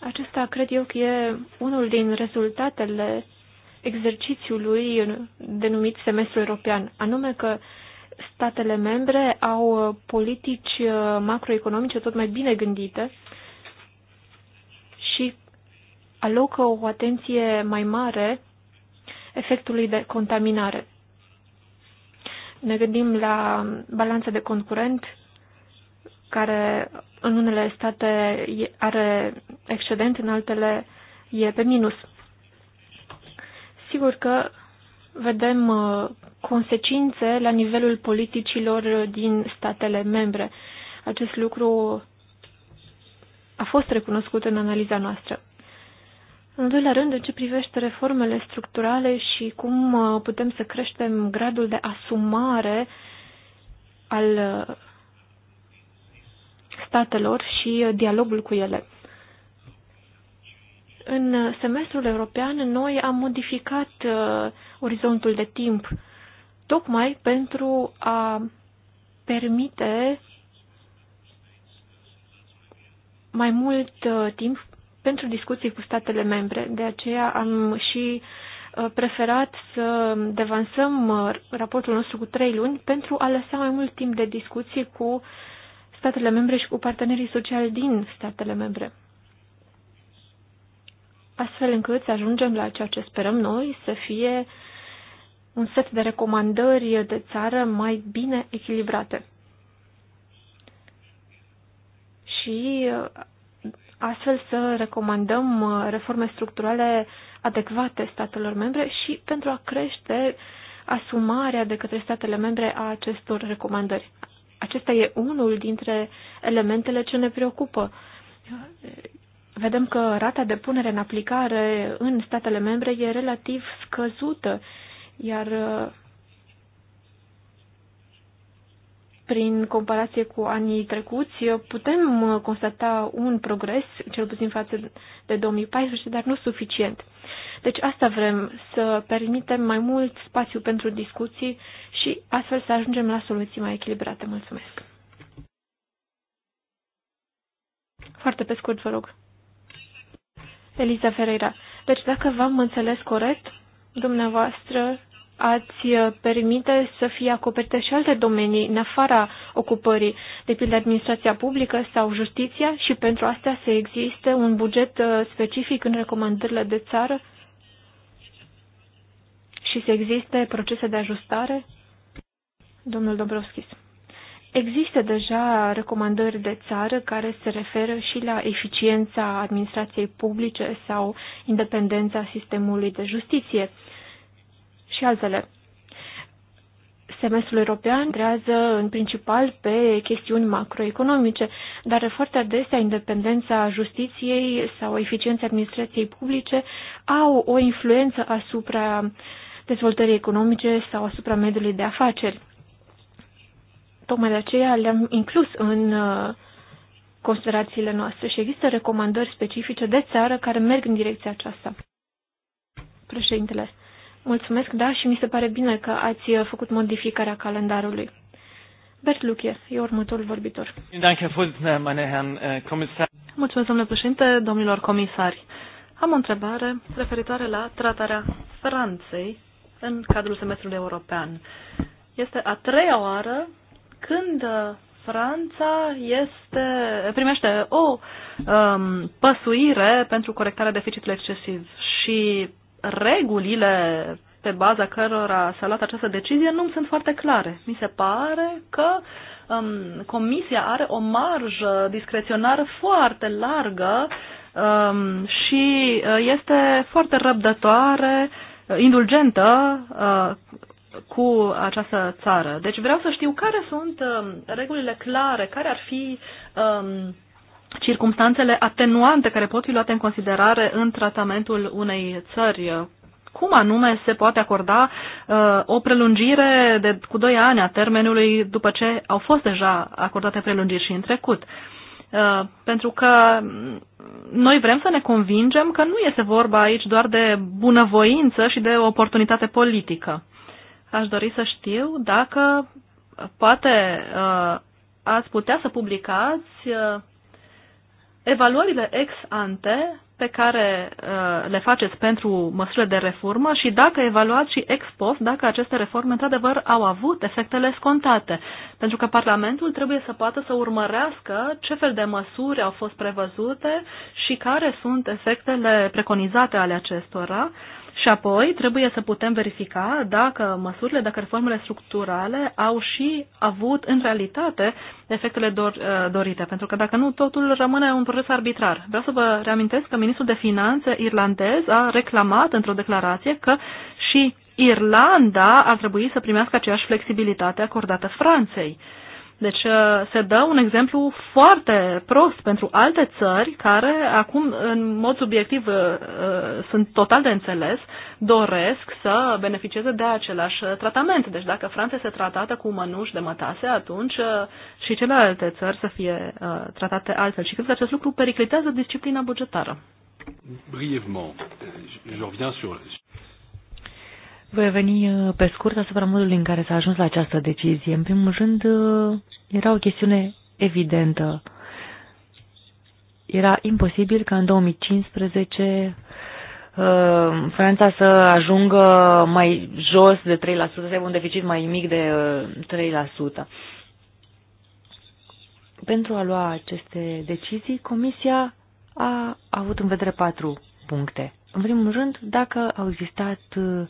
acesta cred eu că e unul din rezultatele exercițiului denumit semestru european, anume că statele membre au politici uh, macroeconomice tot mai bine gândite și alocă o atenție mai mare efectului de contaminare ne gândim la balanța de concurent, care în unele state are excedent, în altele e pe minus. Sigur că vedem uh, consecințe la nivelul politicilor din statele membre. Acest lucru a fost recunoscut în analiza noastră. În doilea rând, în ce privește reformele structurale și cum uh, putem să creștem gradul de asumare al uh, statelor și uh, dialogul cu ele. În semestrul european, noi am modificat orizontul de timp tocmai pentru a permite mai mult timp pentru discuții cu statele membre. De aceea am și uh, preferat să devansăm uh, raportul nostru cu trei luni pentru a lăsa mai mult timp de discuții cu statele membre și cu partenerii sociali din statele membre. Astfel încât să ajungem la ceea ce sperăm noi să fie un set de recomandări de țară mai bine echilibrate. Și uh, astfel să recomandăm uh, reforme structurale adecvate statelor membre și pentru a crește asumarea de către statele membre a acestor recomandări. Acesta e unul dintre elementele ce ne preocupă. Vedem că rata de punere în aplicare în statele membre e relativ scăzută, iar uh, prin comparație cu anii trecuți, putem uh, constata un progres, cel puțin față de 2014, dar nu suficient. Deci asta vrem, să permitem mai mult spațiu pentru discuții și astfel să ajungem la soluții mai echilibrate. Mulțumesc! Foarte pe scurt, vă rog. Eliza Ferreira. Deci dacă v-am înțeles corect, dumneavoastră ați uh, permite să fie acoperite și alte domenii în afara ocupării, de pildă administrația publică sau justiția și pentru astea să existe un buget uh, specific în recomandările de țară și să existe procese de ajustare? Domnul Dobrovskis. Există deja recomandări de țară care se referă și la eficiența administrației publice sau independența sistemului de justiție și altele. Semestrul european trează în principal pe chestiuni macroeconomice, dar foarte adesea independența justiției sau eficiența administrației publice au o influență asupra dezvoltării economice sau asupra mediului de afaceri. Tocmai de aceea le-am inclus în uh, considerațiile noastre și există recomandări specifice de țară care merg în direcția aceasta. Președintele Mulțumesc, da, și mi se pare bine că ați uh, făcut modificarea calendarului. Bert Luche e următorul vorbitor. Äh, Mulțumesc, domnule președinte, domnilor comisari. Am o întrebare referitoare la tratarea Franței în cadrul semestrului european. Este a treia oară când uh, Franța este, primește o um, păsuire pentru corectarea deficitului excesiv și regulile pe baza cărora s-a luat această decizie nu sunt foarte clare. Mi se pare că um, Comisia are o marjă discreționară foarte largă um, și uh, este foarte răbdătoare, uh, indulgentă uh, cu această țară. Deci vreau să știu care sunt um, regulile clare, care ar fi um, circumstanțele atenuante care pot fi luate în considerare în tratamentul unei țări. Cum anume se poate acorda uh, o prelungire de, cu doi ani a termenului după ce au fost deja acordate prelungiri și în trecut? Uh, pentru că noi vrem să ne convingem că nu este vorba aici doar de bunăvoință și de oportunitate politică. Aș dori să știu dacă poate uh, ați putea să publicați uh, evaluările ex ante pe care uh, le faceți pentru măsurile de reformă și dacă evaluați și ex post dacă aceste reforme într-adevăr au avut efectele scontate. Pentru că Parlamentul trebuie să poată să urmărească ce fel de măsuri au fost prevăzute și care sunt efectele preconizate ale acestora. Uh, și apoi trebuie să putem verifica dacă măsurile, dacă reformele structurale au și avut în realitate efectele dor, uh, dorite, pentru că dacă nu, totul rămâne un proces arbitrar. Vreau să vă reamintesc că ministrul de finanțe irlandez a reclamat într-o declarație că și Irlanda ar trebui să primească aceeași flexibilitate acordată Franței. Deci uh, se dă un exemplu foarte prost pentru alte țări care acum, în mod subiectiv, uh, uh, sunt total de înțeles, doresc să beneficieze de același tratament. Deci dacă Franța este tratată cu mănuși de mătase, atunci și celelalte țări să fie tratate altfel. Și cred că acest lucru periclitează disciplina bugetară. Brièvement, je reviens sur voi veni uh, pe scurt asupra modului în care s-a ajuns la această decizie. În primul rând, uh, era o chestiune evidentă. Era imposibil ca în 2015 uh, Franța să ajungă mai jos de 3%, să aibă un deficit mai mic de 3%. Pentru a lua aceste decizii, Comisia a avut în vedere patru puncte. În primul rând, dacă au existat uh,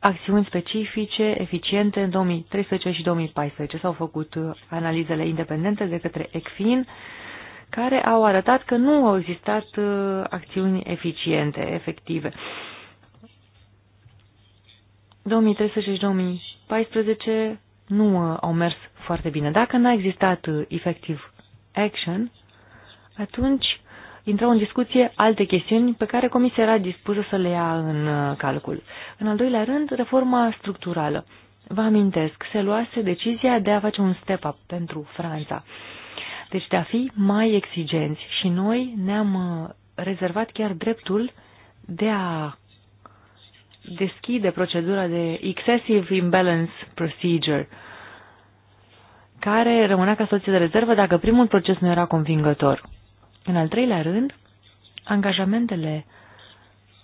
acțiuni specifice, eficiente în 2013 și 2014. S-au făcut uh, analizele independente de către ECFIN, care au arătat că nu au existat uh, acțiuni eficiente, efective. 2013 și 2014 nu uh, au mers foarte bine. Dacă n-a existat efectiv action, atunci intrau în discuție alte chestiuni pe care Comisia era dispusă să le ia în uh, calcul. În al doilea rând, reforma structurală. Vă amintesc, se luase decizia de a face un step-up pentru Franța. Deci de a fi mai exigenți și noi ne-am uh, rezervat chiar dreptul de a deschide procedura de excessive imbalance procedure, care rămânea ca soție de rezervă dacă primul proces nu era convingător. În al treilea rând, angajamentele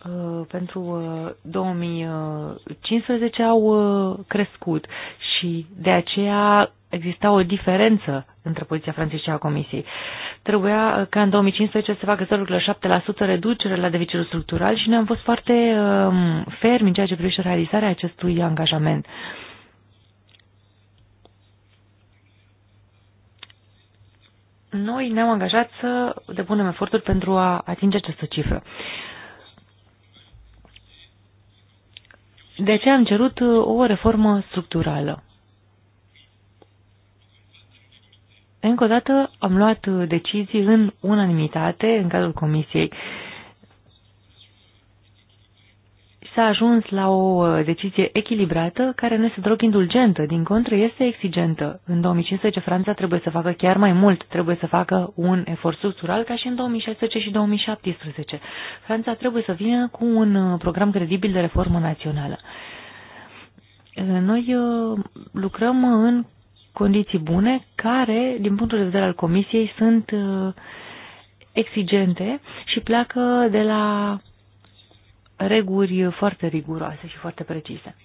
uh, pentru 2015 uh, au uh, crescut și de aceea exista o diferență între poziția Franței și a Comisiei. Trebuia ca în 2015 să facă 0,7% reducere la deficitul structural și ne-am fost foarte fermi în ceea ce privește realizarea acestui angajament. Uh, noi ne-am angajat să depunem eforturi pentru a atinge această cifră. De aceea am cerut uh, o reformă structurală. Încă o dată am luat uh, decizii în unanimitate în cadrul Comisiei s-a ajuns la o uh, decizie echilibrată, care nu este drog indulgentă, din contră este exigentă. În 2015 Franța trebuie să facă chiar mai mult, trebuie să facă un efort structural ca și în 2016 și 2017. Franța trebuie să vină cu un uh, program credibil de reformă națională. Uh, noi lucrăm în condiții bune care, din punctul de vedere al Comisiei, sunt exigente și pleacă de la reguri foarte riguroase și foarte precise.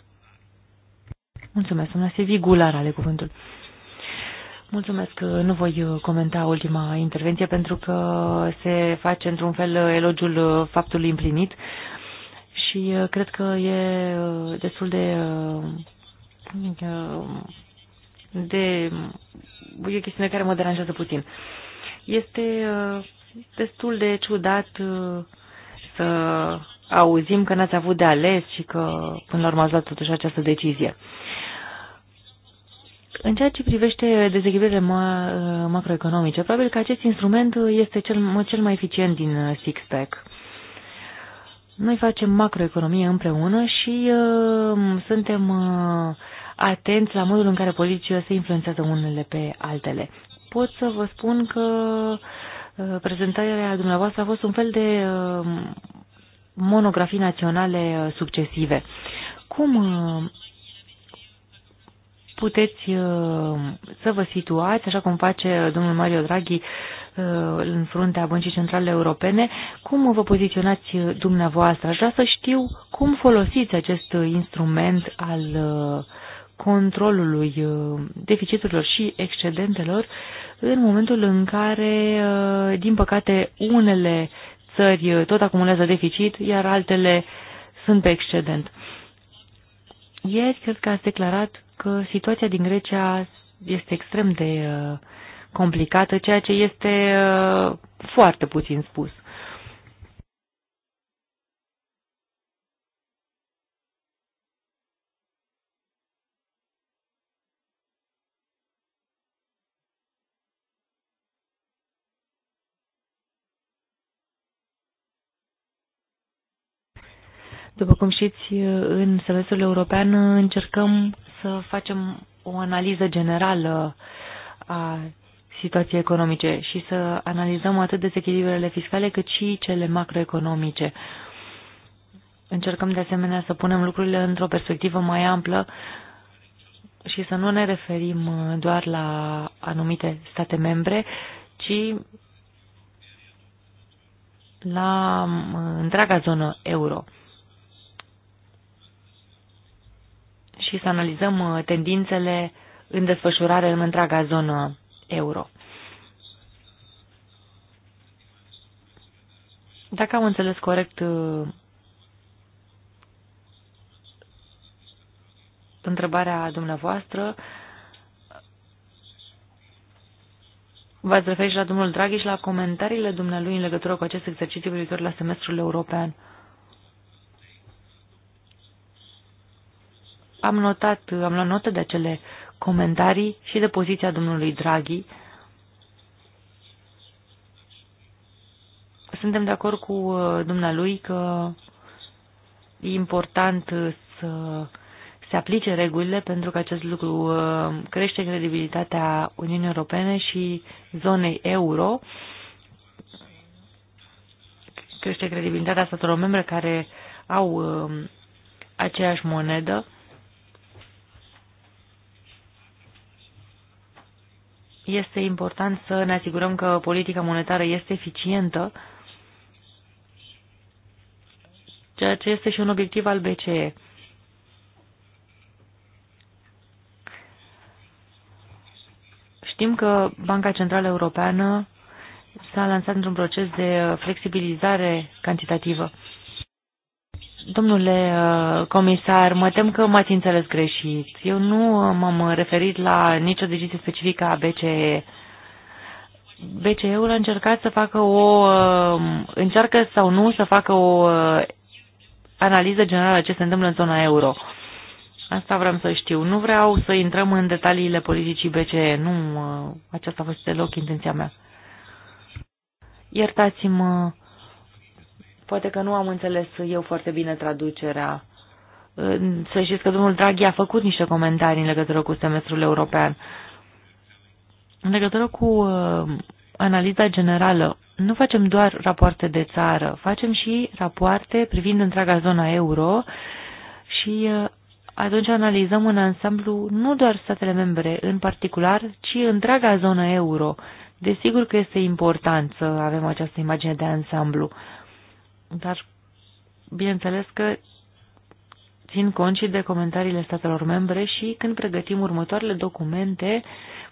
Mulțumesc, doamna Silvi Gular ale cuvântul. Mulțumesc. Nu voi comenta ultima intervenție pentru că se face într-un fel elogiul faptului împlinit și cred că e destul de de e o chestiune care mă deranjează puțin. Este destul de ciudat să auzim că n-ați avut de ales și că până la urmă ați luat totuși această decizie. În ceea ce privește dezechilibrele ma uh, macroeconomice, probabil că acest instrument este cel, cel mai eficient din uh, six-pack. Noi facem macroeconomie împreună și uh, suntem uh, atenți la modul în care politicile se influențează unele pe altele. Pot să vă spun că uh, prezentarea dumneavoastră a fost un fel de uh, monografii naționale uh, succesive. Cum uh, puteți uh, să vă situați, așa cum face domnul Mario Draghi în fruntea Băncii Centrale Europene, cum vă poziționați dumneavoastră? Aș vrea să știu cum folosiți acest instrument al controlului deficiturilor și excedentelor în momentul în care, din păcate, unele țări tot acumulează deficit, iar altele sunt pe excedent. Ieri cred că ați declarat că situația din Grecia este extrem de uh, complicată, ceea ce este uh, foarte puțin spus. După cum știți, în semestrul european încercăm să facem o analiză generală a situației economice și să analizăm atât dezechilibrele fiscale cât și cele macroeconomice. Încercăm de asemenea să punem lucrurile într-o perspectivă mai amplă și să nu ne referim doar la anumite state membre, ci la întreaga zonă euro. și să analizăm uh, tendințele în desfășurare în întreaga zonă euro. Dacă am înțeles corect uh, întrebarea dumneavoastră, v-ați referit și la domnul Draghi și la comentariile dumnealui în legătură cu acest exercițiu privitor la semestrul european. am notat, am luat notă de acele comentarii și de poziția domnului Draghi. Suntem de acord cu uh, dumnealui că e important uh, să se aplice regulile pentru că acest lucru uh, crește credibilitatea Uniunii Europene și zonei euro, crește credibilitatea statelor membre care au aceeași monedă este important să ne asigurăm că politica monetară este eficientă, ceea ce este și un obiectiv al BCE. Știm că Banca Centrală Europeană s-a lansat într-un proces de flexibilizare cantitativă. Domnule uh, comisar, mă tem că m-ați înțeles greșit. Eu nu uh, m-am uh, referit la nicio decizie specifică a BCE. BCE-ul a încercat să facă o... încearcă sau nu să facă o analiză generală a ce se întâmplă în zona euro. Asta vreau să știu. Nu vreau să intrăm în detaliile politicii BCE. Nu, aceasta a fost deloc intenția mea. Iertați-mă Poate că nu am înțeles eu foarte bine traducerea. Să știți că domnul Draghi a făcut niște comentarii în legătură cu semestrul european. În legătură cu uh, analiza generală, nu facem doar rapoarte de țară, facem și rapoarte privind întreaga zona euro și uh, atunci analizăm în ansamblu nu doar statele membre în particular, ci întreaga zonă euro. Desigur că este important să avem această imagine de ansamblu dar bineînțeles că țin cont și de comentariile statelor membre și când pregătim următoarele documente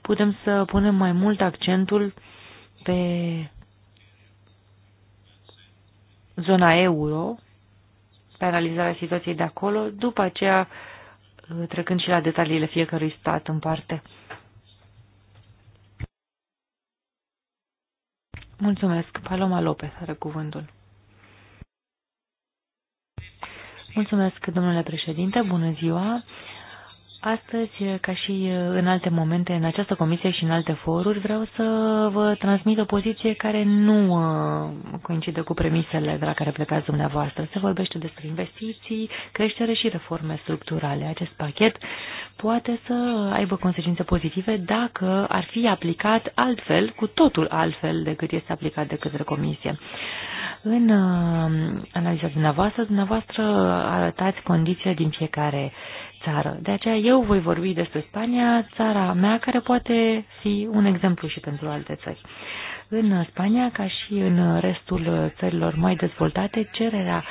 putem să punem mai mult accentul pe zona euro, pe analizarea situației de acolo, după aceea trecând și la detaliile fiecărui stat în parte. Mulțumesc. Paloma Lopez are cuvântul. Mulțumesc, domnule președinte, bună ziua. Astăzi, ca și uh, în alte momente, în această comisie și în alte foruri, vreau să vă transmit o poziție care nu uh, coincide cu premisele de la care plecați dumneavoastră. Se vorbește despre investiții, creștere și reforme structurale. Acest pachet poate să aibă consecințe pozitive dacă ar fi aplicat altfel, cu totul altfel decât este aplicat de către comisie. În uh, analiza dumneavoastră, dumneavoastră arătați condiția din fiecare țară. De aceea eu voi vorbi despre Spania, țara mea, care poate fi un exemplu și pentru alte țări. În Spania, ca și în restul țărilor mai dezvoltate, cererea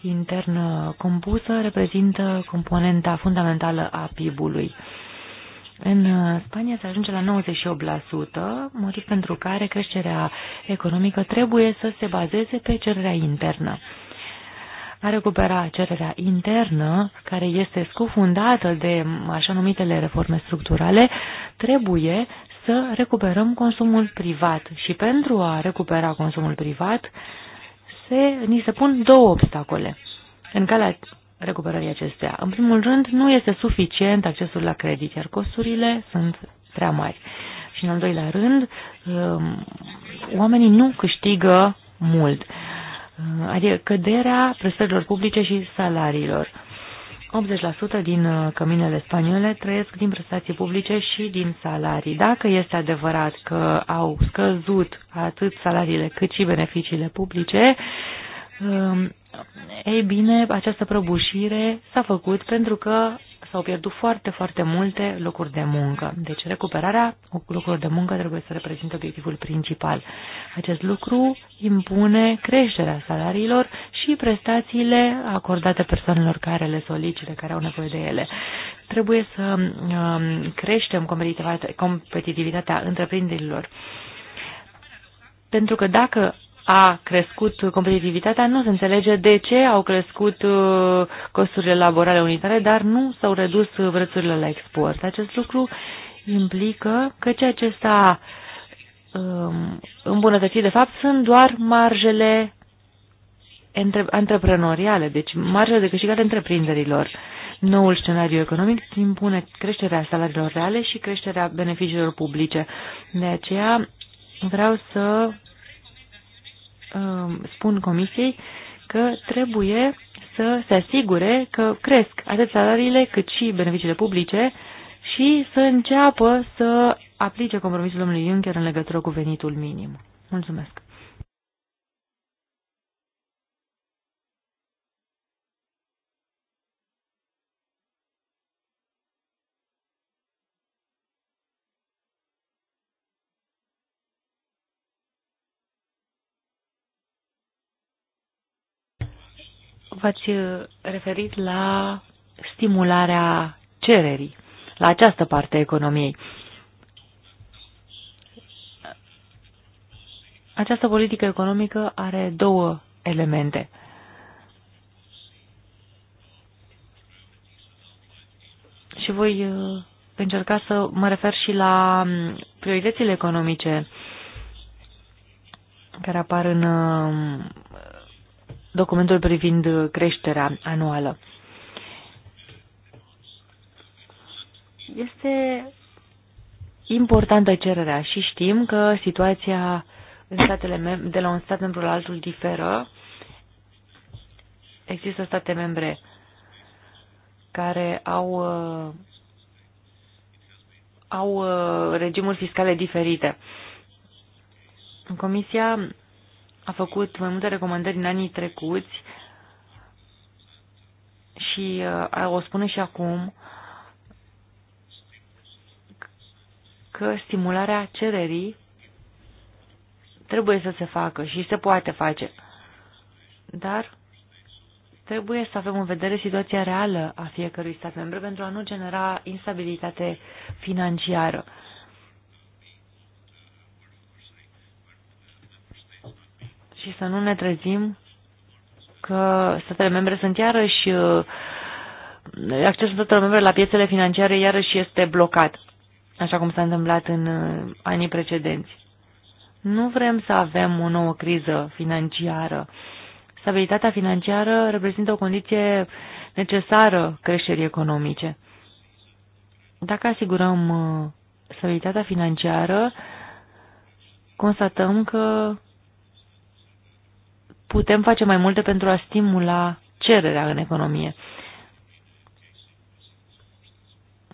internă compusă reprezintă componenta fundamentală a PIB-ului. În Spania se ajunge la 98%, motiv pentru care creșterea economică trebuie să se bazeze pe cererea internă a recupera cererea internă, care este scufundată de așa numitele reforme structurale, trebuie să recuperăm consumul privat. Și pentru a recupera consumul privat, se, ni se pun două obstacole în calea recuperării acestea. În primul rând, nu este suficient accesul la credit, iar costurile sunt prea mari. Și în al doilea rând, um, oamenii nu câștigă mult. Uh, adică căderea prestărilor publice și salariilor. 80% din uh, căminele spaniole trăiesc din prestații publice și din salarii. Dacă este adevărat că au scăzut atât salariile cât și beneficiile publice, um, ei bine, această prăbușire s-a făcut pentru că s-au pierdut foarte, foarte multe locuri de muncă. Deci recuperarea locurilor de muncă trebuie să reprezinte obiectivul principal. Acest lucru impune creșterea salariilor și prestațiile acordate persoanelor care le solicită, care au nevoie de ele. Trebuie să um, creștem competitivitatea întreprinderilor. Pentru că dacă a crescut competitivitatea, nu se înțelege de ce au crescut uh, costurile laborale unitare, dar nu s-au redus prețurile la export. Acest lucru implică că ceea ce s-a um, îmbunătățit, de fapt, sunt doar marjele antreprenoriale, deci marjele de câștigare întreprinderilor. Noul scenariu economic impune creșterea salariilor reale și creșterea beneficiilor publice. De aceea vreau să Um, spun comisiei că trebuie să se asigure că cresc atât salariile cât și beneficiile publice și să înceapă să aplice compromisul domnului Juncker în legătură cu venitul minim. Mulțumesc! v-ați referit la stimularea cererii, la această parte a economiei. Această politică economică are două elemente. Și voi uh, încerca să mă refer și la um, prioritățile economice care apar în um, documentul privind creșterea anuală. Este importantă cererea și știm că situația în statele de la un stat membru la altul diferă. Există state membre care au, uh, au uh, regimuri fiscale diferite. Comisia a făcut mai multe recomandări în anii trecuți și uh, o spune și acum că stimularea cererii trebuie să se facă și se poate face. Dar trebuie să avem în vedere situația reală a fiecărui stat membru pentru a nu genera instabilitate financiară. și să nu ne trezim că statele membre sunt iarăși uh, accesul statelor membre la piețele financiare iarăși este blocat, așa cum s-a întâmplat în uh, anii precedenți. Nu vrem să avem o nouă criză financiară. Stabilitatea financiară reprezintă o condiție necesară creșterii economice. Dacă asigurăm uh, stabilitatea financiară, constatăm că putem face mai multe pentru a stimula cererea în economie.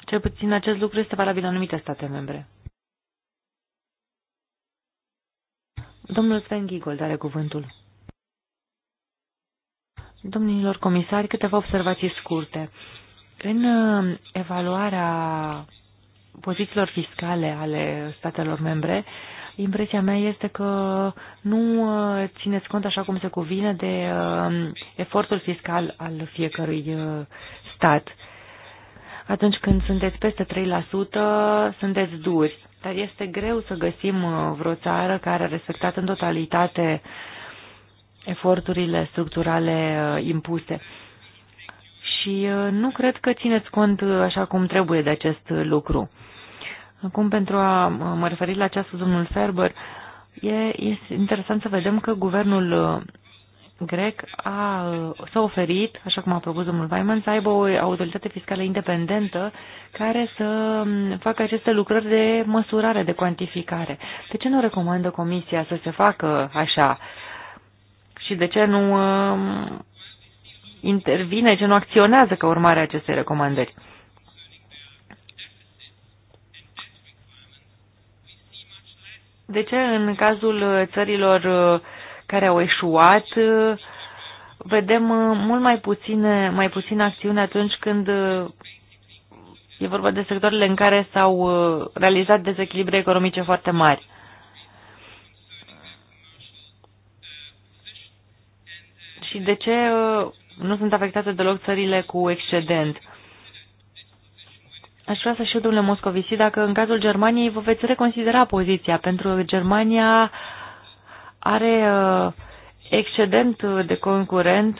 Cel puțin acest lucru este valabil în anumite state membre. Domnul Sven Ghigold are cuvântul. Domnilor comisari, câteva observații scurte. În uh, evaluarea pozițiilor fiscale ale statelor membre, Impresia mea este că nu uh, țineți cont așa cum se cuvine de uh, efortul fiscal al fiecărui uh, stat. Atunci când sunteți peste 3%, sunteți duri, dar este greu să găsim vreo țară care a respectat în totalitate eforturile structurale impuse și nu cred că țineți cont așa cum trebuie de acest lucru. Acum, pentru a mă referi la această domnul Ferber, e, e interesant să vedem că guvernul uh, grec a, uh, s-a oferit, așa cum a propus domnul Weiman, să aibă o autoritate fiscală independentă care să um, facă aceste lucrări de măsurare, de cuantificare. De ce nu recomandă Comisia să se facă așa? Și de ce nu um, intervine, ce nu acționează ca urmare a acestei recomandări? De ce în cazul uh, țărilor uh, care au eșuat uh, vedem mult mai puține, mai puține acțiuni atunci când e vorba de sectoarele în care s-au realizat dezechilibre economice foarte mari? Și de ce nu sunt afectate deloc țările cu excedent? Aș vrea să știu, domnule Moscovici, dacă în cazul Germaniei vă veți reconsidera poziția, pentru că Germania are uh, excedent de concurent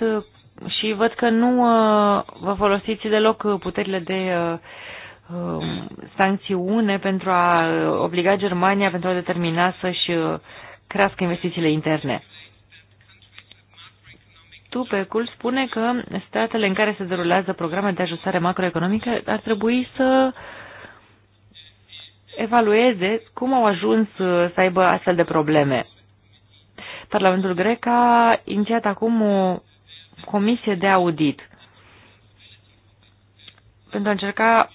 și văd că nu uh, vă folosiți deloc puterile de uh, um, sancțiune pentru a obliga Germania, pentru a determina să-și crească investițiile interne. Tupecul spune că statele în care se derulează programe de ajustare macroeconomică ar trebui să evalueze cum au ajuns să aibă astfel de probleme. Parlamentul grec a inițiat acum o comisie de audit pentru a încerca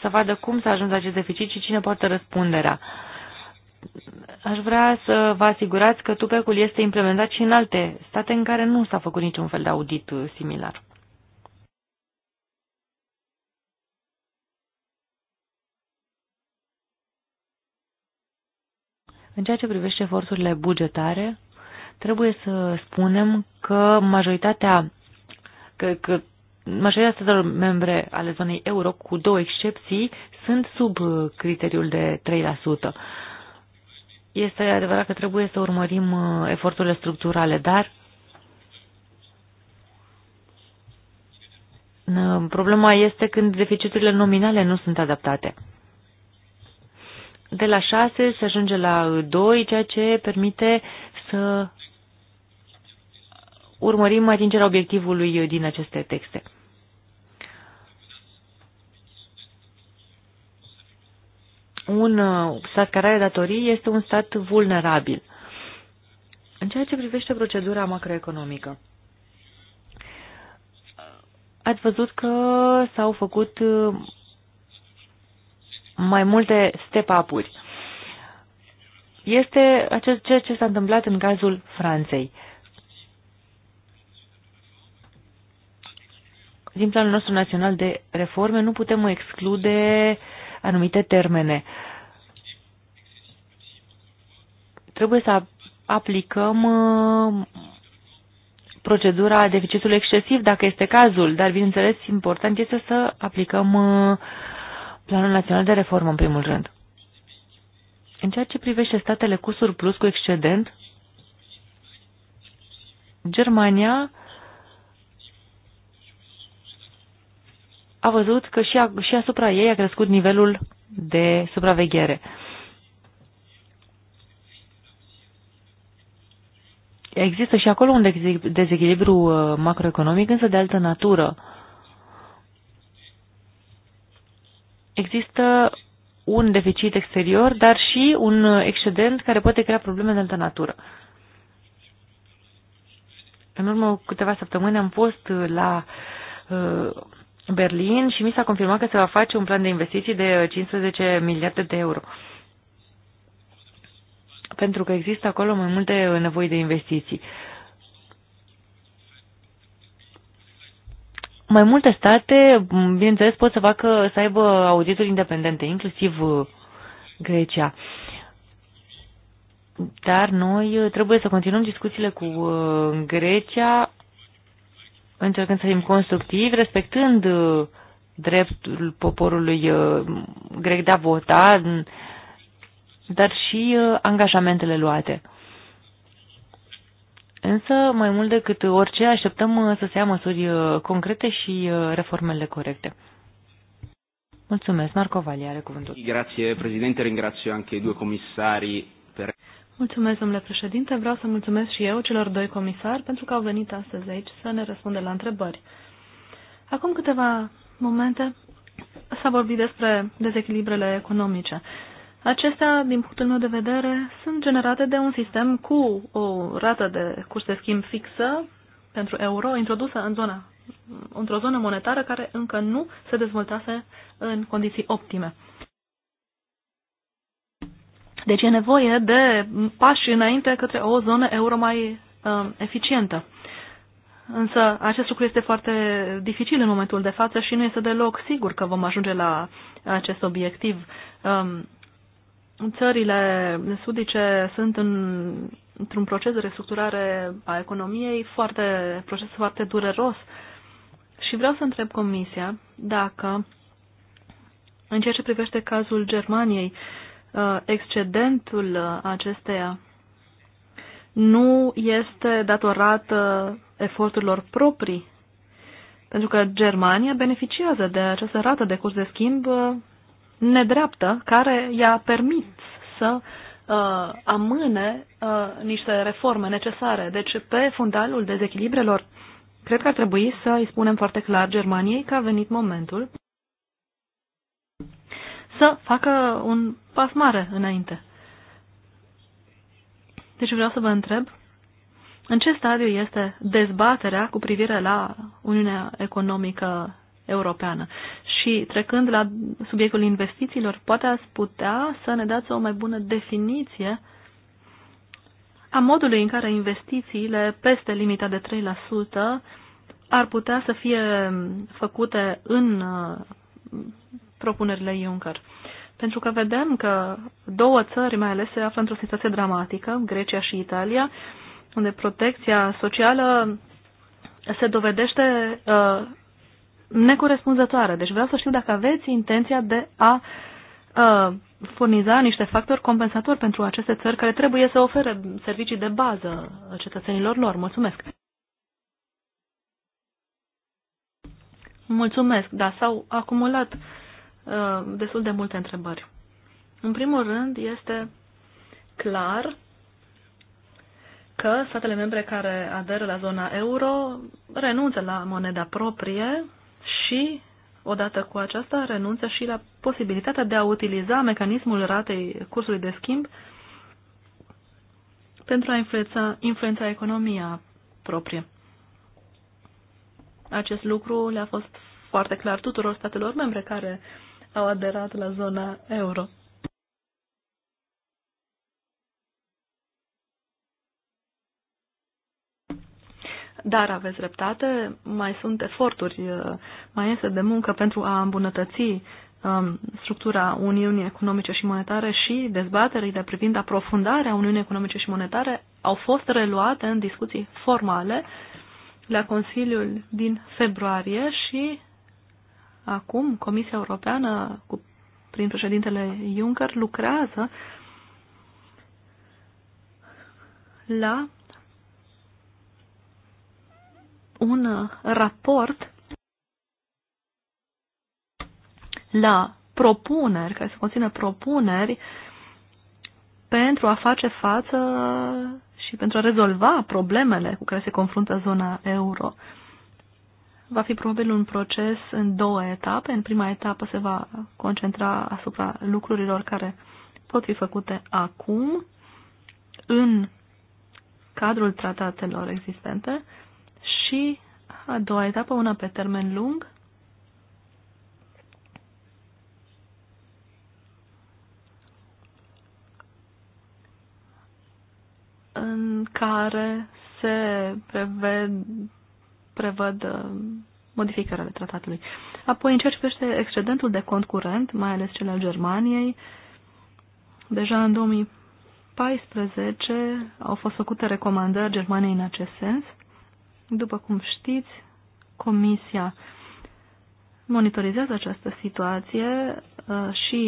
să vadă cum s-a ajuns acest deficit și cine poartă răspunderea aș vrea să vă asigurați că tupecul este implementat și în alte state în care nu s-a făcut niciun fel de audit similar. În ceea ce privește eforturile bugetare, trebuie să spunem că majoritatea că, că majoritatea statelor membre ale zonei euro, cu două excepții, sunt sub criteriul de 3%. Este adevărat că trebuie să urmărim uh, eforturile structurale, dar problema este când deficiturile nominale nu sunt adaptate. De la 6 se ajunge la 2, ceea ce permite să urmărim atingerea obiectivului din aceste texte. un uh, stat care are datorii este un stat vulnerabil. În ceea ce privește procedura macroeconomică, ați văzut că s-au făcut uh, mai multe step-up-uri. Este acest, ceea ce s-a întâmplat în cazul Franței. Din planul nostru național de reforme nu putem exclude uh, anumite termene. Trebuie să aplicăm uh, procedura deficitului excesiv, dacă este cazul, dar, bineînțeles, important este să aplicăm uh, Planul Național de Reformă, în primul rând. În ceea ce privește statele cu surplus, cu excedent, Germania a văzut că și, a, și asupra ei a crescut nivelul de supraveghere. Există și acolo un dezechilibru uh, macroeconomic, însă de altă natură. Există un deficit exterior, dar și un excedent care poate crea probleme de altă natură. În urmă câteva săptămâni am fost la uh, Berlin și mi s-a confirmat că se va face un plan de investiții de 15 uh, miliarde de euro. Pentru că există acolo mai multe uh, nevoi de investiții. Mai multe state, bineînțeles, pot să facă, să aibă audituri independente, inclusiv uh, Grecia. Dar noi trebuie să continuăm discuțiile cu Grecia încercând să fim constructivi, respectând uh, dreptul poporului uh, grec de a vota, dar și uh, angajamentele luate. Însă, mai mult decât orice, așteptăm să se ia măsuri concrete și reformele corecte. Mulțumesc. Marco Valia, are cuvântul. Grazie, președinte, Ringrazio anche i due commissari per... Mulțumesc, domnule președinte. Vreau să mulțumesc și eu celor doi comisari pentru că au venit astăzi aici să ne răspundă la întrebări. Acum câteva momente s-a vorbit despre dezechilibrele economice. Acestea, din punctul meu de vedere, sunt generate de un sistem cu o rată de curs de schimb fixă pentru euro introdusă în zona, într-o zonă monetară care încă nu se dezvoltase în condiții optime. Deci e nevoie de pași înainte către o zonă euro mai uh, eficientă. Însă acest lucru este foarte dificil în momentul de față și nu este deloc sigur că vom ajunge la acest obiectiv. Um, țările sudice sunt în, într-un proces de restructurare a economiei foarte, proces foarte dureros și vreau să întreb Comisia dacă, în ceea ce privește cazul Germaniei, uh, Uh, excedentul uh, acesteia nu este datorat uh, eforturilor proprii, pentru că Germania beneficiază de această rată de curs de schimb nedreaptă care i-a permis să uh, amâne uh, niște reforme necesare. Deci, pe fundalul dezechilibrelor, cred că ar trebui să îi spunem foarte clar Germaniei că a venit momentul să facă un pas mare înainte. Deci vreau să vă întreb, în ce stadiu este dezbaterea cu privire la Uniunea Economică Europeană? Și trecând la subiectul investițiilor, poate ați putea să ne dați o mai bună definiție a modului în care investițiile peste limita de 3% ar putea să fie făcute în propunerile Juncker. Pentru că vedem că două țări mai ales se află într-o situație dramatică, Grecia și Italia, unde protecția socială se dovedește uh, necorespunzătoare. Deci vreau să știu dacă aveți intenția de a uh, furniza niște factori compensatori pentru aceste țări care trebuie să ofere servicii de bază cetățenilor lor. Mulțumesc! Mulțumesc, da, s-au acumulat Uh, destul de multe întrebări. În primul rând, este clar că statele membre care aderă la zona euro renunță la moneda proprie și, odată cu aceasta, renunță și la posibilitatea de a utiliza mecanismul ratei cursului de schimb pentru a influența, influența economia proprie. Acest lucru le-a fost foarte clar tuturor statelor membre care au aderat la zona euro. Dar aveți dreptate, mai sunt eforturi, eh, mai este de muncă pentru a îmbunătăți um, structura Uniunii Economice și Monetare și dezbaterile privind aprofundarea Uniunii Economice și Monetare au fost reluate în discuții formale la Consiliul din februarie și acum Comisia Europeană, cu, prin președintele Juncker, lucrează la un raport la propuneri, care să conțină propuneri pentru a face față și pentru a rezolva problemele cu care se confruntă zona euro va fi probabil un proces în două etape. În prima etapă se va concentra asupra lucrurilor care pot fi făcute acum în cadrul tratatelor existente și a doua etapă, una pe termen lung, în care se prevede prevăd uh, modificarea de tratatului. Apoi, în ceea ce privește excedentul de cont curent, mai ales cel al Germaniei, deja în 2014 au fost făcute recomandări Germaniei în acest sens. După cum știți, Comisia monitorizează această situație uh, și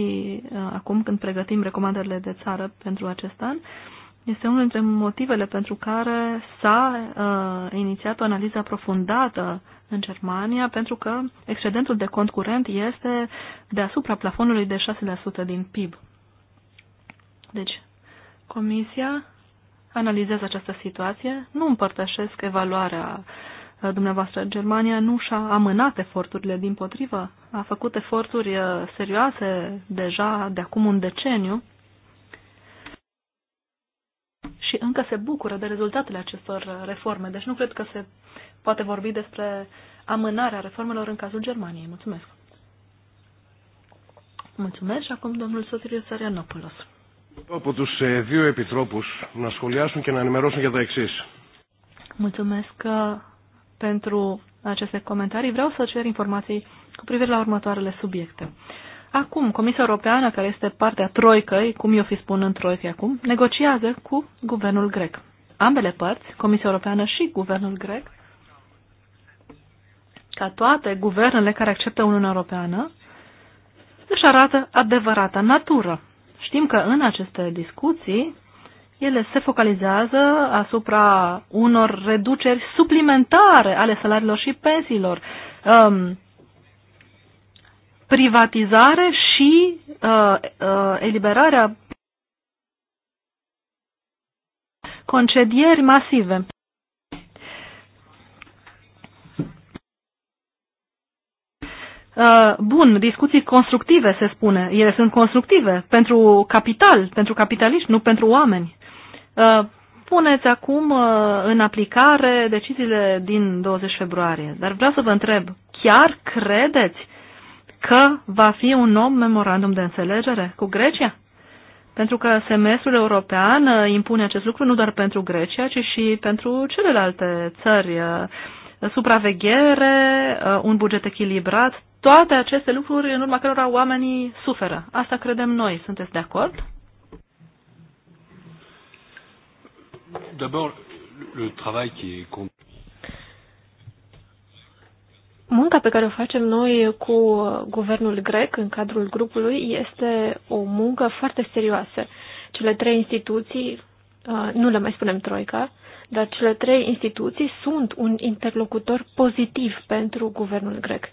uh, acum când pregătim recomandările de țară pentru acest an este unul dintre motivele pentru care s-a uh, inițiat o analiză aprofundată în Germania, pentru că excedentul de cont curent este deasupra plafonului de 6% din PIB. Deci, Comisia analizează această situație, nu împărtășesc evaluarea uh, dumneavoastră. Germania nu și-a amânat eforturile, din potrivă, a făcut eforturi uh, serioase deja de acum un deceniu și încă se bucură de rezultatele acestor reforme. Deci nu cred că se poate vorbi despre amânarea reformelor în cazul Germaniei. Mulțumesc! Mulțumesc și acum domnul Sotiriu Sarianopoulos. Από του δύο επιτρόπου να σχολιάσουν και να ενημερώσουν για τα Mulțumesc uh, pentru aceste comentarii. Vreau să cer informații cu privire la următoarele subiecte. Acum, Comisia Europeană, care este partea Troicăi, cum eu fi spun în Troică acum, negociază cu guvernul grec. Ambele părți, Comisia Europeană și guvernul grec, ca toate guvernele care acceptă Uniunea Europeană, își arată adevărata natură. Știm că în aceste discuții ele se focalizează asupra unor reduceri suplimentare ale salariilor și pensiilor, um, privatizare și uh, uh, eliberarea concedieri masive. Uh, bun, discuții constructive, se spune. Ele sunt constructive pentru capital, pentru capitaliști, nu pentru oameni. Uh, puneți acum uh, în aplicare deciziile din 20 februarie, dar vreau să vă întreb, chiar credeți că va fi un nou memorandum de înțelegere cu Grecia? Pentru că semestrul european uh, impune acest lucru nu doar pentru Grecia, ci și pentru celelalte țări. Uh, supraveghere, uh, un buget echilibrat, toate aceste lucruri în urma cărora oamenii suferă. Asta credem noi. Sunteți de acord? D'abord, le travail qui est Munca pe care o facem noi cu guvernul grec în cadrul grupului este o muncă foarte serioasă. Cele trei instituții, uh, nu le mai spunem troica, dar cele trei instituții sunt un interlocutor pozitiv pentru guvernul grec.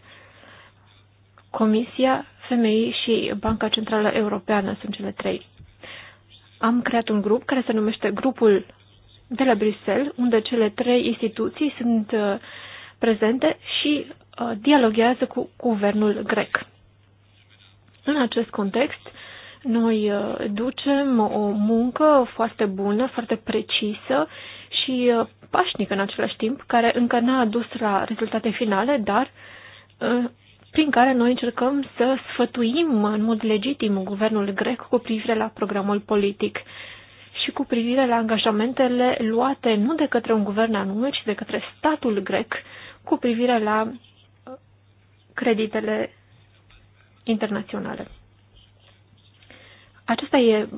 Comisia, Femei și Banca Centrală Europeană sunt cele trei. Am creat un grup care se numește Grupul de la Bruxelles, unde cele trei instituții sunt uh, prezente și Uh, dialoghează cu guvernul grec. În acest context, noi uh, ducem o muncă foarte bună, foarte precisă și uh, pașnică în același timp, care încă n-a adus la rezultate finale, dar prin care noi încercăm să sfătuim în mod legitim guvernul grec cu privire la programul politic și cu privire la angajamentele luate nu de către un guvern anume, ci de către statul grec cu privire la creditele internaționale. Aceasta e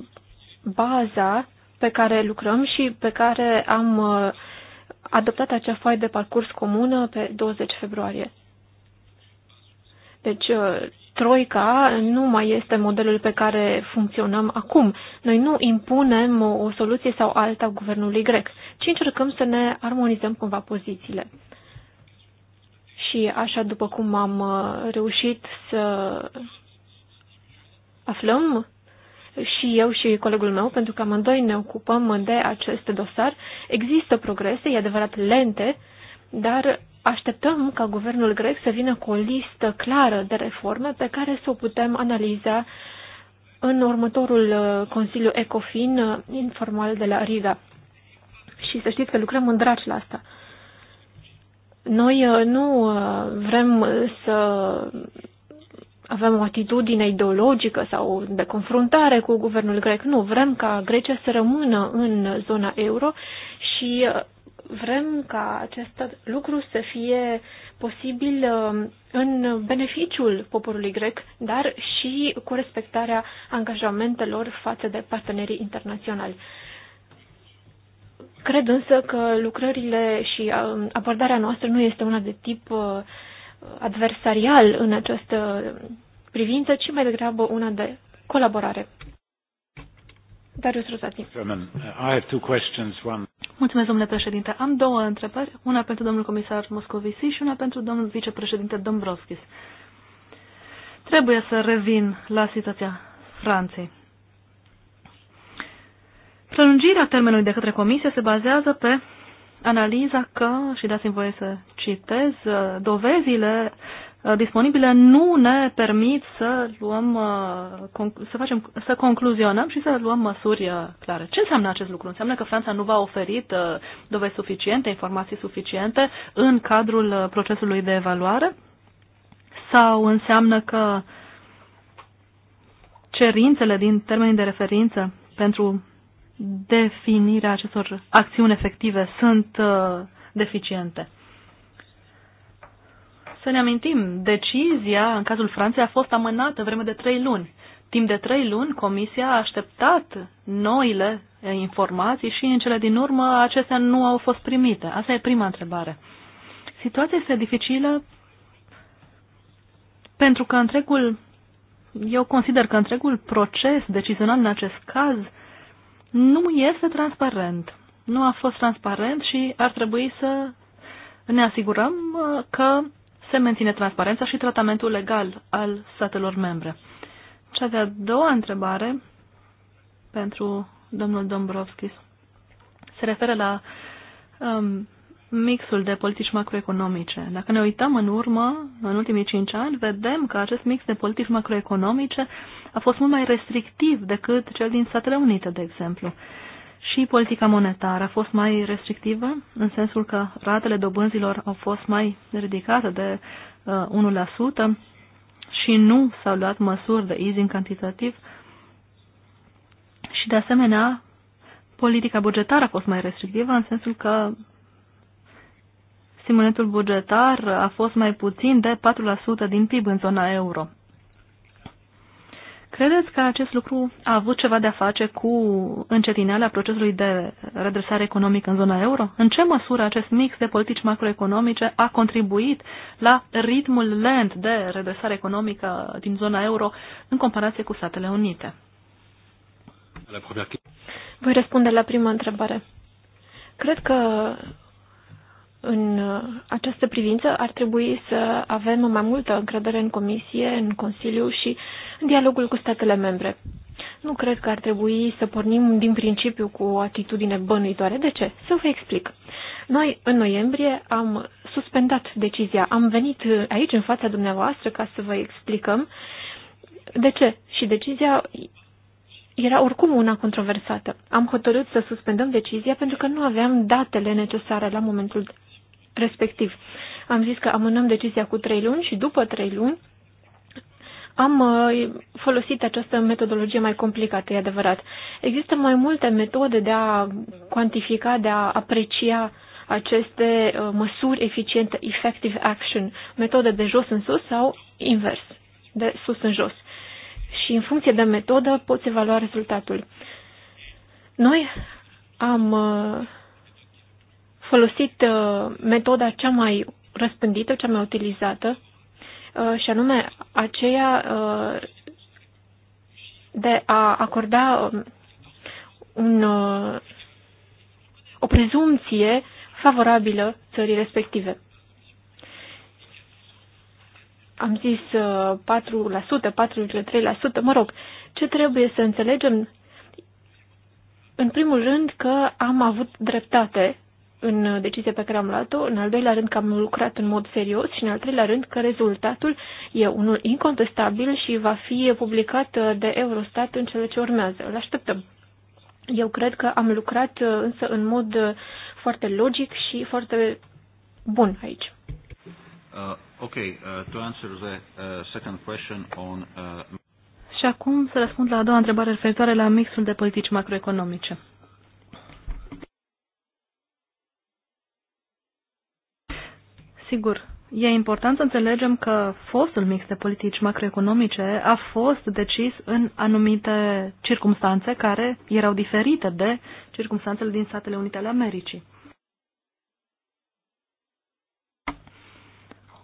baza pe care lucrăm și pe care am uh, adoptat acea foaie de parcurs comună pe 20 februarie. Deci, uh, Troica nu mai este modelul pe care funcționăm acum. Noi nu impunem o soluție sau alta guvernului grec, ci încercăm să ne armonizăm cumva pozițiile și așa după cum am uh, reușit să aflăm și eu și colegul meu, pentru că amândoi ne ocupăm de acest dosar, există progrese, e adevărat lente, dar așteptăm ca guvernul grec să vină cu o listă clară de reforme pe care să o putem analiza în următorul uh, Consiliu ECOFIN uh, informal de la Riga. Și să știți că lucrăm în draci la asta. Noi uh, nu uh, vrem să avem o atitudine ideologică sau de confruntare cu guvernul grec. Nu, vrem ca Grecia să rămână în zona euro și uh, vrem ca acest lucru să fie posibil în beneficiul poporului grec, dar și cu respectarea angajamentelor față de partenerii internaționali. Cred însă că lucrările și uh, abordarea noastră nu este una de tip uh, adversarial în această privință, ci mai degrabă una de colaborare. Darius Rosati. Uh, Mulțumesc, domnule președinte. Am două întrebări, una pentru domnul comisar Moscovici și una pentru domnul vicepreședinte Dombrovskis. Trebuie să revin la situația Franței. Prelungirea termenului de către comisie se bazează pe analiza că, și dați-mi voie să citez, dovezile uh, disponibile nu ne permit să luăm, uh, să, facem, să concluzionăm și să luăm măsuri uh, clare. Ce înseamnă acest lucru? Înseamnă că Franța nu va oferit dovezi suficiente, informații suficiente în cadrul procesului de evaluare? Sau înseamnă că cerințele din termenii de referință pentru definirea acestor acțiuni efective sunt uh, deficiente. Să ne amintim, decizia în cazul Franței a fost amânată vreme de trei luni. Timp de trei luni, Comisia a așteptat noile eh, informații și în cele din urmă acestea nu au fost primite. Asta e prima întrebare. Situația este dificilă pentru că întregul, eu consider că întregul proces decizional în acest caz uh, nu este transparent. Nu a fost transparent și ar trebui să ne asigurăm uh, că se menține transparența și tratamentul legal al statelor membre. Cea de-a doua întrebare pentru domnul Dombrovskis se referă la um, mixul de politici macroeconomice. Dacă ne uităm în urmă, în ultimii cinci ani, vedem că acest mix de politici macroeconomice a fost mult mai restrictiv decât cel din Statele Unite, de exemplu. Și politica monetară a fost mai restrictivă, în sensul că ratele dobânzilor au fost mai ridicate de uh, 1% și nu s-au luat măsuri de easing cantitativ. Și, de asemenea, politica bugetară a fost mai restrictivă, în sensul că stimulentul bugetar a fost mai puțin de 4% din PIB în zona euro. Credeți că acest lucru a avut ceva de a face cu încetinarea procesului de redresare economică în zona euro? În ce măsură acest mix de politici macroeconomice a contribuit la ritmul lent de redresare economică din zona euro în comparație cu Statele Unite? Voi răspunde la prima întrebare. Cred că în această privință ar trebui să avem mai multă încredere în Comisie, în Consiliu și uh, dialogul cu statele membre. Nu cred că ar trebui să pornim din principiu cu o atitudine bănuitoare. De ce? Să vă explic. Noi, în noiembrie, am suspendat decizia. Am venit uh, aici, în fața dumneavoastră, ca să vă explicăm de ce. Și decizia era oricum una controversată. Am hotărât să suspendăm decizia pentru că nu aveam datele necesare la momentul respectiv. Am zis că amânăm decizia cu trei luni și după trei luni am uh, folosit această metodologie mai complicată, e adevărat. Există mai multe metode de a cuantifica, de a aprecia aceste uh, măsuri eficiente, effective action, metode de jos în sus sau invers, de sus în jos. Și în funcție de metodă poți evalua rezultatul. Noi am uh, folosit metoda cea mai răspândită, cea mai utilizată, Uh, și anume aceea uh, de a acorda um, un, uh, o prezumție favorabilă țării respective. Am zis 4%, 4,3%, mă rog, ce trebuie să înțelegem? În primul rând că am avut dreptate în decizia pe care am luat-o, în al doilea rând că am lucrat în mod serios și în al treilea rând că rezultatul e unul incontestabil și va fi publicat de Eurostat în cele ce urmează. Îl așteptăm. Eu cred că am lucrat însă în mod foarte logic și foarte bun aici. Uh, ok, uh, to answer the uh, second question on... Uh... Și acum să răspund la a doua întrebare referitoare la mixul de politici macroeconomice. Sigur, e important să înțelegem că fostul mix de politici macroeconomice a fost decis în anumite circumstanțe care erau diferite de circumstanțele din Statele Unite ale Americii.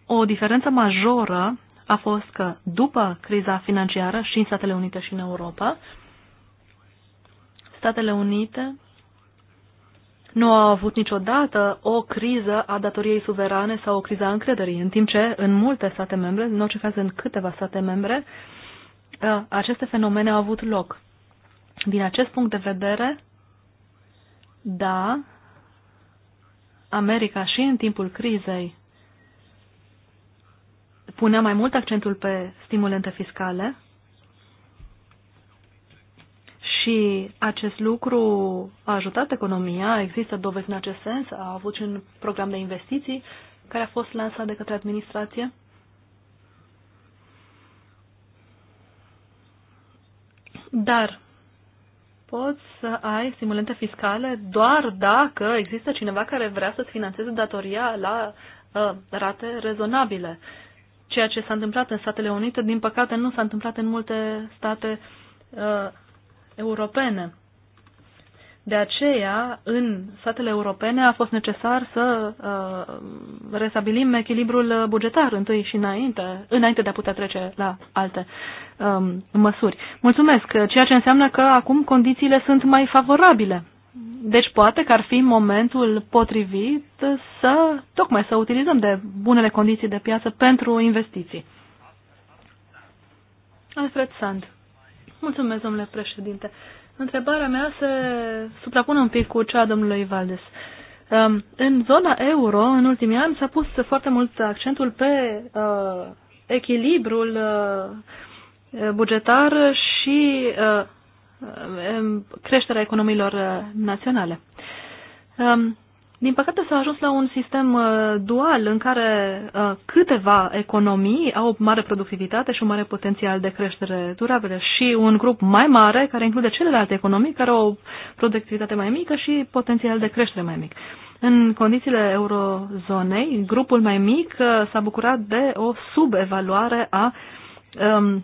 O diferență majoră a fost că după criza financiară și în Statele Unite și în Europa, Statele Unite nu au avut niciodată o criză a datoriei suverane sau o criză a încrederii, în timp ce în multe state membre, în orice caz în câteva state membre, aceste fenomene au avut loc. Din acest punct de vedere, da, America și în timpul crizei punea mai mult accentul pe stimulente fiscale, și acest lucru a ajutat economia, există dovezi în acest sens, a avut și un program de investiții care a fost lansat de către administrație. Dar poți să ai simulente fiscale doar dacă există cineva care vrea să-ți financeze datoria la uh, rate rezonabile. Ceea ce s-a întâmplat în Statele Unite, din păcate, nu s-a întâmplat în multe state uh, europene. De aceea, în statele europene a fost necesar să uh, restabilim echilibrul bugetar întâi și înainte, înainte de a putea trece la alte um, măsuri. Mulțumesc, ceea ce înseamnă că acum condițiile sunt mai favorabile. Deci poate că ar fi momentul potrivit să, tocmai să utilizăm de bunele condiții de piață pentru investiții. Alfred Sand. Mulțumesc, domnule președinte. Întrebarea mea se suprapune un pic cu cea a domnului Valdes. Um, în zona euro, în ultimii ani, s-a pus foarte mult accentul pe uh, echilibrul uh, bugetar și uh, um, creșterea economiilor uh, naționale. Um, din păcate s-a ajuns la un sistem uh, dual în care uh, câteva economii au o mare productivitate și un mare potențial de creștere durabilă și un grup mai mare care include celelalte economii care au o productivitate mai mică și potențial de creștere mai mic. În condițiile eurozonei, grupul mai mic uh, s-a bucurat de o subevaluare a um,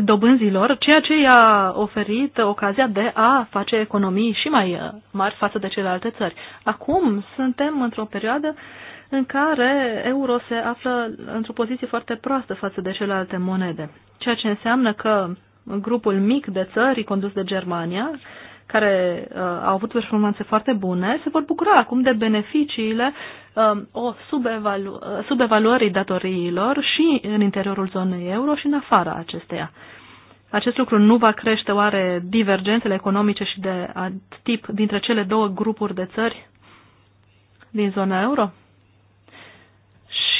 dobânzilor, ceea ce i-a oferit ocazia de a face economii și mai uh, mari față de celelalte țări. Acum suntem într-o perioadă în care euro se află într-o poziție foarte proastă față de celelalte monede, ceea ce înseamnă că grupul mic de țări condus de Germania care uh, au avut performanțe foarte bune, se vor bucura acum de beneficiile uh, o subevalu uh, subevaluării datoriilor și în interiorul zonei euro și în afara acesteia. Acest lucru nu va crește oare divergențele economice și de tip dintre cele două grupuri de țări din zona euro?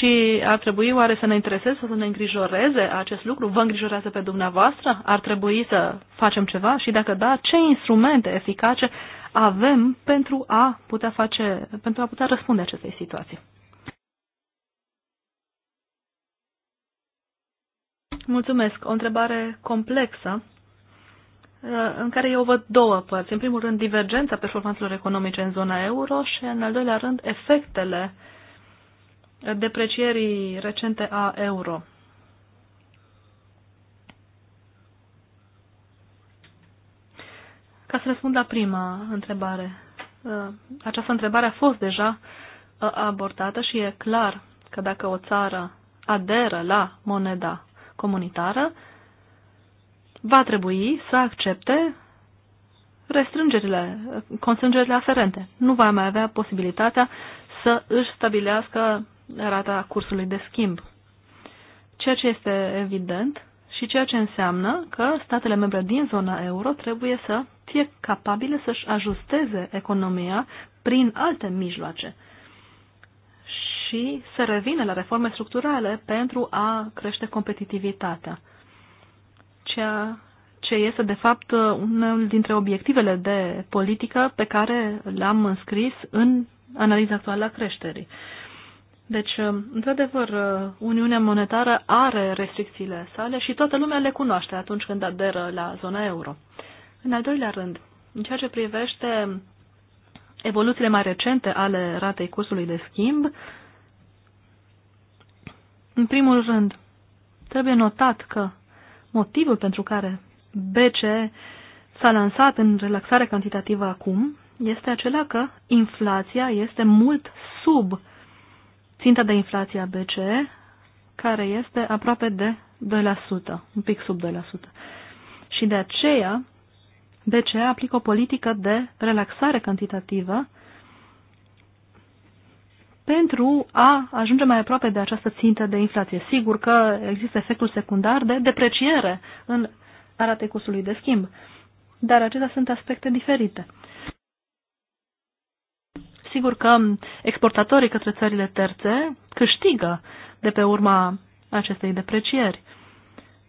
Și ar trebui oare să ne intereseze, să ne îngrijoreze acest lucru? Vă îngrijorează pe dumneavoastră? Ar trebui să facem ceva? Și dacă da, ce instrumente eficace avem pentru a putea, face, pentru a putea răspunde acestei situații? Mulțumesc. O întrebare complexă uh, în care eu văd două părți. În primul rând, divergența performanțelor economice în zona euro și, în al doilea rând, efectele uh, deprecierii recente a euro. Ca să răspund la prima întrebare, uh, această întrebare a fost deja uh, abordată și e clar că dacă o țară aderă la moneda comunitară, va trebui să accepte restrângerile, uh, constrângerile aferente. Nu va mai avea posibilitatea să își stabilească rata cursului de schimb. Ceea ce este evident și ceea ce înseamnă că statele membre din zona euro trebuie să fie capabile să-și ajusteze economia prin alte mijloace și să revină la reforme structurale pentru a crește competitivitatea. Ceea ce este, de fapt, unul dintre obiectivele de politică pe care le am înscris în analiza actuală a creșterii. Deci, uh, într-adevăr, uh, Uniunea Monetară are restricțiile sale și toată lumea le cunoaște atunci când aderă la zona euro. În al doilea rând, în ceea ce privește evoluțiile mai recente ale ratei cursului de schimb, în primul rând, trebuie notat că motivul pentru care BCE s-a lansat în relaxare cantitativă acum este acela că inflația este mult sub uh, ținta de inflație a BCE, care este aproape de 2%, un pic sub 2%. Și de aceea, BCE aplică o politică de relaxare cantitativă pentru a ajunge mai aproape de această țintă de inflație. Sigur că există efectul secundar de depreciere în arate cursului de schimb, dar acestea sunt aspecte diferite sigur că exportatorii către țările terțe câștigă de pe urma acestei deprecieri.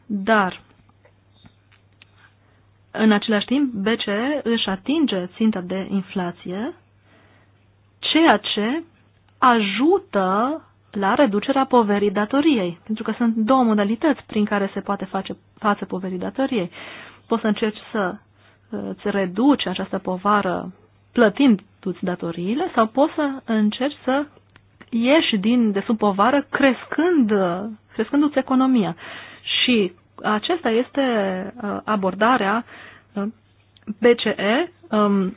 Dar, în același timp, BCE își atinge ținta de inflație, ceea ce ajută la reducerea poverii datoriei. Pentru că sunt două modalități prin care se poate face față poverii datoriei. Poți să încerci să uh, îți reduci această povară plătindu-ți datoriile sau poți să încerci să ieși din, de sub povară crescând, crescându-ți economia. Și acesta este uh, abordarea uh, BCE um,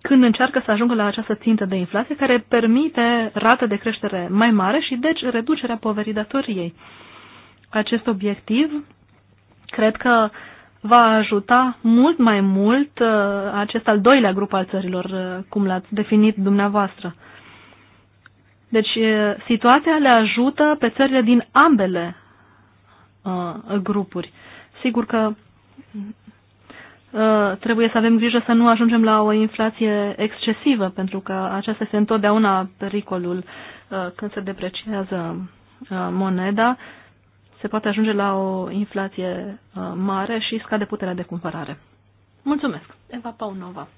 când încearcă să ajungă la această țintă de inflație care permite rată de creștere mai mare și deci reducerea poverii datoriei. Acest obiectiv cred că uh, va ajuta mult mai mult uh, acest al doilea grup al țărilor, uh, cum l-ați definit dumneavoastră. Deci uh, situația le ajută pe țările din ambele grupuri. Sigur că trebuie să avem grijă să nu ajungem la o inflație excesivă, pentru că acesta este întotdeauna pericolul când se depreciază moneda se poate ajunge la o inflație uh, mare și scade puterea de cumpărare. Mulțumesc. Eva Paunova.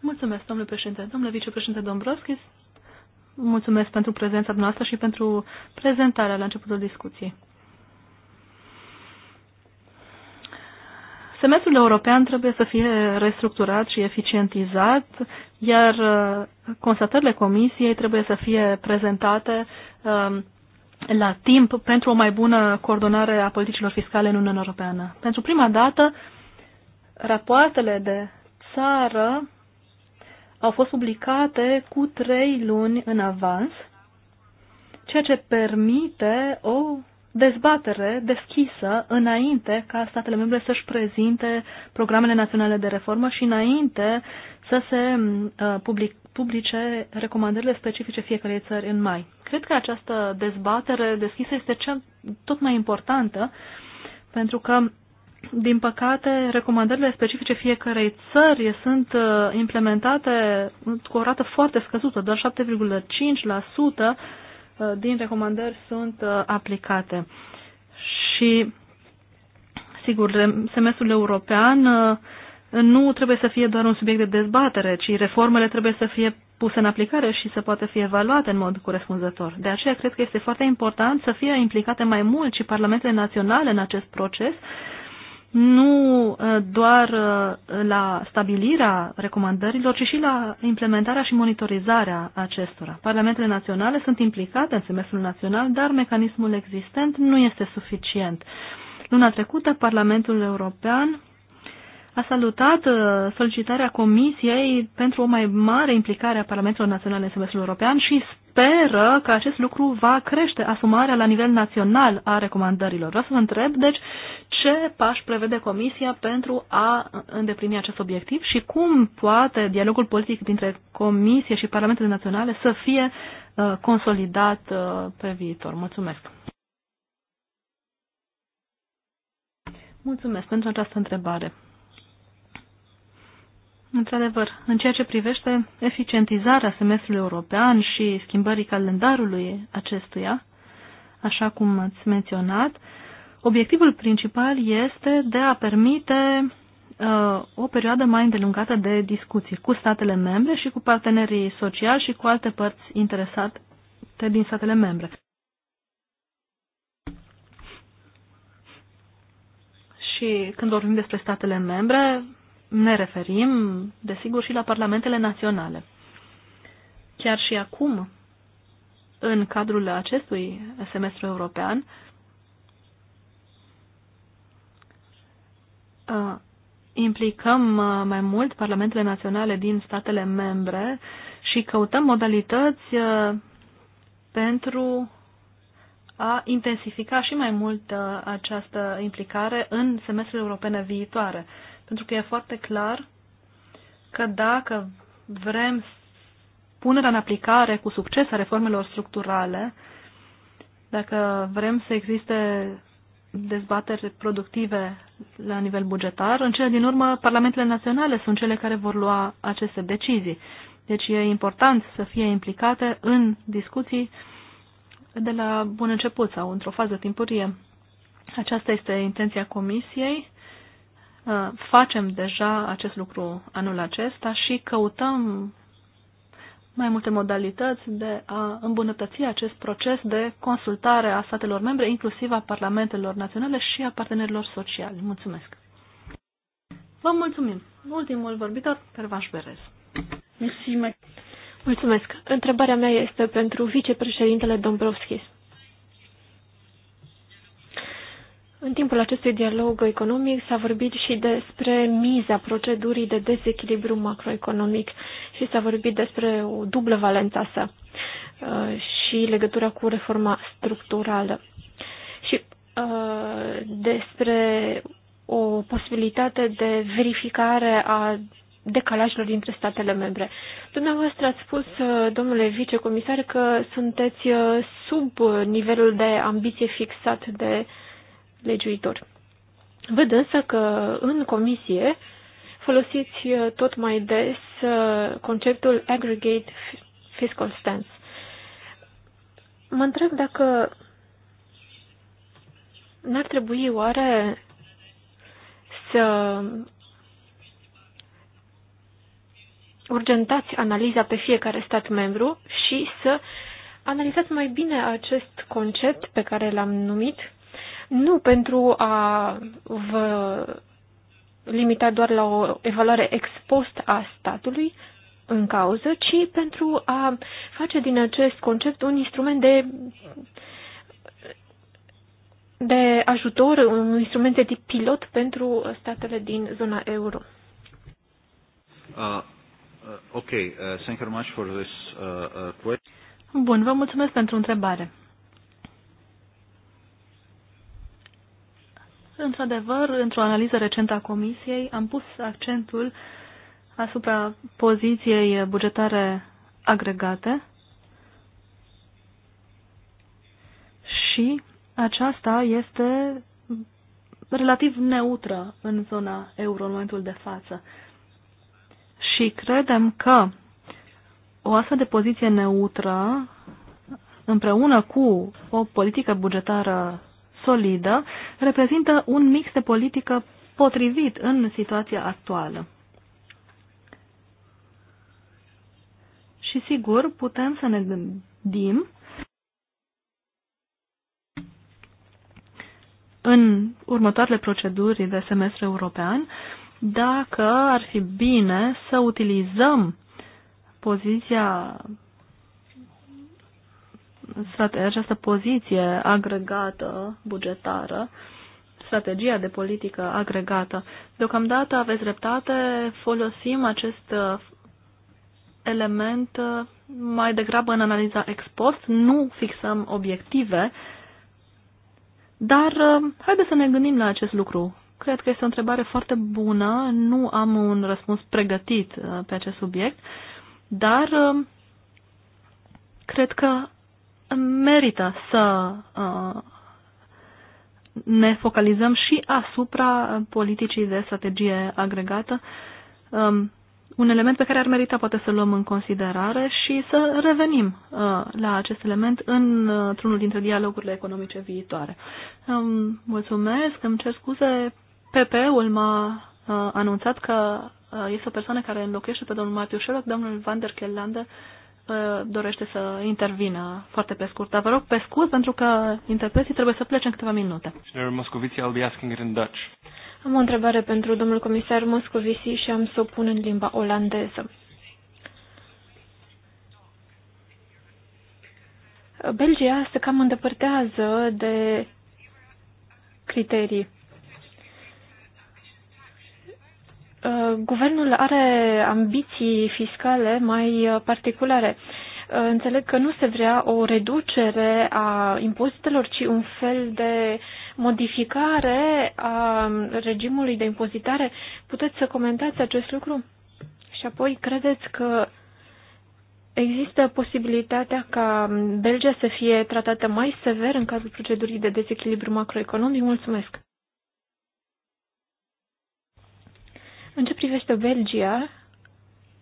Mulțumesc, domnule președinte. Domnule vicepreședinte Dombrovskis, mulțumesc pentru prezența noastră și pentru prezentarea la începutul discuției. Semestrul european trebuie să fie restructurat și eficientizat, iar uh, constatările comisiei trebuie să fie prezentate um, la timp pentru o mai bună coordonare a politicilor fiscale în Uniunea Europeană. Pentru prima dată, rapoartele de țară au fost publicate cu trei luni în avans, ceea ce permite o dezbatere deschisă înainte ca statele membre să-și prezinte programele naționale de reformă și înainte să se uh, public, publice recomandările specifice fiecarei țări în mai. Cred că această dezbatere deschisă este cea tot mai importantă pentru că din păcate, recomandările specifice fiecarei țări sunt uh, implementate cu o rată foarte scăzută, doar 7,5%, Uh, din recomandări sunt uh, aplicate. Și, sigur, semestrul european uh, nu trebuie să fie doar un subiect de dezbatere, ci reformele trebuie să fie puse în aplicare și să poată fi evaluate în mod corespunzător. De aceea cred că este foarte important să fie implicate mai mult și parlamentele naționale în acest proces, nu uh, doar uh, la stabilirea recomandărilor, ci și la implementarea și monitorizarea acestora. Parlamentele naționale sunt implicate în semestrul național, dar mecanismul existent nu este suficient. Luna trecută, Parlamentul European a salutat uh, solicitarea Comisiei pentru o mai mare implicare a Parlamentului național în semestrul european și speră că acest lucru va crește asumarea la nivel național a recomandărilor. Vreau să vă întreb, deci, ce pași prevede Comisia pentru a îndeplini acest obiectiv și cum poate dialogul politic dintre Comisie și Parlamentele Naționale să fie uh, consolidat uh, pe viitor? Mulțumesc! Mulțumesc pentru această întrebare. Într-adevăr, în ceea ce privește eficientizarea semestrului european și schimbării calendarului acestuia, așa cum ați menționat, obiectivul principal este de a permite uh, o perioadă mai îndelungată de discuții cu statele membre și cu partenerii sociali și cu alte părți interesate din statele membre. Și când vorbim despre statele membre, ne referim, desigur, și la parlamentele naționale. Chiar și acum, în cadrul acestui semestru european, uh, implicăm uh, mai mult parlamentele naționale din statele membre și căutăm modalități uh, pentru a intensifica și mai mult această implicare în semestrele europene viitoare. Pentru că e foarte clar că dacă vrem punerea în aplicare cu succes a reformelor structurale, dacă vrem să existe dezbateri productive la nivel bugetar, în cele din urmă, parlamentele naționale sunt cele care vor lua aceste decizii. Deci e important să fie implicate în discuții de la bun început sau într-o fază timpurie. Aceasta este intenția Comisiei Uh, facem deja acest lucru anul acesta și căutăm mai multe modalități de a îmbunătăți acest proces de consultare a statelor membre, inclusiv a parlamentelor naționale și a partenerilor sociali. Mulțumesc! Vă mulțumim! Ultimul vorbitor, Pervaș Berez. Mulțumesc! Întrebarea mea este pentru vicepreședintele Dombrovskis. În timpul acestui dialog economic s-a vorbit și despre miza procedurii de dezechilibru macroeconomic și s-a vorbit despre o dublă valența sa uh, și legătura cu reforma structurală și uh, despre o posibilitate de verificare a decalajelor dintre statele membre. Dumneavoastră ați spus, uh, domnule vicecomisar, că sunteți sub nivelul de ambiție fixat de uh, legiuitor. Văd însă că în comisie folosiți uh, tot mai des uh, conceptul aggregate fiscal stance. Mă întreb dacă n-ar trebui oare să urgentați analiza pe fiecare stat membru și să analizați mai bine acest concept pe care l-am numit nu pentru a vă limita doar la o evaluare ex post a statului în cauză, ci pentru a face din acest concept un instrument de de ajutor, un instrument de tip pilot pentru statele din zona euro. Uh, uh, ok, uh, thank you very much for this uh, uh question. Bun, vă mulțumesc pentru întrebare. Într-adevăr, într-o analiză recentă a Comisiei, am pus accentul asupra poziției bugetare agregate și aceasta este relativ neutră în zona euro în momentul de față. Și credem că o astfel de poziție neutră, împreună cu o politică bugetară solidă reprezintă un mix de politică potrivit în situația actuală. Și sigur, putem să ne gândim în următoarele proceduri de semestru european dacă ar fi bine să utilizăm poziția această poziție agregată bugetară, strategia de politică agregată. Deocamdată aveți dreptate, folosim acest uh, element uh, mai degrabă în analiza ex post, nu fixăm obiective, dar uh, haideți să ne gândim la acest lucru. Cred că este o întrebare foarte bună, nu am un răspuns pregătit pe acest subiect, dar cred că merită să uh, ne focalizăm și asupra politicii de strategie agregată, um, un element pe care ar merita poate să luăm în considerare și să revenim uh, la acest element uh, într-unul dintre dialogurile economice viitoare. Um, mulțumesc, îmi cer scuze, PP-ul m-a anunțat că este o persoană care înlocuiește pe domnul Matiu Șeloc, domnul Van der Kellander dorește să intervină foarte pe scurt. Dar vă rog pe scurt, pentru că interpreții trebuie să plece în câteva minute. I'll be asking it in Dutch. Am o întrebare pentru domnul comisar Moscovici și am să o pun în limba olandeză. Belgia se cam îndepărtează de criterii Uh, guvernul are ambiții fiscale mai particulare. Uh, înțeleg că nu se vrea o reducere a impozitelor, ci un fel de modificare a regimului de impozitare. Puteți să comentați acest lucru? Și apoi, credeți că există posibilitatea ca Belgia să fie tratată mai sever în cazul procedurii de dezechilibru macroeconomic? Mulțumesc! În ce privește Belgia,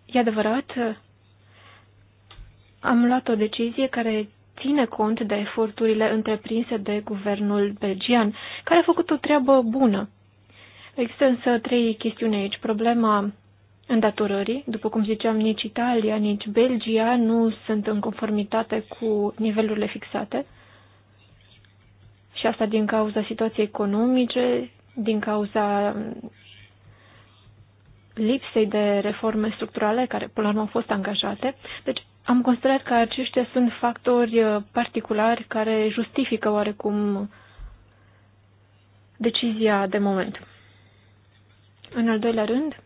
e adevărat, am luat o decizie care ține cont de eforturile întreprinse de guvernul belgian, care a făcut o treabă bună. Există însă trei chestiuni aici. Problema îndatorării, după cum ziceam, nici Italia, nici Belgia nu sunt în conformitate cu nivelurile fixate. Și asta din cauza situației economice, din cauza lipsei de reforme structurale care până la urmă au fost angajate. Deci am considerat că aceștia sunt factori uh, particulari care justifică oarecum decizia de moment. În al doilea rând,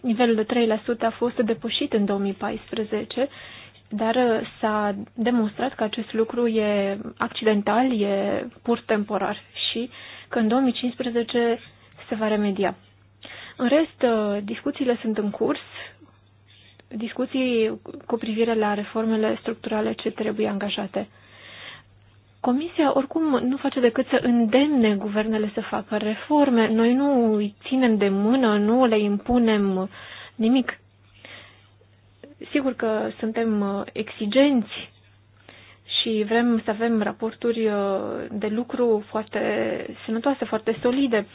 nivelul de 3% a fost depășit în 2014, dar uh, s-a demonstrat că acest lucru e accidental, e pur temporar și că în 2015 se va remedia. În rest, uh, discuțiile sunt în curs, discuții cu privire la reformele structurale ce trebuie angajate. Comisia oricum nu face decât să îndemne guvernele să facă reforme. Noi nu îi ținem de mână, nu le impunem nimic. Sigur că suntem uh, exigenți și vrem să avem raporturi uh, de lucru foarte sănătoase, foarte solide,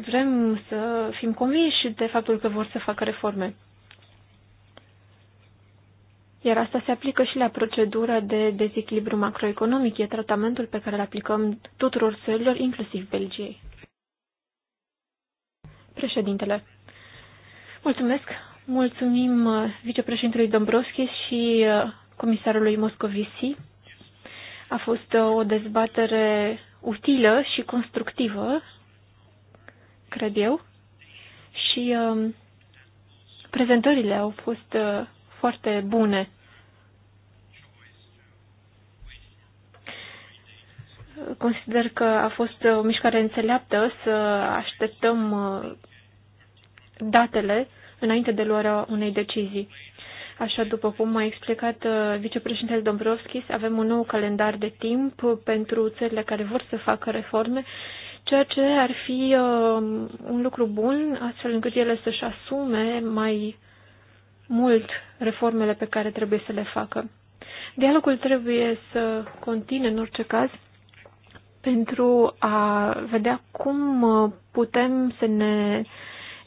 Vrem să fim convinși de faptul că vor să facă reforme. Iar asta se aplică și la procedura de dezechilibru macroeconomic, e tratamentul pe care îl aplicăm tuturor țărilor, inclusiv Belgiei. Președintele, mulțumesc, mulțumim uh, vicepreședintelui Dombrovski și uh, comisarului Moscovici. A fost uh, o dezbatere utilă și constructivă cred eu, și uh, prezentările au fost uh, foarte bune. Consider că a fost o mișcare înțeleaptă să așteptăm uh, datele înainte de luarea unei decizii. Așa, după cum a explicat uh, vicepreședintele Dombrovskis, avem un nou calendar de timp pentru țările care vor să facă reforme ceea ce ar fi uh, un lucru bun, astfel încât ele să-și asume mai mult reformele pe care trebuie să le facă. Dialogul trebuie să continue în orice caz pentru a vedea cum uh, putem să ne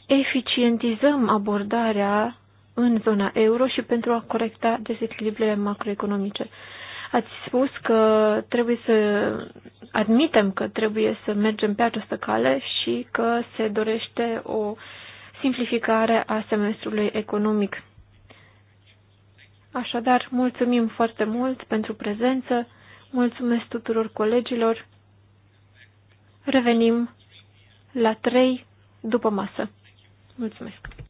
eficientizăm abordarea în zona euro și pentru a corecta dezechilibrele macroeconomice. Ați spus că trebuie să admitem că trebuie să mergem pe această cale și că se dorește o simplificare a semestrului economic. Așadar, mulțumim foarte mult pentru prezență, mulțumesc tuturor colegilor. Revenim la 3 după masă. Mulțumesc!